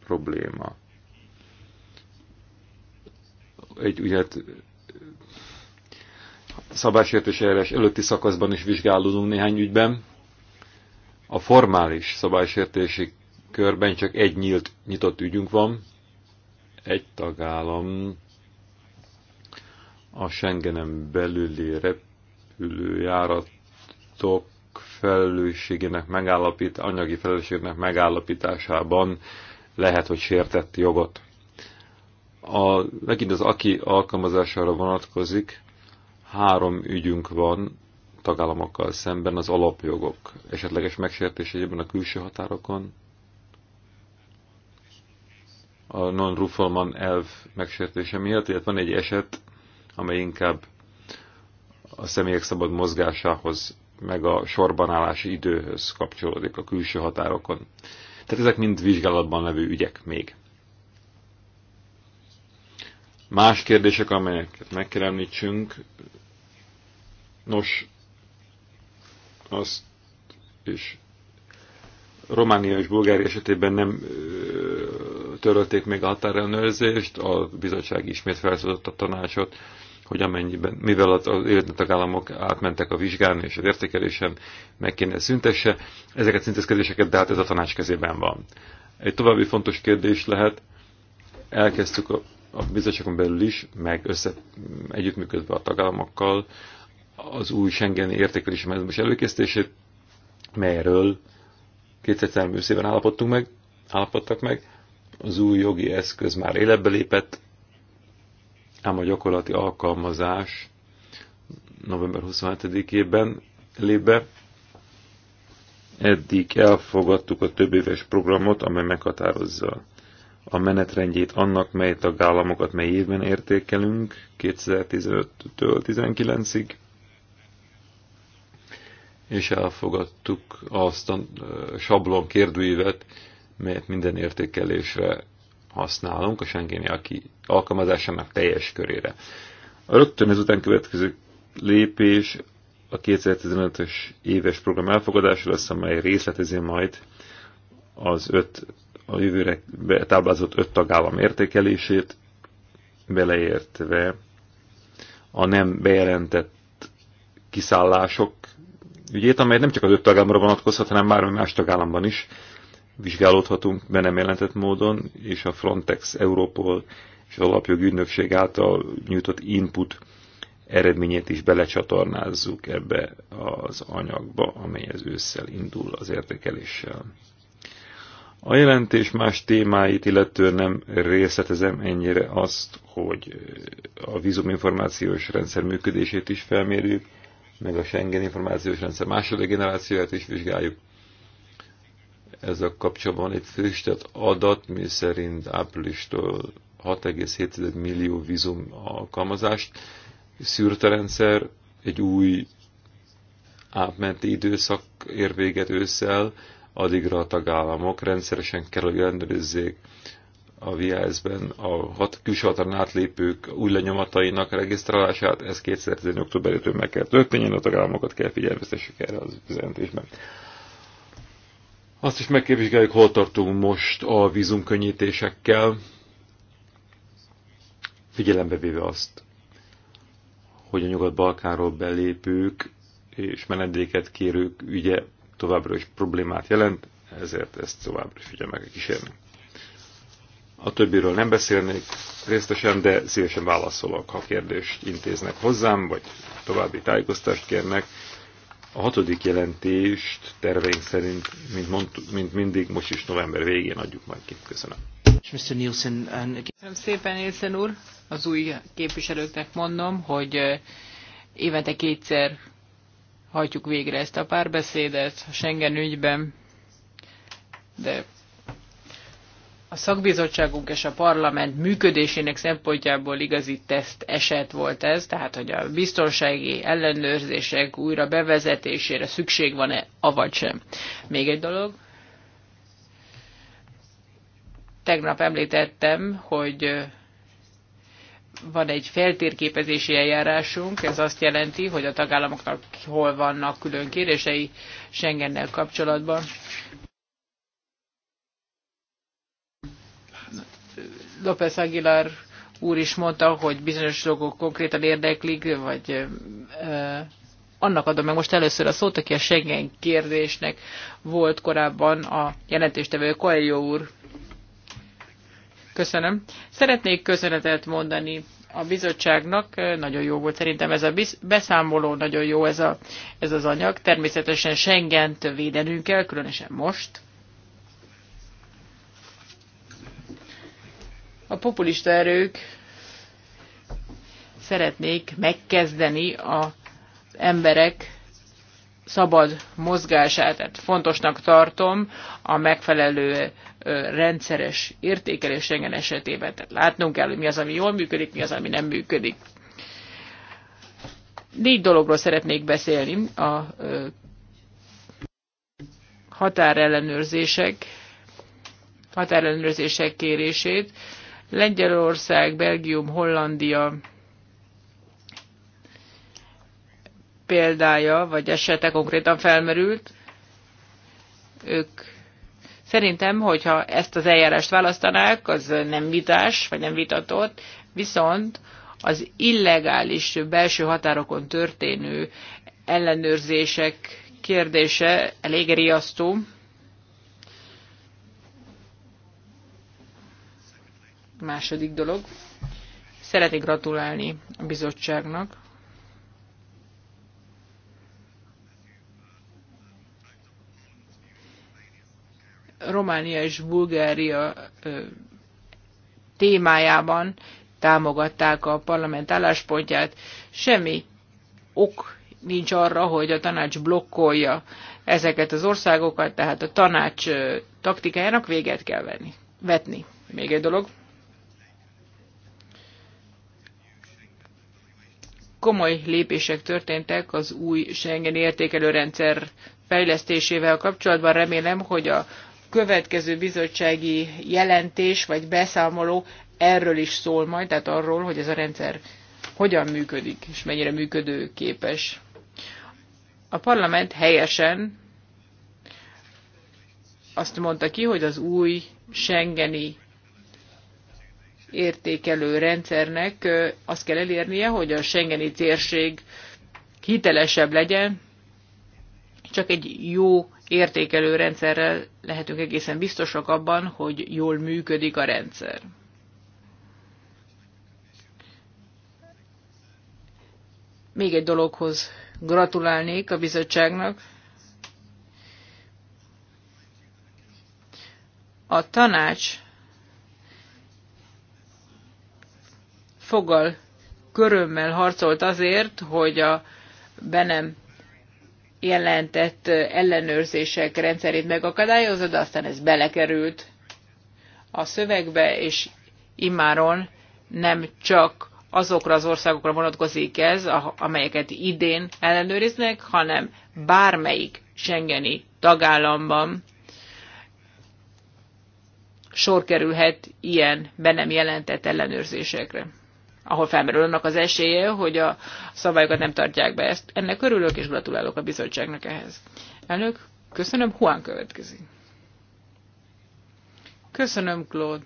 probléma. Egy ugye szabálysértés eljárás előtti szakaszban is vizsgálódunk néhány ügyben. A formális szabálysértési körben csak egy nyílt, nyitott ügyünk van, egy tagállam a Schengenen belüli repülőjáratok felelősségének megállapít, anyagi felelősségének megállapításában lehet, hogy sértett jogot. A, megint az aki alkalmazására vonatkozik, három ügyünk van tagállamokkal szemben az alapjogok esetleges megsértésében a külső határokon, a non-rufalman elv megsértése miatt, illetve van egy eset, amely inkább a személyek szabad mozgásához, meg a sorban állási időhöz kapcsolódik a külső határokon. Tehát ezek mind vizsgálatban levő ügyek még. Más kérdések, amelyeket meg kell említsünk, nos, azt is Románia és Bulgária esetében nem törölték még a a bizottság ismét felszólított a tanácsot, hogy amennyiben, mivel az érintett tagállamok átmentek a vizsgán és az értékelésen, meg kéne szüntesse. Ezeket szintézkedéseket, de hát ez a tanács kezében van. Egy további fontos kérdés lehet, elkezdtük a, a bizottságon belül is, meg össze, együttműködve a tagállamokkal, az új Schengeni értékelési mechanizmus előkészítését, melyről 2020 szépen állapodtunk meg, állapodtak meg, az új jogi eszköz már életbe lépett, ám a gyakorlati alkalmazás november 27-ében lép be. Eddig elfogadtuk a több éves programot, amely meghatározza a menetrendjét annak, mely tagállamokat mely évben értékelünk, 2015-től 19-ig, és elfogadtuk azt a sablon kérdőívet, melyet minden értékelésre használunk, a Schengeni aki alkalmazásának teljes körére. A rögtön ezután következő lépés a 2015-ös éves program elfogadása lesz, amely részletezi majd az öt, a jövőre táblázott öt tagállam értékelését, beleértve a nem bejelentett kiszállások ügyét, amely nem csak az öt tagállamra vonatkozhat, hanem már más tagállamban is vizsgálódhatunk be nem jelentett módon, és a Frontex, Europol és az alapjogi ügynökség által nyújtott input eredményét is belecsatornázzuk ebbe az anyagba, amely az ősszel indul az értékeléssel. A jelentés más témáit illetően nem részletezem ennyire azt, hogy a vízuminformációs rendszer működését is felmérjük, meg a Schengen információs rendszer második generációját is vizsgáljuk, ezzel kapcsolatban egy frissített adat, mi szerint áprilistól 6,7 millió vízum alkalmazást szűrt a rendszer, egy új átmenti időszak ér véget ősszel, addigra a tagállamok rendszeresen kell, hogy rendőrizzék a VIS-ben a hat, külső határon átlépők új lenyomatainak regisztrálását, ez 2011. októberétől meg kell történjen, a tagállamokat kell figyelmeztessük erre az üzenetésben. Azt is megképviselünk, hol tartunk most a vízumkönnyítésekkel, figyelembe véve azt, hogy a Nyugat-Balkánról belépők és menedéket kérők ügye továbbra is problémát jelent, ezért ezt továbbra is figyelmel kísérni. A többiről nem beszélnék részletesen, de szívesen válaszolok, ha kérdést intéznek hozzám, vagy további tájékoztást kérnek. A hatodik jelentést terveink szerint, mint, mondtuk, mint mindig, most is november végén adjuk majd ki. Köszönöm. Uh, Köszönöm szépen, Nielsen úr. Az új képviselőknek mondom, hogy uh, évente kétszer hajtjuk végre ezt a párbeszédet a Schengen ügyben, de a szakbizottságunk és a parlament működésének szempontjából igazi teszt eset volt ez, tehát hogy a biztonsági ellenőrzések újra bevezetésére szükség van-e, avagy sem. Még egy dolog. Tegnap említettem, hogy van egy feltérképezési eljárásunk, ez azt jelenti, hogy a tagállamoknak hol vannak külön kérései Schengennel kapcsolatban. López Aguilar úr is mondta, hogy bizonyos dolgok konkrétan érdeklik, vagy annak adom meg most először a szót, aki a Schengen kérdésnek volt korábban a jelentéstevő Koelyó úr. Köszönöm. Szeretnék köszönetet mondani a bizottságnak. Nagyon jó volt szerintem ez a beszámoló, nagyon jó ez, a, ez az anyag. Természetesen Schengent védenünk kell, különösen most. A populista erők szeretnék megkezdeni az emberek szabad mozgását, tehát fontosnak tartom a megfelelő rendszeres értékelés Schengen esetében. Tehát látnunk kell, hogy mi az, ami jól működik, mi az, ami nem működik. Négy dologról szeretnék beszélni. A határellenőrzések, határellenőrzések kérését, Lengyelország, Belgium, Hollandia példája, vagy esete konkrétan felmerült. Ők szerintem, hogyha ezt az eljárást választanák, az nem vitás, vagy nem vitatott, viszont az illegális belső határokon történő ellenőrzések kérdése elég riasztó. Második dolog. Szeretnék gratulálni a bizottságnak. Románia és Bulgária témájában támogatták a parlament álláspontját. Semmi ok nincs arra, hogy a tanács blokkolja ezeket az országokat, tehát a tanács taktikájának véget kell venni, vetni. Még egy dolog. komoly lépések történtek az új Schengen értékelő rendszer fejlesztésével kapcsolatban. Remélem, hogy a következő bizottsági jelentés vagy beszámoló erről is szól majd, tehát arról, hogy ez a rendszer hogyan működik, és mennyire működőképes. A parlament helyesen azt mondta ki, hogy az új Schengeni értékelő rendszernek azt kell elérnie, hogy a Schengeni térség hitelesebb legyen, csak egy jó értékelő rendszerrel lehetünk egészen biztosak abban, hogy jól működik a rendszer. Még egy dologhoz gratulálnék a bizottságnak. A tanács foggal, körömmel harcolt azért, hogy a benem jelentett ellenőrzések rendszerét megakadályozza, de aztán ez belekerült a szövegbe, és immáron nem csak azokra az országokra vonatkozik ez, amelyeket idén ellenőriznek, hanem bármelyik Schengeni tagállamban sor kerülhet ilyen be nem jelentett ellenőrzésekre ahol felmerül annak az esélye, hogy a szabályokat nem tartják be. Ezt, ennek örülök, és gratulálok a bizottságnak ehhez. Elnök, köszönöm, Juan következik. Köszönöm, Claude.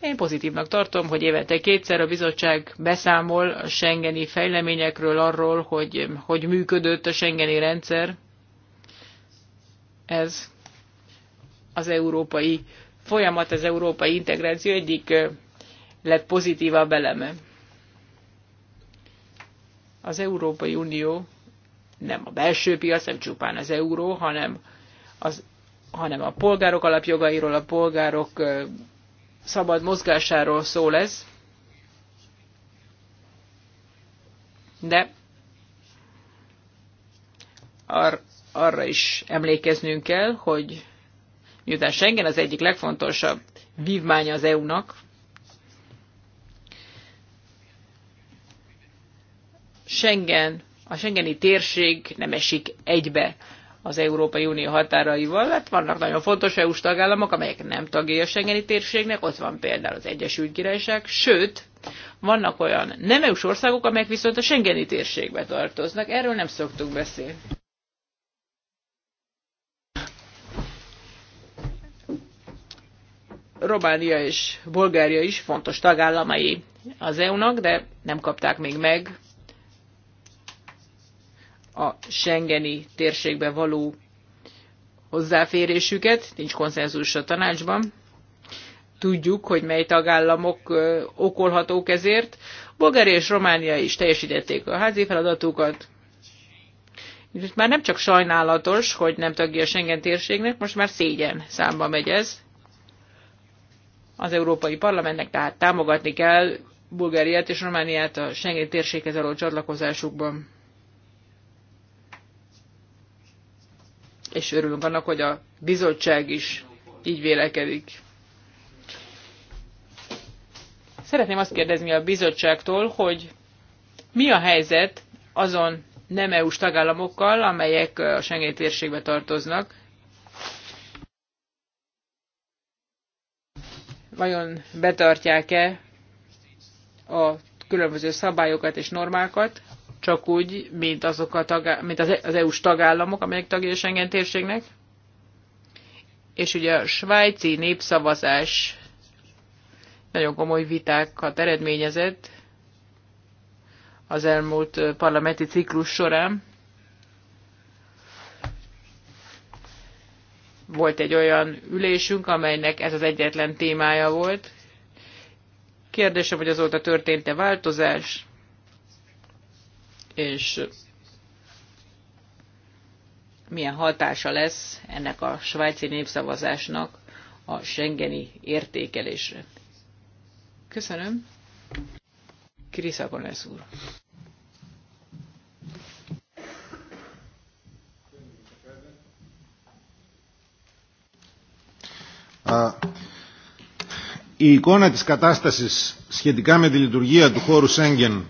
Én pozitívnak tartom, hogy évente kétszer a bizottság beszámol a Schengeni fejleményekről, arról, hogy hogy működött a Schengeni rendszer. Ez az európai folyamat, az európai integráció egyik legpozitívabb eleme. Az Európai Unió nem a belső piac, nem csupán az euró, hanem, az, hanem a polgárok alapjogairól, a polgárok szabad mozgásáról szól ez. De ar, arra is emlékeznünk kell, hogy miután Schengen az egyik legfontosabb vívmánya az EU-nak, Schengen, a Schengeni térség nem esik egybe az Európai Unió határaival, hát vannak nagyon fontos EU-s tagállamok, amelyek nem tagjai a Schengeni térségnek, ott van például az Egyesült Királyság, sőt, vannak olyan nem EU-s országok, amelyek viszont a Schengeni térségbe tartoznak, erről nem szoktuk beszélni. Románia és Bulgária is fontos tagállamai az EU-nak, de nem kapták még meg a Schengeni térségbe való hozzáférésüket, nincs konszenzus a tanácsban. Tudjuk, hogy mely tagállamok okolhatók ezért. Bulgária és Románia is teljesítették a házi feladatukat. Itt már nem csak sajnálatos, hogy nem tagja a Schengen térségnek, most már szégyen számba megy ez az Európai Parlamentnek, tehát támogatni kell Bulgáriát és Romániát a Schengen térséghez való csatlakozásukban. És örülünk annak, hogy a bizottság is így vélekedik. Szeretném azt kérdezni a bizottságtól, hogy mi a helyzet azon nem EU-s tagállamokkal, amelyek a Schengen térségbe tartoznak, vajon betartják-e a különböző szabályokat és normákat, csak úgy, mint, azok a tagá- mint az EU-s e tagállamok, amelyek tagja a Schengen térségnek. És ugye a svájci népszavazás nagyon komoly vitákat eredményezett az elmúlt parlamenti ciklus során. volt egy olyan ülésünk, amelynek ez az egyetlen témája volt. Kérdésem, hogy azóta történt-e változás, és milyen hatása lesz ennek a svájci népszavazásnak a Schengeni értékelésre. Köszönöm. Krisz Agonesz úr. Η εικόνα της κατάστασης σχετικά με τη λειτουργία του χώρου Σέγγεν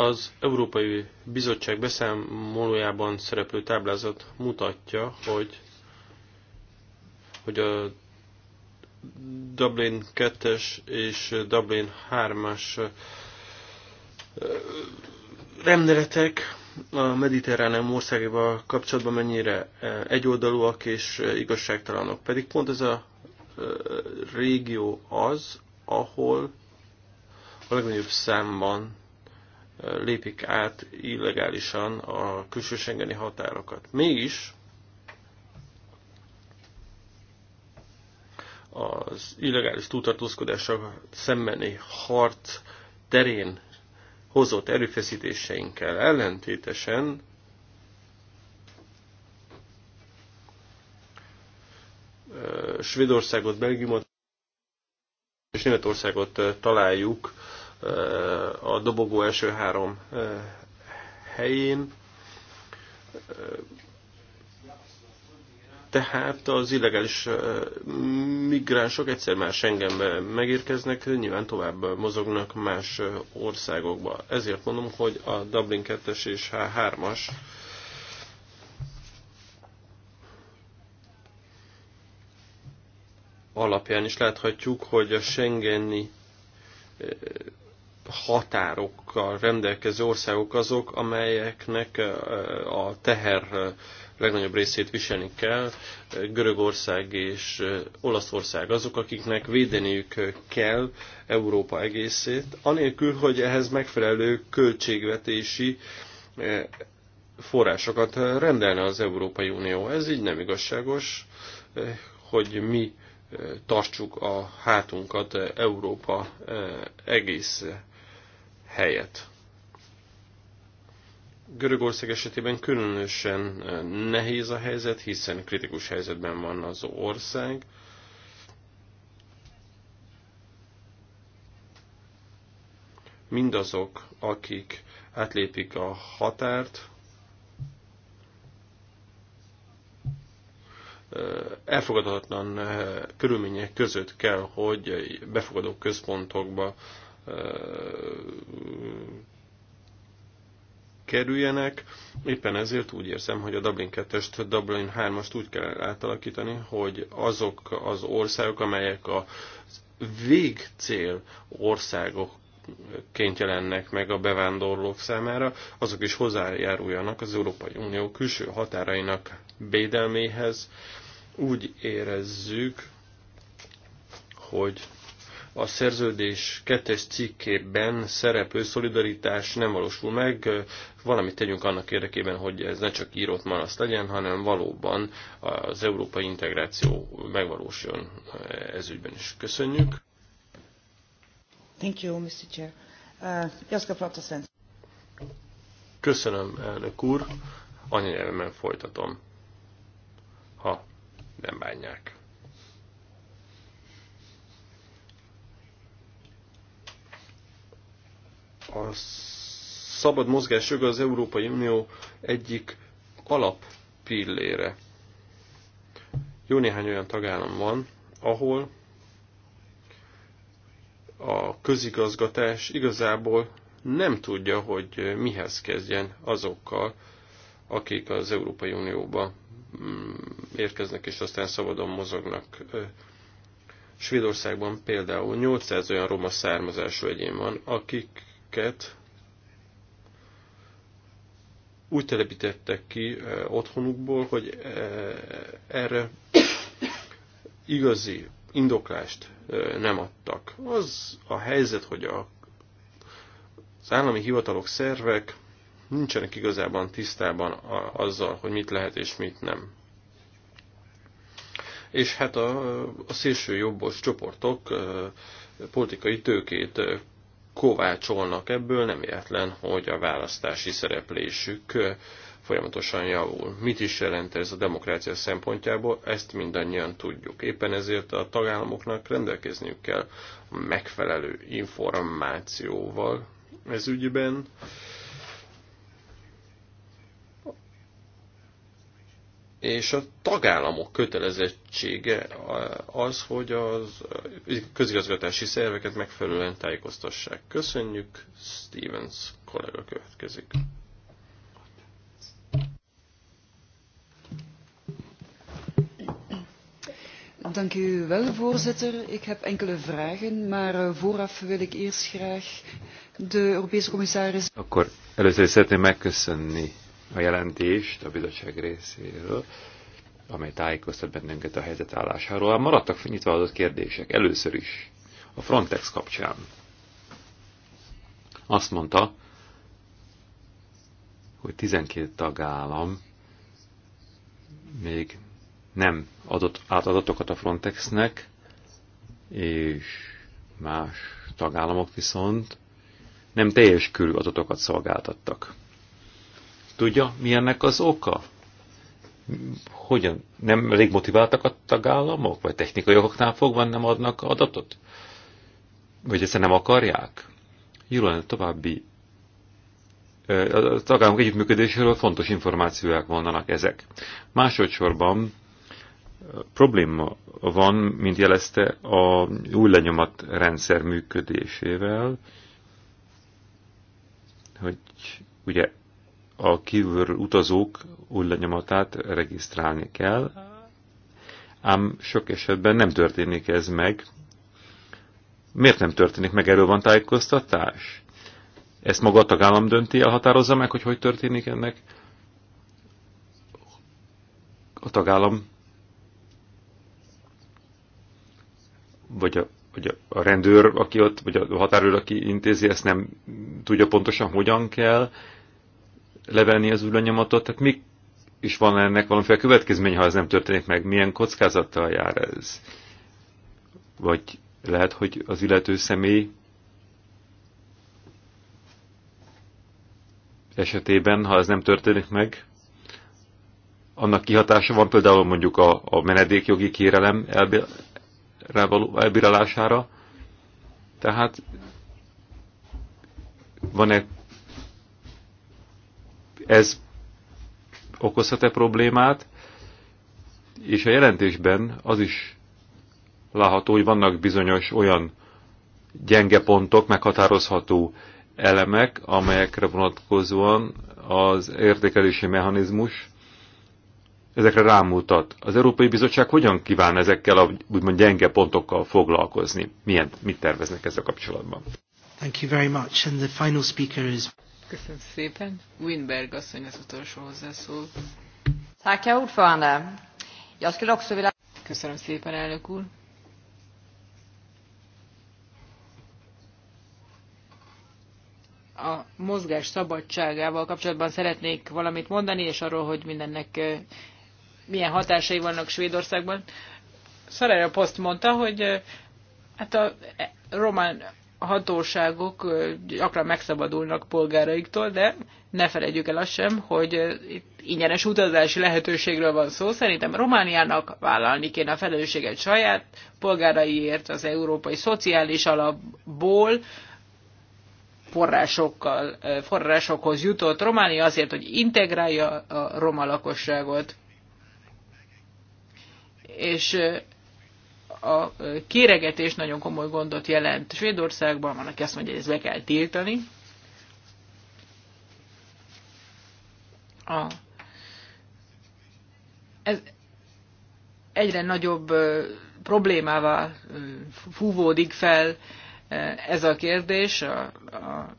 Az Európai Bizottság beszámolójában szereplő táblázat mutatja, hogy, hogy a Dublin 2-es és Dublin 3-as rendeletek a mediterránem országaival kapcsolatban mennyire eh, egyoldalúak és eh, igazságtalanok. Pedig pont ez a eh, régió az, ahol a legnagyobb számban lépik át illegálisan a külső Schengeni határokat. Mégis az illegális túltartózkodással szembeni harc terén hozott erőfeszítéseinkkel ellentétesen Svédországot, Belgiumot és Németországot találjuk a dobogó első három helyén. Tehát az illegális migránsok egyszer már Schengenbe megérkeznek, nyilván tovább mozognak más országokba. Ezért mondom, hogy a Dublin 2-es és 3-as alapján is láthatjuk, hogy a Schengeni határokkal rendelkező országok azok, amelyeknek a teher legnagyobb részét viselni kell. Görögország és Olaszország azok, akiknek védeniük kell Európa egészét, anélkül, hogy ehhez megfelelő költségvetési forrásokat rendelne az Európai Unió. Ez így nem igazságos, hogy mi tartsuk a hátunkat Európa egész helyet. Görögország esetében különösen eh, nehéz a helyzet, hiszen kritikus helyzetben van az ország. Mindazok, akik átlépik a határt, eh, elfogadhatatlan eh, körülmények között kell, hogy befogadó központokba kerüljenek. Éppen ezért úgy érzem, hogy a Dublin 2-est, Dublin 3-ast úgy kell átalakítani, hogy azok az országok, amelyek a végcél országok ként jelennek meg a bevándorlók számára, azok is hozzájáruljanak az Európai Unió külső határainak védelméhez. Úgy érezzük, hogy a szerződés kettes cikkében szereplő szolidaritás nem valósul meg, valamit tegyünk annak érdekében, hogy ez ne csak írott maraszt legyen, hanem valóban az európai integráció megvalósuljon Ez ügyben is. Köszönjük. Thank you, Mr. Chair. Uh, Jaska Protestant. Köszönöm, elnök úr. Anyanyelvemen folytatom, ha nem bánják. A szabad mozgás joga az Európai Unió egyik alap pillére. Jó néhány olyan tagállam van, ahol a közigazgatás igazából nem tudja, hogy mihez kezdjen azokkal, akik az Európai Unióba mm, érkeznek és aztán szabadon mozognak. Svédországban például 800 olyan roma származású egyén van, akik gyerekeket úgy telepítettek ki otthonukból, hogy erre igazi indoklást nem adtak. Az a helyzet, hogy a, az állami hivatalok, szervek nincsenek igazában tisztában azzal, hogy mit lehet és mit nem. És hát a, a szélső jobbos csoportok politikai tőkét kovácsolnak ebből, nem véletlen, hogy a választási szereplésük folyamatosan javul. Mit is jelent ez a demokrácia szempontjából, ezt mindannyian tudjuk. Éppen ezért a tagállamoknak rendelkezniük kell megfelelő információval ez ügyben, és a tagállamok kötelezettsége az, hogy az közigazgatási szerveket megfelelően tájékoztassák. Köszönjük, Stevens kollega következik. Dank u wel, voorzitter. Ik heb enkele vragen, maar eh, vooraf wil ik eerst graag de Europese commissaris... Akkor először is szeretném megköszönni a jelentést a bizottság részéről, amely tájékoztat bennünket a helyzet állásáról. Ám maradtak nyitva adott kérdések, először is, a Frontex kapcsán. Azt mondta, hogy 12 tagállam még nem adott át adatokat a Frontexnek, és más tagállamok viszont nem teljes körű adatokat szolgáltattak. Tudja, mi ennek az oka? Hogyan? Nem elég motiváltak a tagállamok? Vagy technikai okoknál fogva nem adnak adatot? Vagy ezt nem akarják? Jól további a tagállamok együttműködéséről fontos információk vannak ezek. Másodszorban probléma van, mint jelezte, a új lenyomat rendszer működésével, hogy ugye a kívülről utazók új lenyomatát regisztrálni kell, ám sok esetben nem történik ez meg. Miért nem történik meg? Erről van tájékoztatás? Ezt maga a tagállam dönti el, határozza meg, hogy hogy történik ennek? A tagállam vagy a, vagy a rendőr, aki ott, vagy a határőr, aki intézi, ezt nem tudja pontosan, hogyan kell levenni az űrlenyomatot, tehát mi is van ennek valamiféle következmény, ha ez nem történik meg? Milyen kockázattal jár ez? Vagy lehet, hogy az illető személy esetében, ha ez nem történik meg, annak kihatása van például mondjuk a, a menedékjogi kérelem elbírálására. Tehát van-e ez okozhat-e problémát, és a jelentésben az is látható, hogy vannak bizonyos olyan gyenge pontok, meghatározható elemek, amelyekre vonatkozóan az értékelési mechanizmus ezekre rámutat. Az Európai Bizottság hogyan kíván ezekkel a úgymond gyenge pontokkal foglalkozni? Milyen, mit terveznek ezzel kapcsolatban? Thank you very much. And the final speaker is... Köszönöm szépen. Winberg asszony az utolsó hozzászól. Tack, ordförande. Jag Köszönöm szépen, elnök úr. a mozgás szabadságával kapcsolatban szeretnék valamit mondani, és arról, hogy mindennek eh, milyen hatásai vannak Svédországban. Szaraja Post mondta, hogy eh, hát a eh, román a hatóságok gyakran megszabadulnak polgáraiktól, de ne felejtjük el azt sem, hogy itt ingyenes utazási lehetőségről van szó. Szerintem Romániának vállalni kéne a felelősséget saját polgáraiért az európai szociális alapból, forrásokkal, forrásokhoz jutott Románia azért, hogy integrálja a roma lakosságot. És a kéregetés nagyon komoly gondot jelent Svédországban, van, aki azt mondja, hogy ezt be kell tiltani. A, ez egyre nagyobb problémává fúvódik fel ez a kérdés, a, a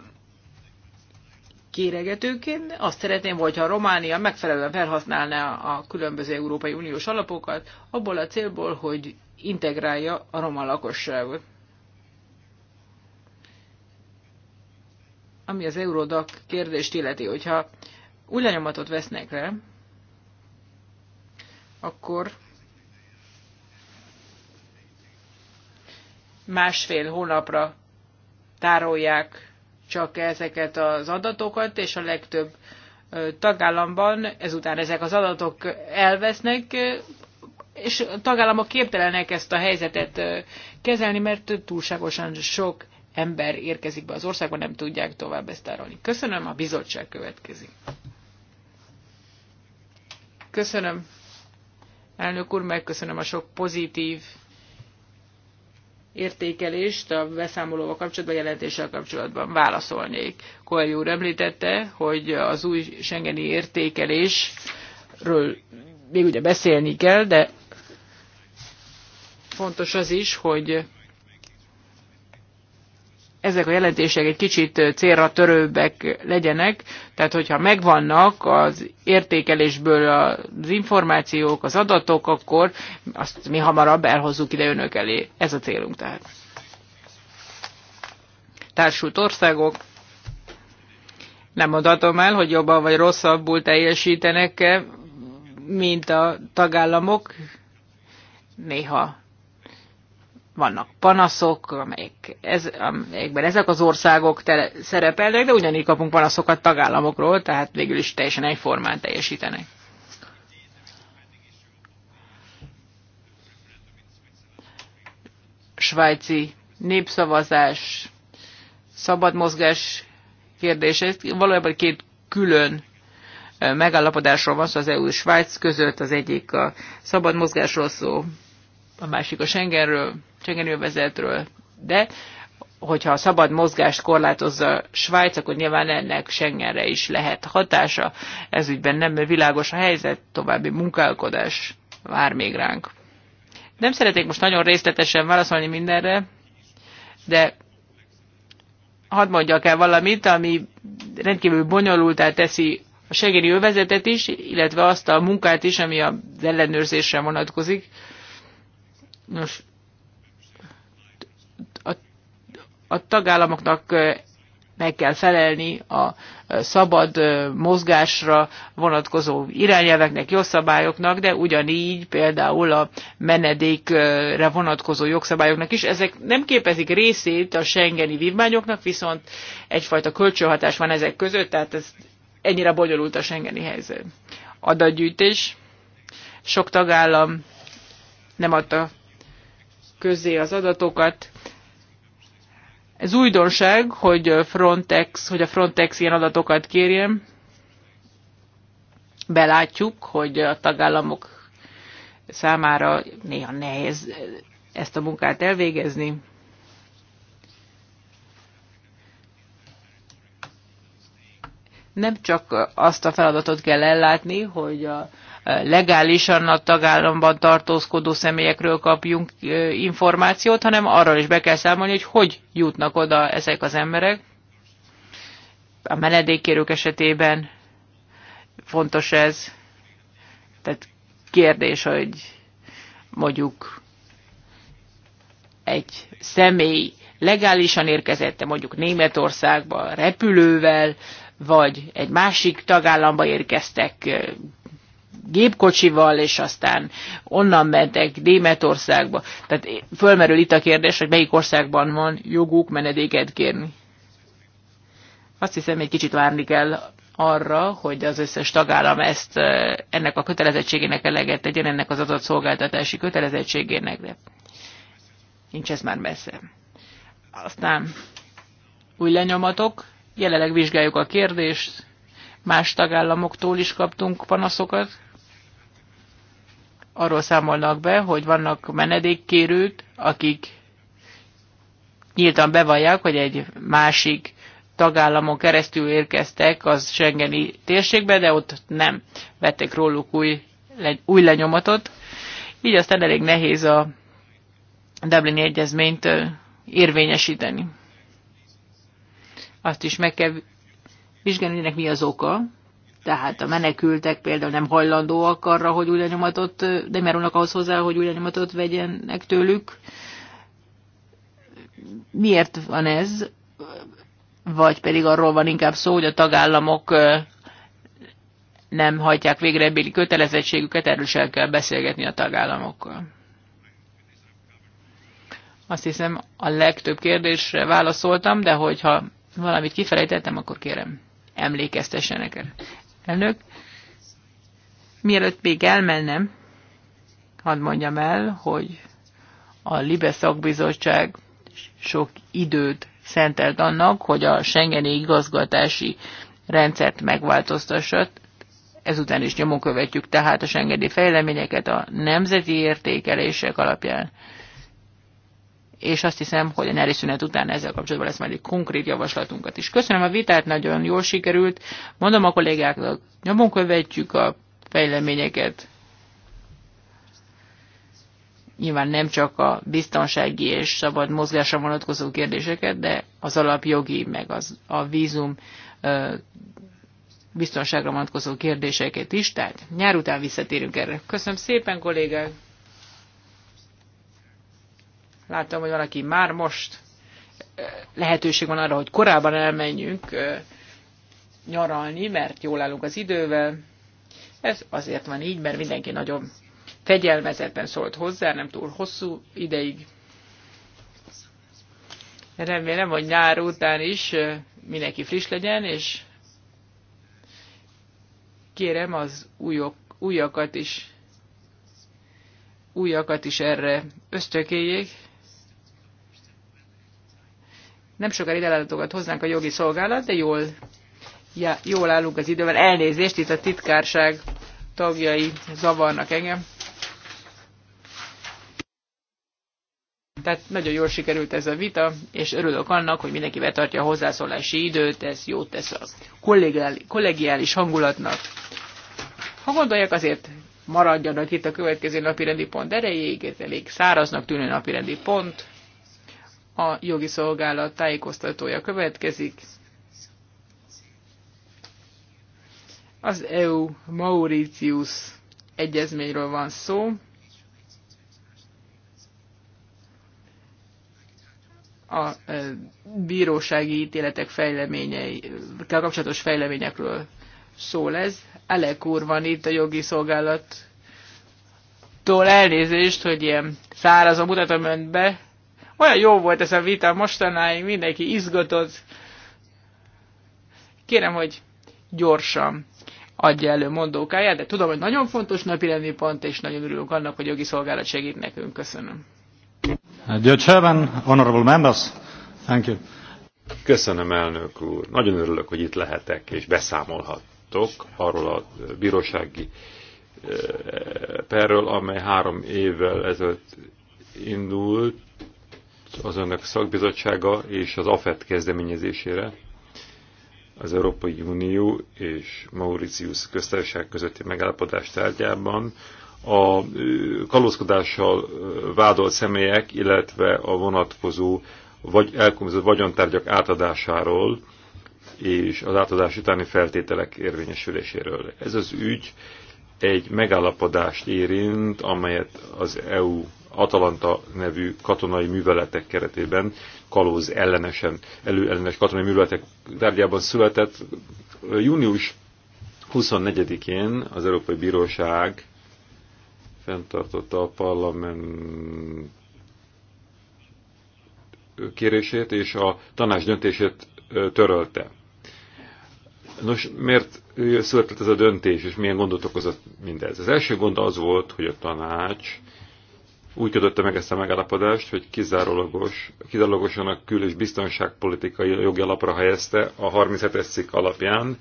kéregetőként azt szeretném, hogyha Románia megfelelően felhasználná a különböző Európai Uniós alapokat, abból a célból, hogy integrálja a roma lakosságot. Ami az Eurodac kérdést illeti, hogyha új lenyomatot vesznek le, akkor másfél hónapra tárolják csak ezeket az adatokat, és a legtöbb tagállamban ezután ezek az adatok elvesznek, és a tagállamok képtelenek ezt a helyzetet kezelni, mert túlságosan sok ember érkezik be az országba, nem tudják tovább ezt tárolni. Köszönöm, a bizottság következik. Köszönöm, elnök úr, megköszönöm a sok pozitív értékelést a beszámolóval kapcsolatban, a jelentéssel kapcsolatban válaszolnék. Koelj úr említette, hogy az új Schengeni értékelésről még ugye beszélni kell, de fontos az is, hogy ezek a jelentések egy kicsit célra törőbbek legyenek, tehát hogyha megvannak az értékelésből az információk, az adatok, akkor azt mi hamarabb elhozzuk ide önök elé. Ez a célunk tehát. Társult országok, nem mondhatom el, hogy jobban vagy rosszabbul teljesítenek -e, mint a tagállamok. Néha vannak panaszok, amelyek ez, amelyekben ezek az országok tele, szerepelnek, de ugyanígy kapunk panaszokat tagállamokról, tehát végül is teljesen egyformán teljesítenek. Svájci népszavazás, szabad mozgás kérdése, valójában két külön megállapodásról van szó az EU és Svájc között, az egyik a szabad mozgásról szó, a másik a Schengenről csengenővezetről. De hogyha a szabad mozgást korlátozza Svájc, akkor nyilván ennek Schengenre is lehet hatása. Ez ügyben nem világos a helyzet, további munkálkodás vár még ránk. Nem szeretnék most nagyon részletesen válaszolni mindenre, de hadd mondjak el valamit, ami rendkívül bonyolultá teszi a segéri övezetet is, illetve azt a munkát is, ami az ellenőrzésre vonatkozik. Nos, a tagállamoknak meg kell felelni a szabad mozgásra vonatkozó irányelveknek, jogszabályoknak, de ugyanígy például a menedékre vonatkozó jogszabályoknak is. Ezek nem képezik részét a Schengeni vívmányoknak, viszont egyfajta kölcsönhatás van ezek között, tehát ez ennyire bonyolult a Schengeni helyzet. Adatgyűjtés. Sok tagállam nem adta közé az adatokat, ez újdonság, hogy, Frontex, hogy a Frontex ilyen adatokat kérjen. Belátjuk, hogy a tagállamok számára néha nehéz ezt a munkát elvégezni. Nem csak azt a feladatot kell ellátni, hogy a legálisan a tagállamban tartózkodó személyekről kapjunk információt, hanem arról is be kell számolni, hogy hogy jutnak oda ezek az emberek. A menedékkérők esetében fontos ez. Tehát kérdés, hogy mondjuk egy személy legálisan érkezette mondjuk Németországba repülővel, vagy egy másik tagállamba érkeztek gépkocsival, és aztán onnan mentek Németországba. Tehát fölmerül itt a kérdés, hogy melyik országban van joguk menedéket kérni. Azt hiszem, egy kicsit várni kell arra, hogy az összes tagállam ezt, eh, ennek a kötelezettségének eleget tegyen, ennek az adott szolgáltatási kötelezettségének, de nincs ez már messze. Aztán új lenyomatok, jelenleg vizsgáljuk a kérdést, más tagállamoktól is kaptunk panaszokat. Arról számolnak be, hogy vannak menedékkérők, akik nyíltan bevallják, hogy egy másik tagállamon keresztül érkeztek az Schengeni térségbe, de ott nem vettek róluk új, új lenyomatot. Így aztán elég nehéz a Dublini Egyezményt érvényesíteni. Azt is meg kell vizsgálni, mi az oka. Tehát a menekültek például nem hajlandóak arra, hogy újra nyomatot, de merülnek ahhoz hozzá, hogy újra nyomatot vegyenek tőlük. Miért van ez? Vagy pedig arról van inkább szó, hogy a tagállamok nem hajtják végre ebbéli kötelezettségüket, erről sem kell beszélgetni a tagállamokkal. Azt hiszem a legtöbb kérdésre válaszoltam, de hogyha valamit kifelejtettem, akkor kérem emlékeztessenek el. Elnök, mielőtt még elmennem, hadd mondjam el, hogy a Libe szakbizottság sok időt szentelt annak, hogy a Schengeni igazgatási rendszert megváltoztassa. Ezután is nyomon követjük tehát a Schengeni fejleményeket a nemzeti értékelések alapján és azt hiszem, hogy a nyári szünet után ezzel kapcsolatban lesz majd egy konkrét javaslatunkat is. Köszönöm a vitát, nagyon jól sikerült. Mondom a kollégáknak, nyomon követjük a fejleményeket. Nyilván nem csak a biztonsági és szabad mozgásra vonatkozó kérdéseket, de az alapjogi, meg az, a vízum biztonságra vonatkozó kérdéseket is, tehát nyár után visszatérünk erre. Köszönöm szépen, kollégák! Látom, hogy valaki már most lehetőség van arra, hogy korábban elmenjünk nyaralni, mert jól állunk az idővel. Ez azért van így, mert mindenki nagyon fegyelmezetten szólt hozzá, nem túl hosszú ideig. Remélem, hogy nyár után is mindenki friss legyen, és kérem az újok, újakat is újakat is erre ösztökéljék. Nem sokára ide látogat hozzánk a jogi szolgálat, de jól, já, jól állunk az időben. Elnézést, itt a titkárság tagjai zavarnak engem. Tehát nagyon jól sikerült ez a vita, és örülök annak, hogy mindenki betartja a hozzászólási időt, ez jót tesz a kollegiális hangulatnak. Ha gondolják, azért maradjanak itt a következő napi rendi pont erejéig, ez elég száraznak tűnő napi rendi pont a jogi szolgálat tájékoztatója következik. Az EU-Mauritius egyezményről van szó. A e, bírósági ítéletek fejleményei, kapcsolatos fejleményekről szól ez. Elek úr van itt a jogi szolgálattól elnézést, hogy ilyen szárazon mutatom önt be, olyan jó volt ez a vita mostanáig, mindenki izgatott. Kérem, hogy gyorsan adja elő mondókáját, de tudom, hogy nagyon fontos napirendi pont, és nagyon örülünk annak, hogy jogi szolgálat segít nekünk. Köszönöm. Uh, Chairman, honorable members, thank you. Köszönöm, elnök úr. Nagyon örülök, hogy itt lehetek, és beszámolhattok arról a bírósági uh, perről, amely három évvel ezelőtt indult, az önök szakbizottsága és az AFET kezdeményezésére az Európai Unió és Mauritius köztársaság közötti megállapodás tárgyában a kalózkodással vádolt személyek, illetve a vonatkozó vagy elkomzott vagyontárgyak átadásáról és az átadás utáni feltételek érvényesüléséről. Ez az ügy egy megállapodást érint, amelyet az EU Atalanta nevű katonai műveletek keretében kalóz ellenesen, előellenes katonai műveletek tárgyában született. Június 24-én az Európai Bíróság fenntartotta a parlament kérését és a tanács döntését törölte. Nos, miért született ez a döntés, és milyen gondot okozott mindez? Az első gond az volt, hogy a tanács úgy kötötte meg ezt a megállapodást, hogy kizárólagos, kizárólagosan a kül- és biztonságpolitikai jogi alapra helyezte a 37-es cikk alapján,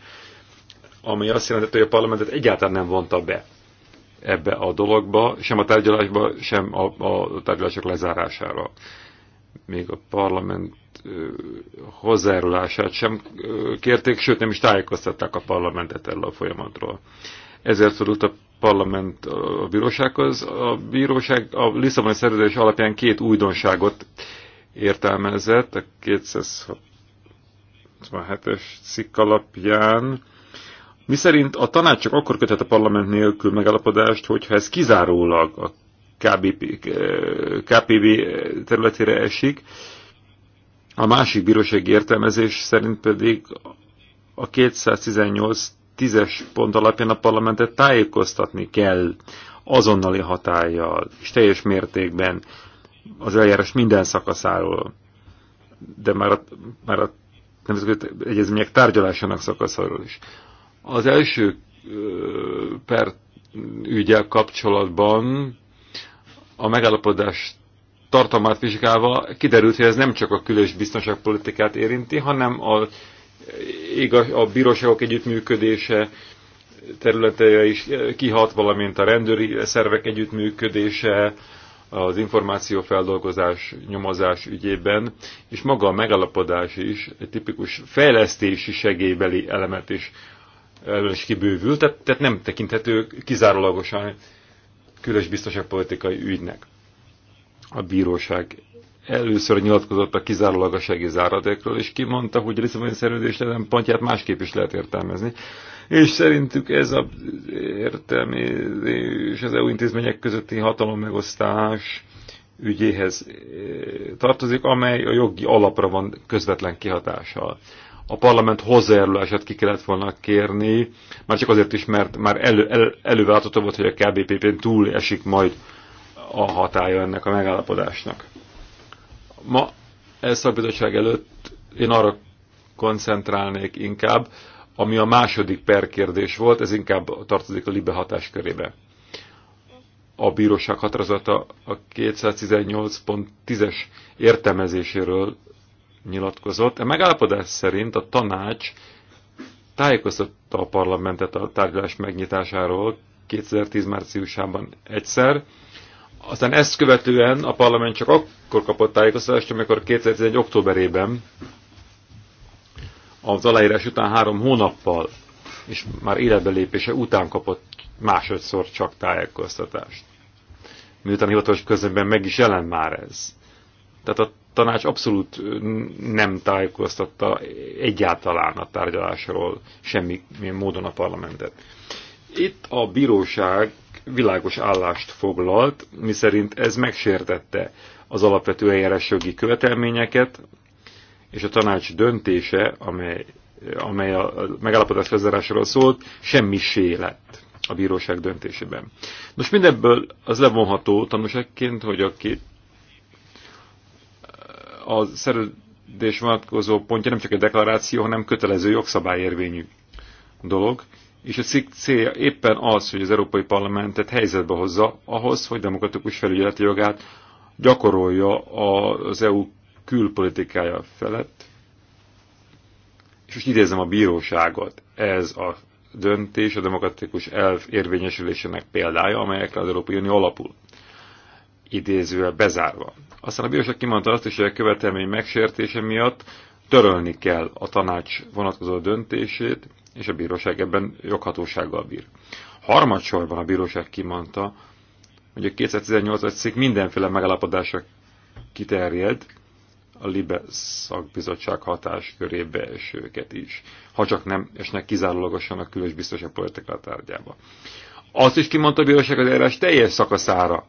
ami azt jelentette, hogy a parlamentet egyáltalán nem vonta be ebbe a dologba, sem a tárgyalásba, sem a, a tárgyalások lezárására. Még a parlament hozzájárulását sem kérték, sőt nem is tájékoztatták a parlamentet erről a folyamatról. Ezért szorult a parlament a bírósághoz. A bíróság a Lisszaboni szerződés alapján két újdonságot értelmezett, a 267-es cikk alapján, miszerint a tanács csak akkor köthet a parlament nélkül megállapodást, hogyha ez kizárólag a KBP, KPB területére esik, a másik bírósági értelmezés szerint pedig a 218 tízes pont alapján a parlamentet tájékoztatni kell azonnali hatállyal és teljes mértékben az eljárás minden szakaszáról, de már a, már a nemzetközi egyezmények tárgyalásának szakaszáról is. Az első per ügyel kapcsolatban a megállapodás tartalmát vizsgálva kiderült, hogy ez nem csak a külös biztonságpolitikát érinti, hanem a a bíróságok együttműködése területeje is kihat, valamint a rendőri szervek együttműködése, az információfeldolgozás, nyomozás ügyében, és maga a megalapodás is egy tipikus fejlesztési segélybeli elemet is, is kibővül, tehát, tehát nem tekinthető kizárólagosan különös biztonságpolitikai ügynek. A bíróság először nyilatkozott a kizárólagossági záradékról, és kimondta, hogy a Lisszaboni szerződés ezen pontját másképp is lehet értelmezni. És szerintük ez a értelmezés az EU intézmények közötti hatalom megosztás ügyéhez eh, tartozik, amely a jogi alapra van közvetlen kihatással. A parlament hozzájárulását ki kellett volna kérni, már csak azért is, mert már elő, el, előváltató volt, hogy a KBPP-n túl esik majd a hatája ennek a megállapodásnak. Ma a e szakbizottság előtt én arra koncentrálnék inkább, ami a második perkérdés volt, ez inkább tartozik a libe hatáskörébe. A bíróság határozata a 218.10-es értelmezéséről nyilatkozott. A e megállapodás szerint a tanács tájékoztatta a parlamentet a tárgyalás megnyitásáról 2010 márciusában egyszer, aztán ezt követően a parlament csak akkor kapott tájékoztatást, amikor 2011. októberében az aláírás után három hónappal, és már lépése után kapott másodszor csak tájékoztatást. Miután hivatalos közönben meg is jelent már ez. Tehát a tanács abszolút nem tájékoztatta egyáltalán a tárgyalásról semmilyen módon a parlamentet. Itt a bíróság világos állást foglalt, miszerint ez megsértette az alapvető eljárásjogi követelményeket, és a tanács döntése, amely, amely a megállapodás lezárásról szólt, sé lett a bíróság döntésében. Nos, mindebből az levonható tanúságként, hogy aki a szerződés vonatkozó pontja nem csak egy deklaráció, hanem kötelező jogszabályérvényű dolog, és a cikk célja éppen az, hogy az Európai Parlamentet helyzetbe hozza ahhoz, hogy demokratikus felügyeleti jogát gyakorolja az EU külpolitikája felett. És most idézem a bíróságot. Ez a döntés a demokratikus elv érvényesülésének példája, amelyekre az Európai Unió alapul. Idézővel bezárva. Aztán a bíróság kimondta azt is, hogy a követelmény megsértése miatt törölni kell a tanács vonatkozó döntését, és a bíróság ebben joghatósággal bír. Harmadsorban a bíróság kimondta, hogy a 218-as cikk mindenféle megállapodása kiterjed, a LIBE szakbizottság körébe esőket is, ha csak nem esnek kizárólagosan a különös biztosabb politika tárgyába. Azt is kimondta a bíróság, az eljárás teljes szakaszára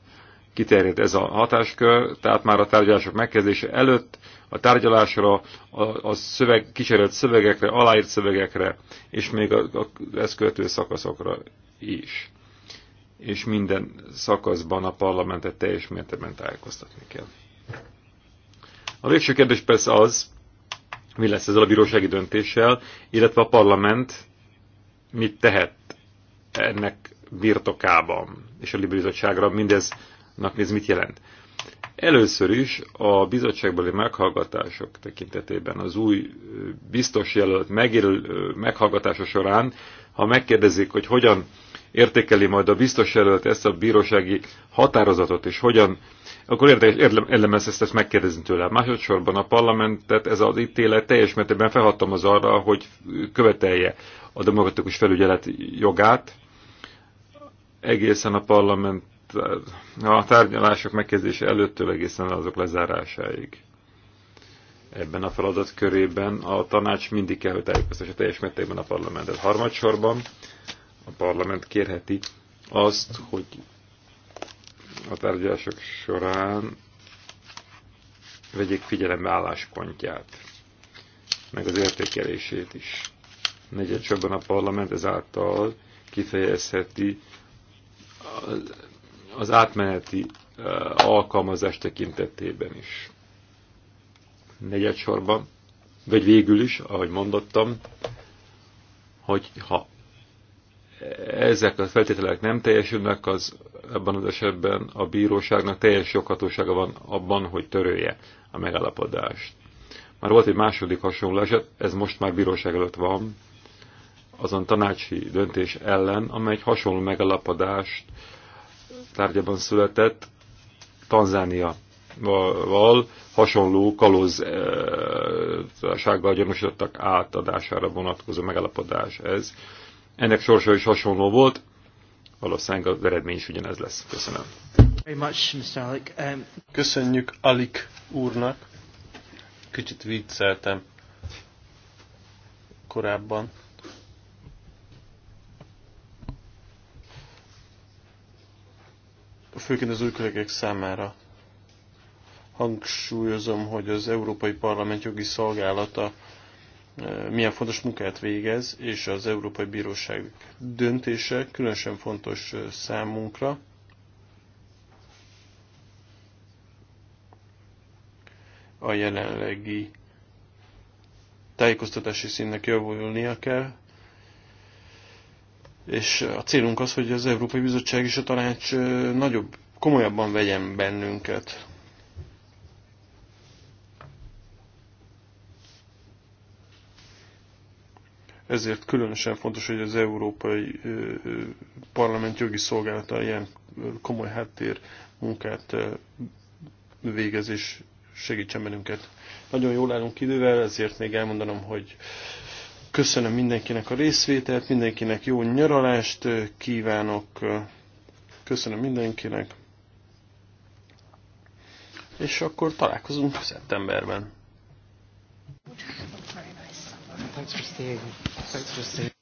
kiterjed ez a hatáskör, tehát már a tárgyalások megkezdése előtt a tárgyalásra, a, a szöveg, kísérlet szövegekre, aláírt szövegekre, és még az ezt követő szakaszokra is. És minden szakaszban a parlamentet teljes mértékben tájékoztatni kell. A végső kérdés persze az, mi lesz ezzel a bírósági döntéssel, illetve a parlament mit tehet ennek birtokában, és a liberalizottságra mindeznek néz mit jelent. Először is a bizottságbeli meghallgatások tekintetében az új biztos jelölt megjelöl, meghallgatása során, ha megkérdezik, hogy hogyan értékeli majd a biztos jelölt ezt a bírósági határozatot, és hogyan, akkor érdemes ezt, ezt megkérdezni tőle. Másodszorban a parlamentet ez az ítélet teljes mértékben felhatalmaz arra, hogy követelje a demokratikus felügyelet jogát, egészen a parlament Hát, a tárgyalások megkezdése előttől egészen azok lezárásáig. Ebben a feladat körében a tanács mindig kell, hogy tájékoztassa teljes mértékben a parlamentet. Harmadsorban a parlament kérheti azt, hogy a tárgyalások során vegyék figyelembe álláspontját, meg az értékelését is. Negyedsorban a parlament ezáltal kifejezheti az átmeneti eh, alkalmazás tekintetében is. Negyedsorban, vagy végül is, ahogy mondottam, hogy ha ezek a feltételek nem teljesülnek, az ebben az esetben a bíróságnak teljes joghatósága van abban, hogy törölje a megállapodást. Már volt egy második hasonló eset, ez most már bíróság előtt van, azon tanácsi döntés ellen, amely egy hasonló megállapodást tárgyában született Tanzániaval val hasonló kalózsággal eh, gyanúsítottak átadására vonatkozó megállapodás ez. Ennek sorsa is hasonló volt, valószínűleg az eredmény is ugyanez lesz. Köszönöm. Um, Köszönjük Alik úrnak. Kicsit vicceltem korábban. főként az új kollégek számára. Hangsúlyozom, hogy az Európai Parlament jogi szolgálata e, milyen fontos munkát végez, és az Európai Bíróság döntése különösen fontos e, számunkra. A jelenlegi tájékoztatási színnek javulnia kell, és a célunk az, hogy az Európai Bizottság és a Tanács nagyobb, komolyabban vegyen bennünket. Ezért különösen fontos, hogy az Európai Parlament jogi szolgálata ilyen komoly háttér munkát végez és segítsen bennünket. Nagyon jól állunk idővel, ezért még elmondanom, hogy Köszönöm mindenkinek a részvételt, mindenkinek jó nyaralást kívánok. Köszönöm mindenkinek. És akkor találkozunk szeptemberben. Thanks for staying. Thanks for staying.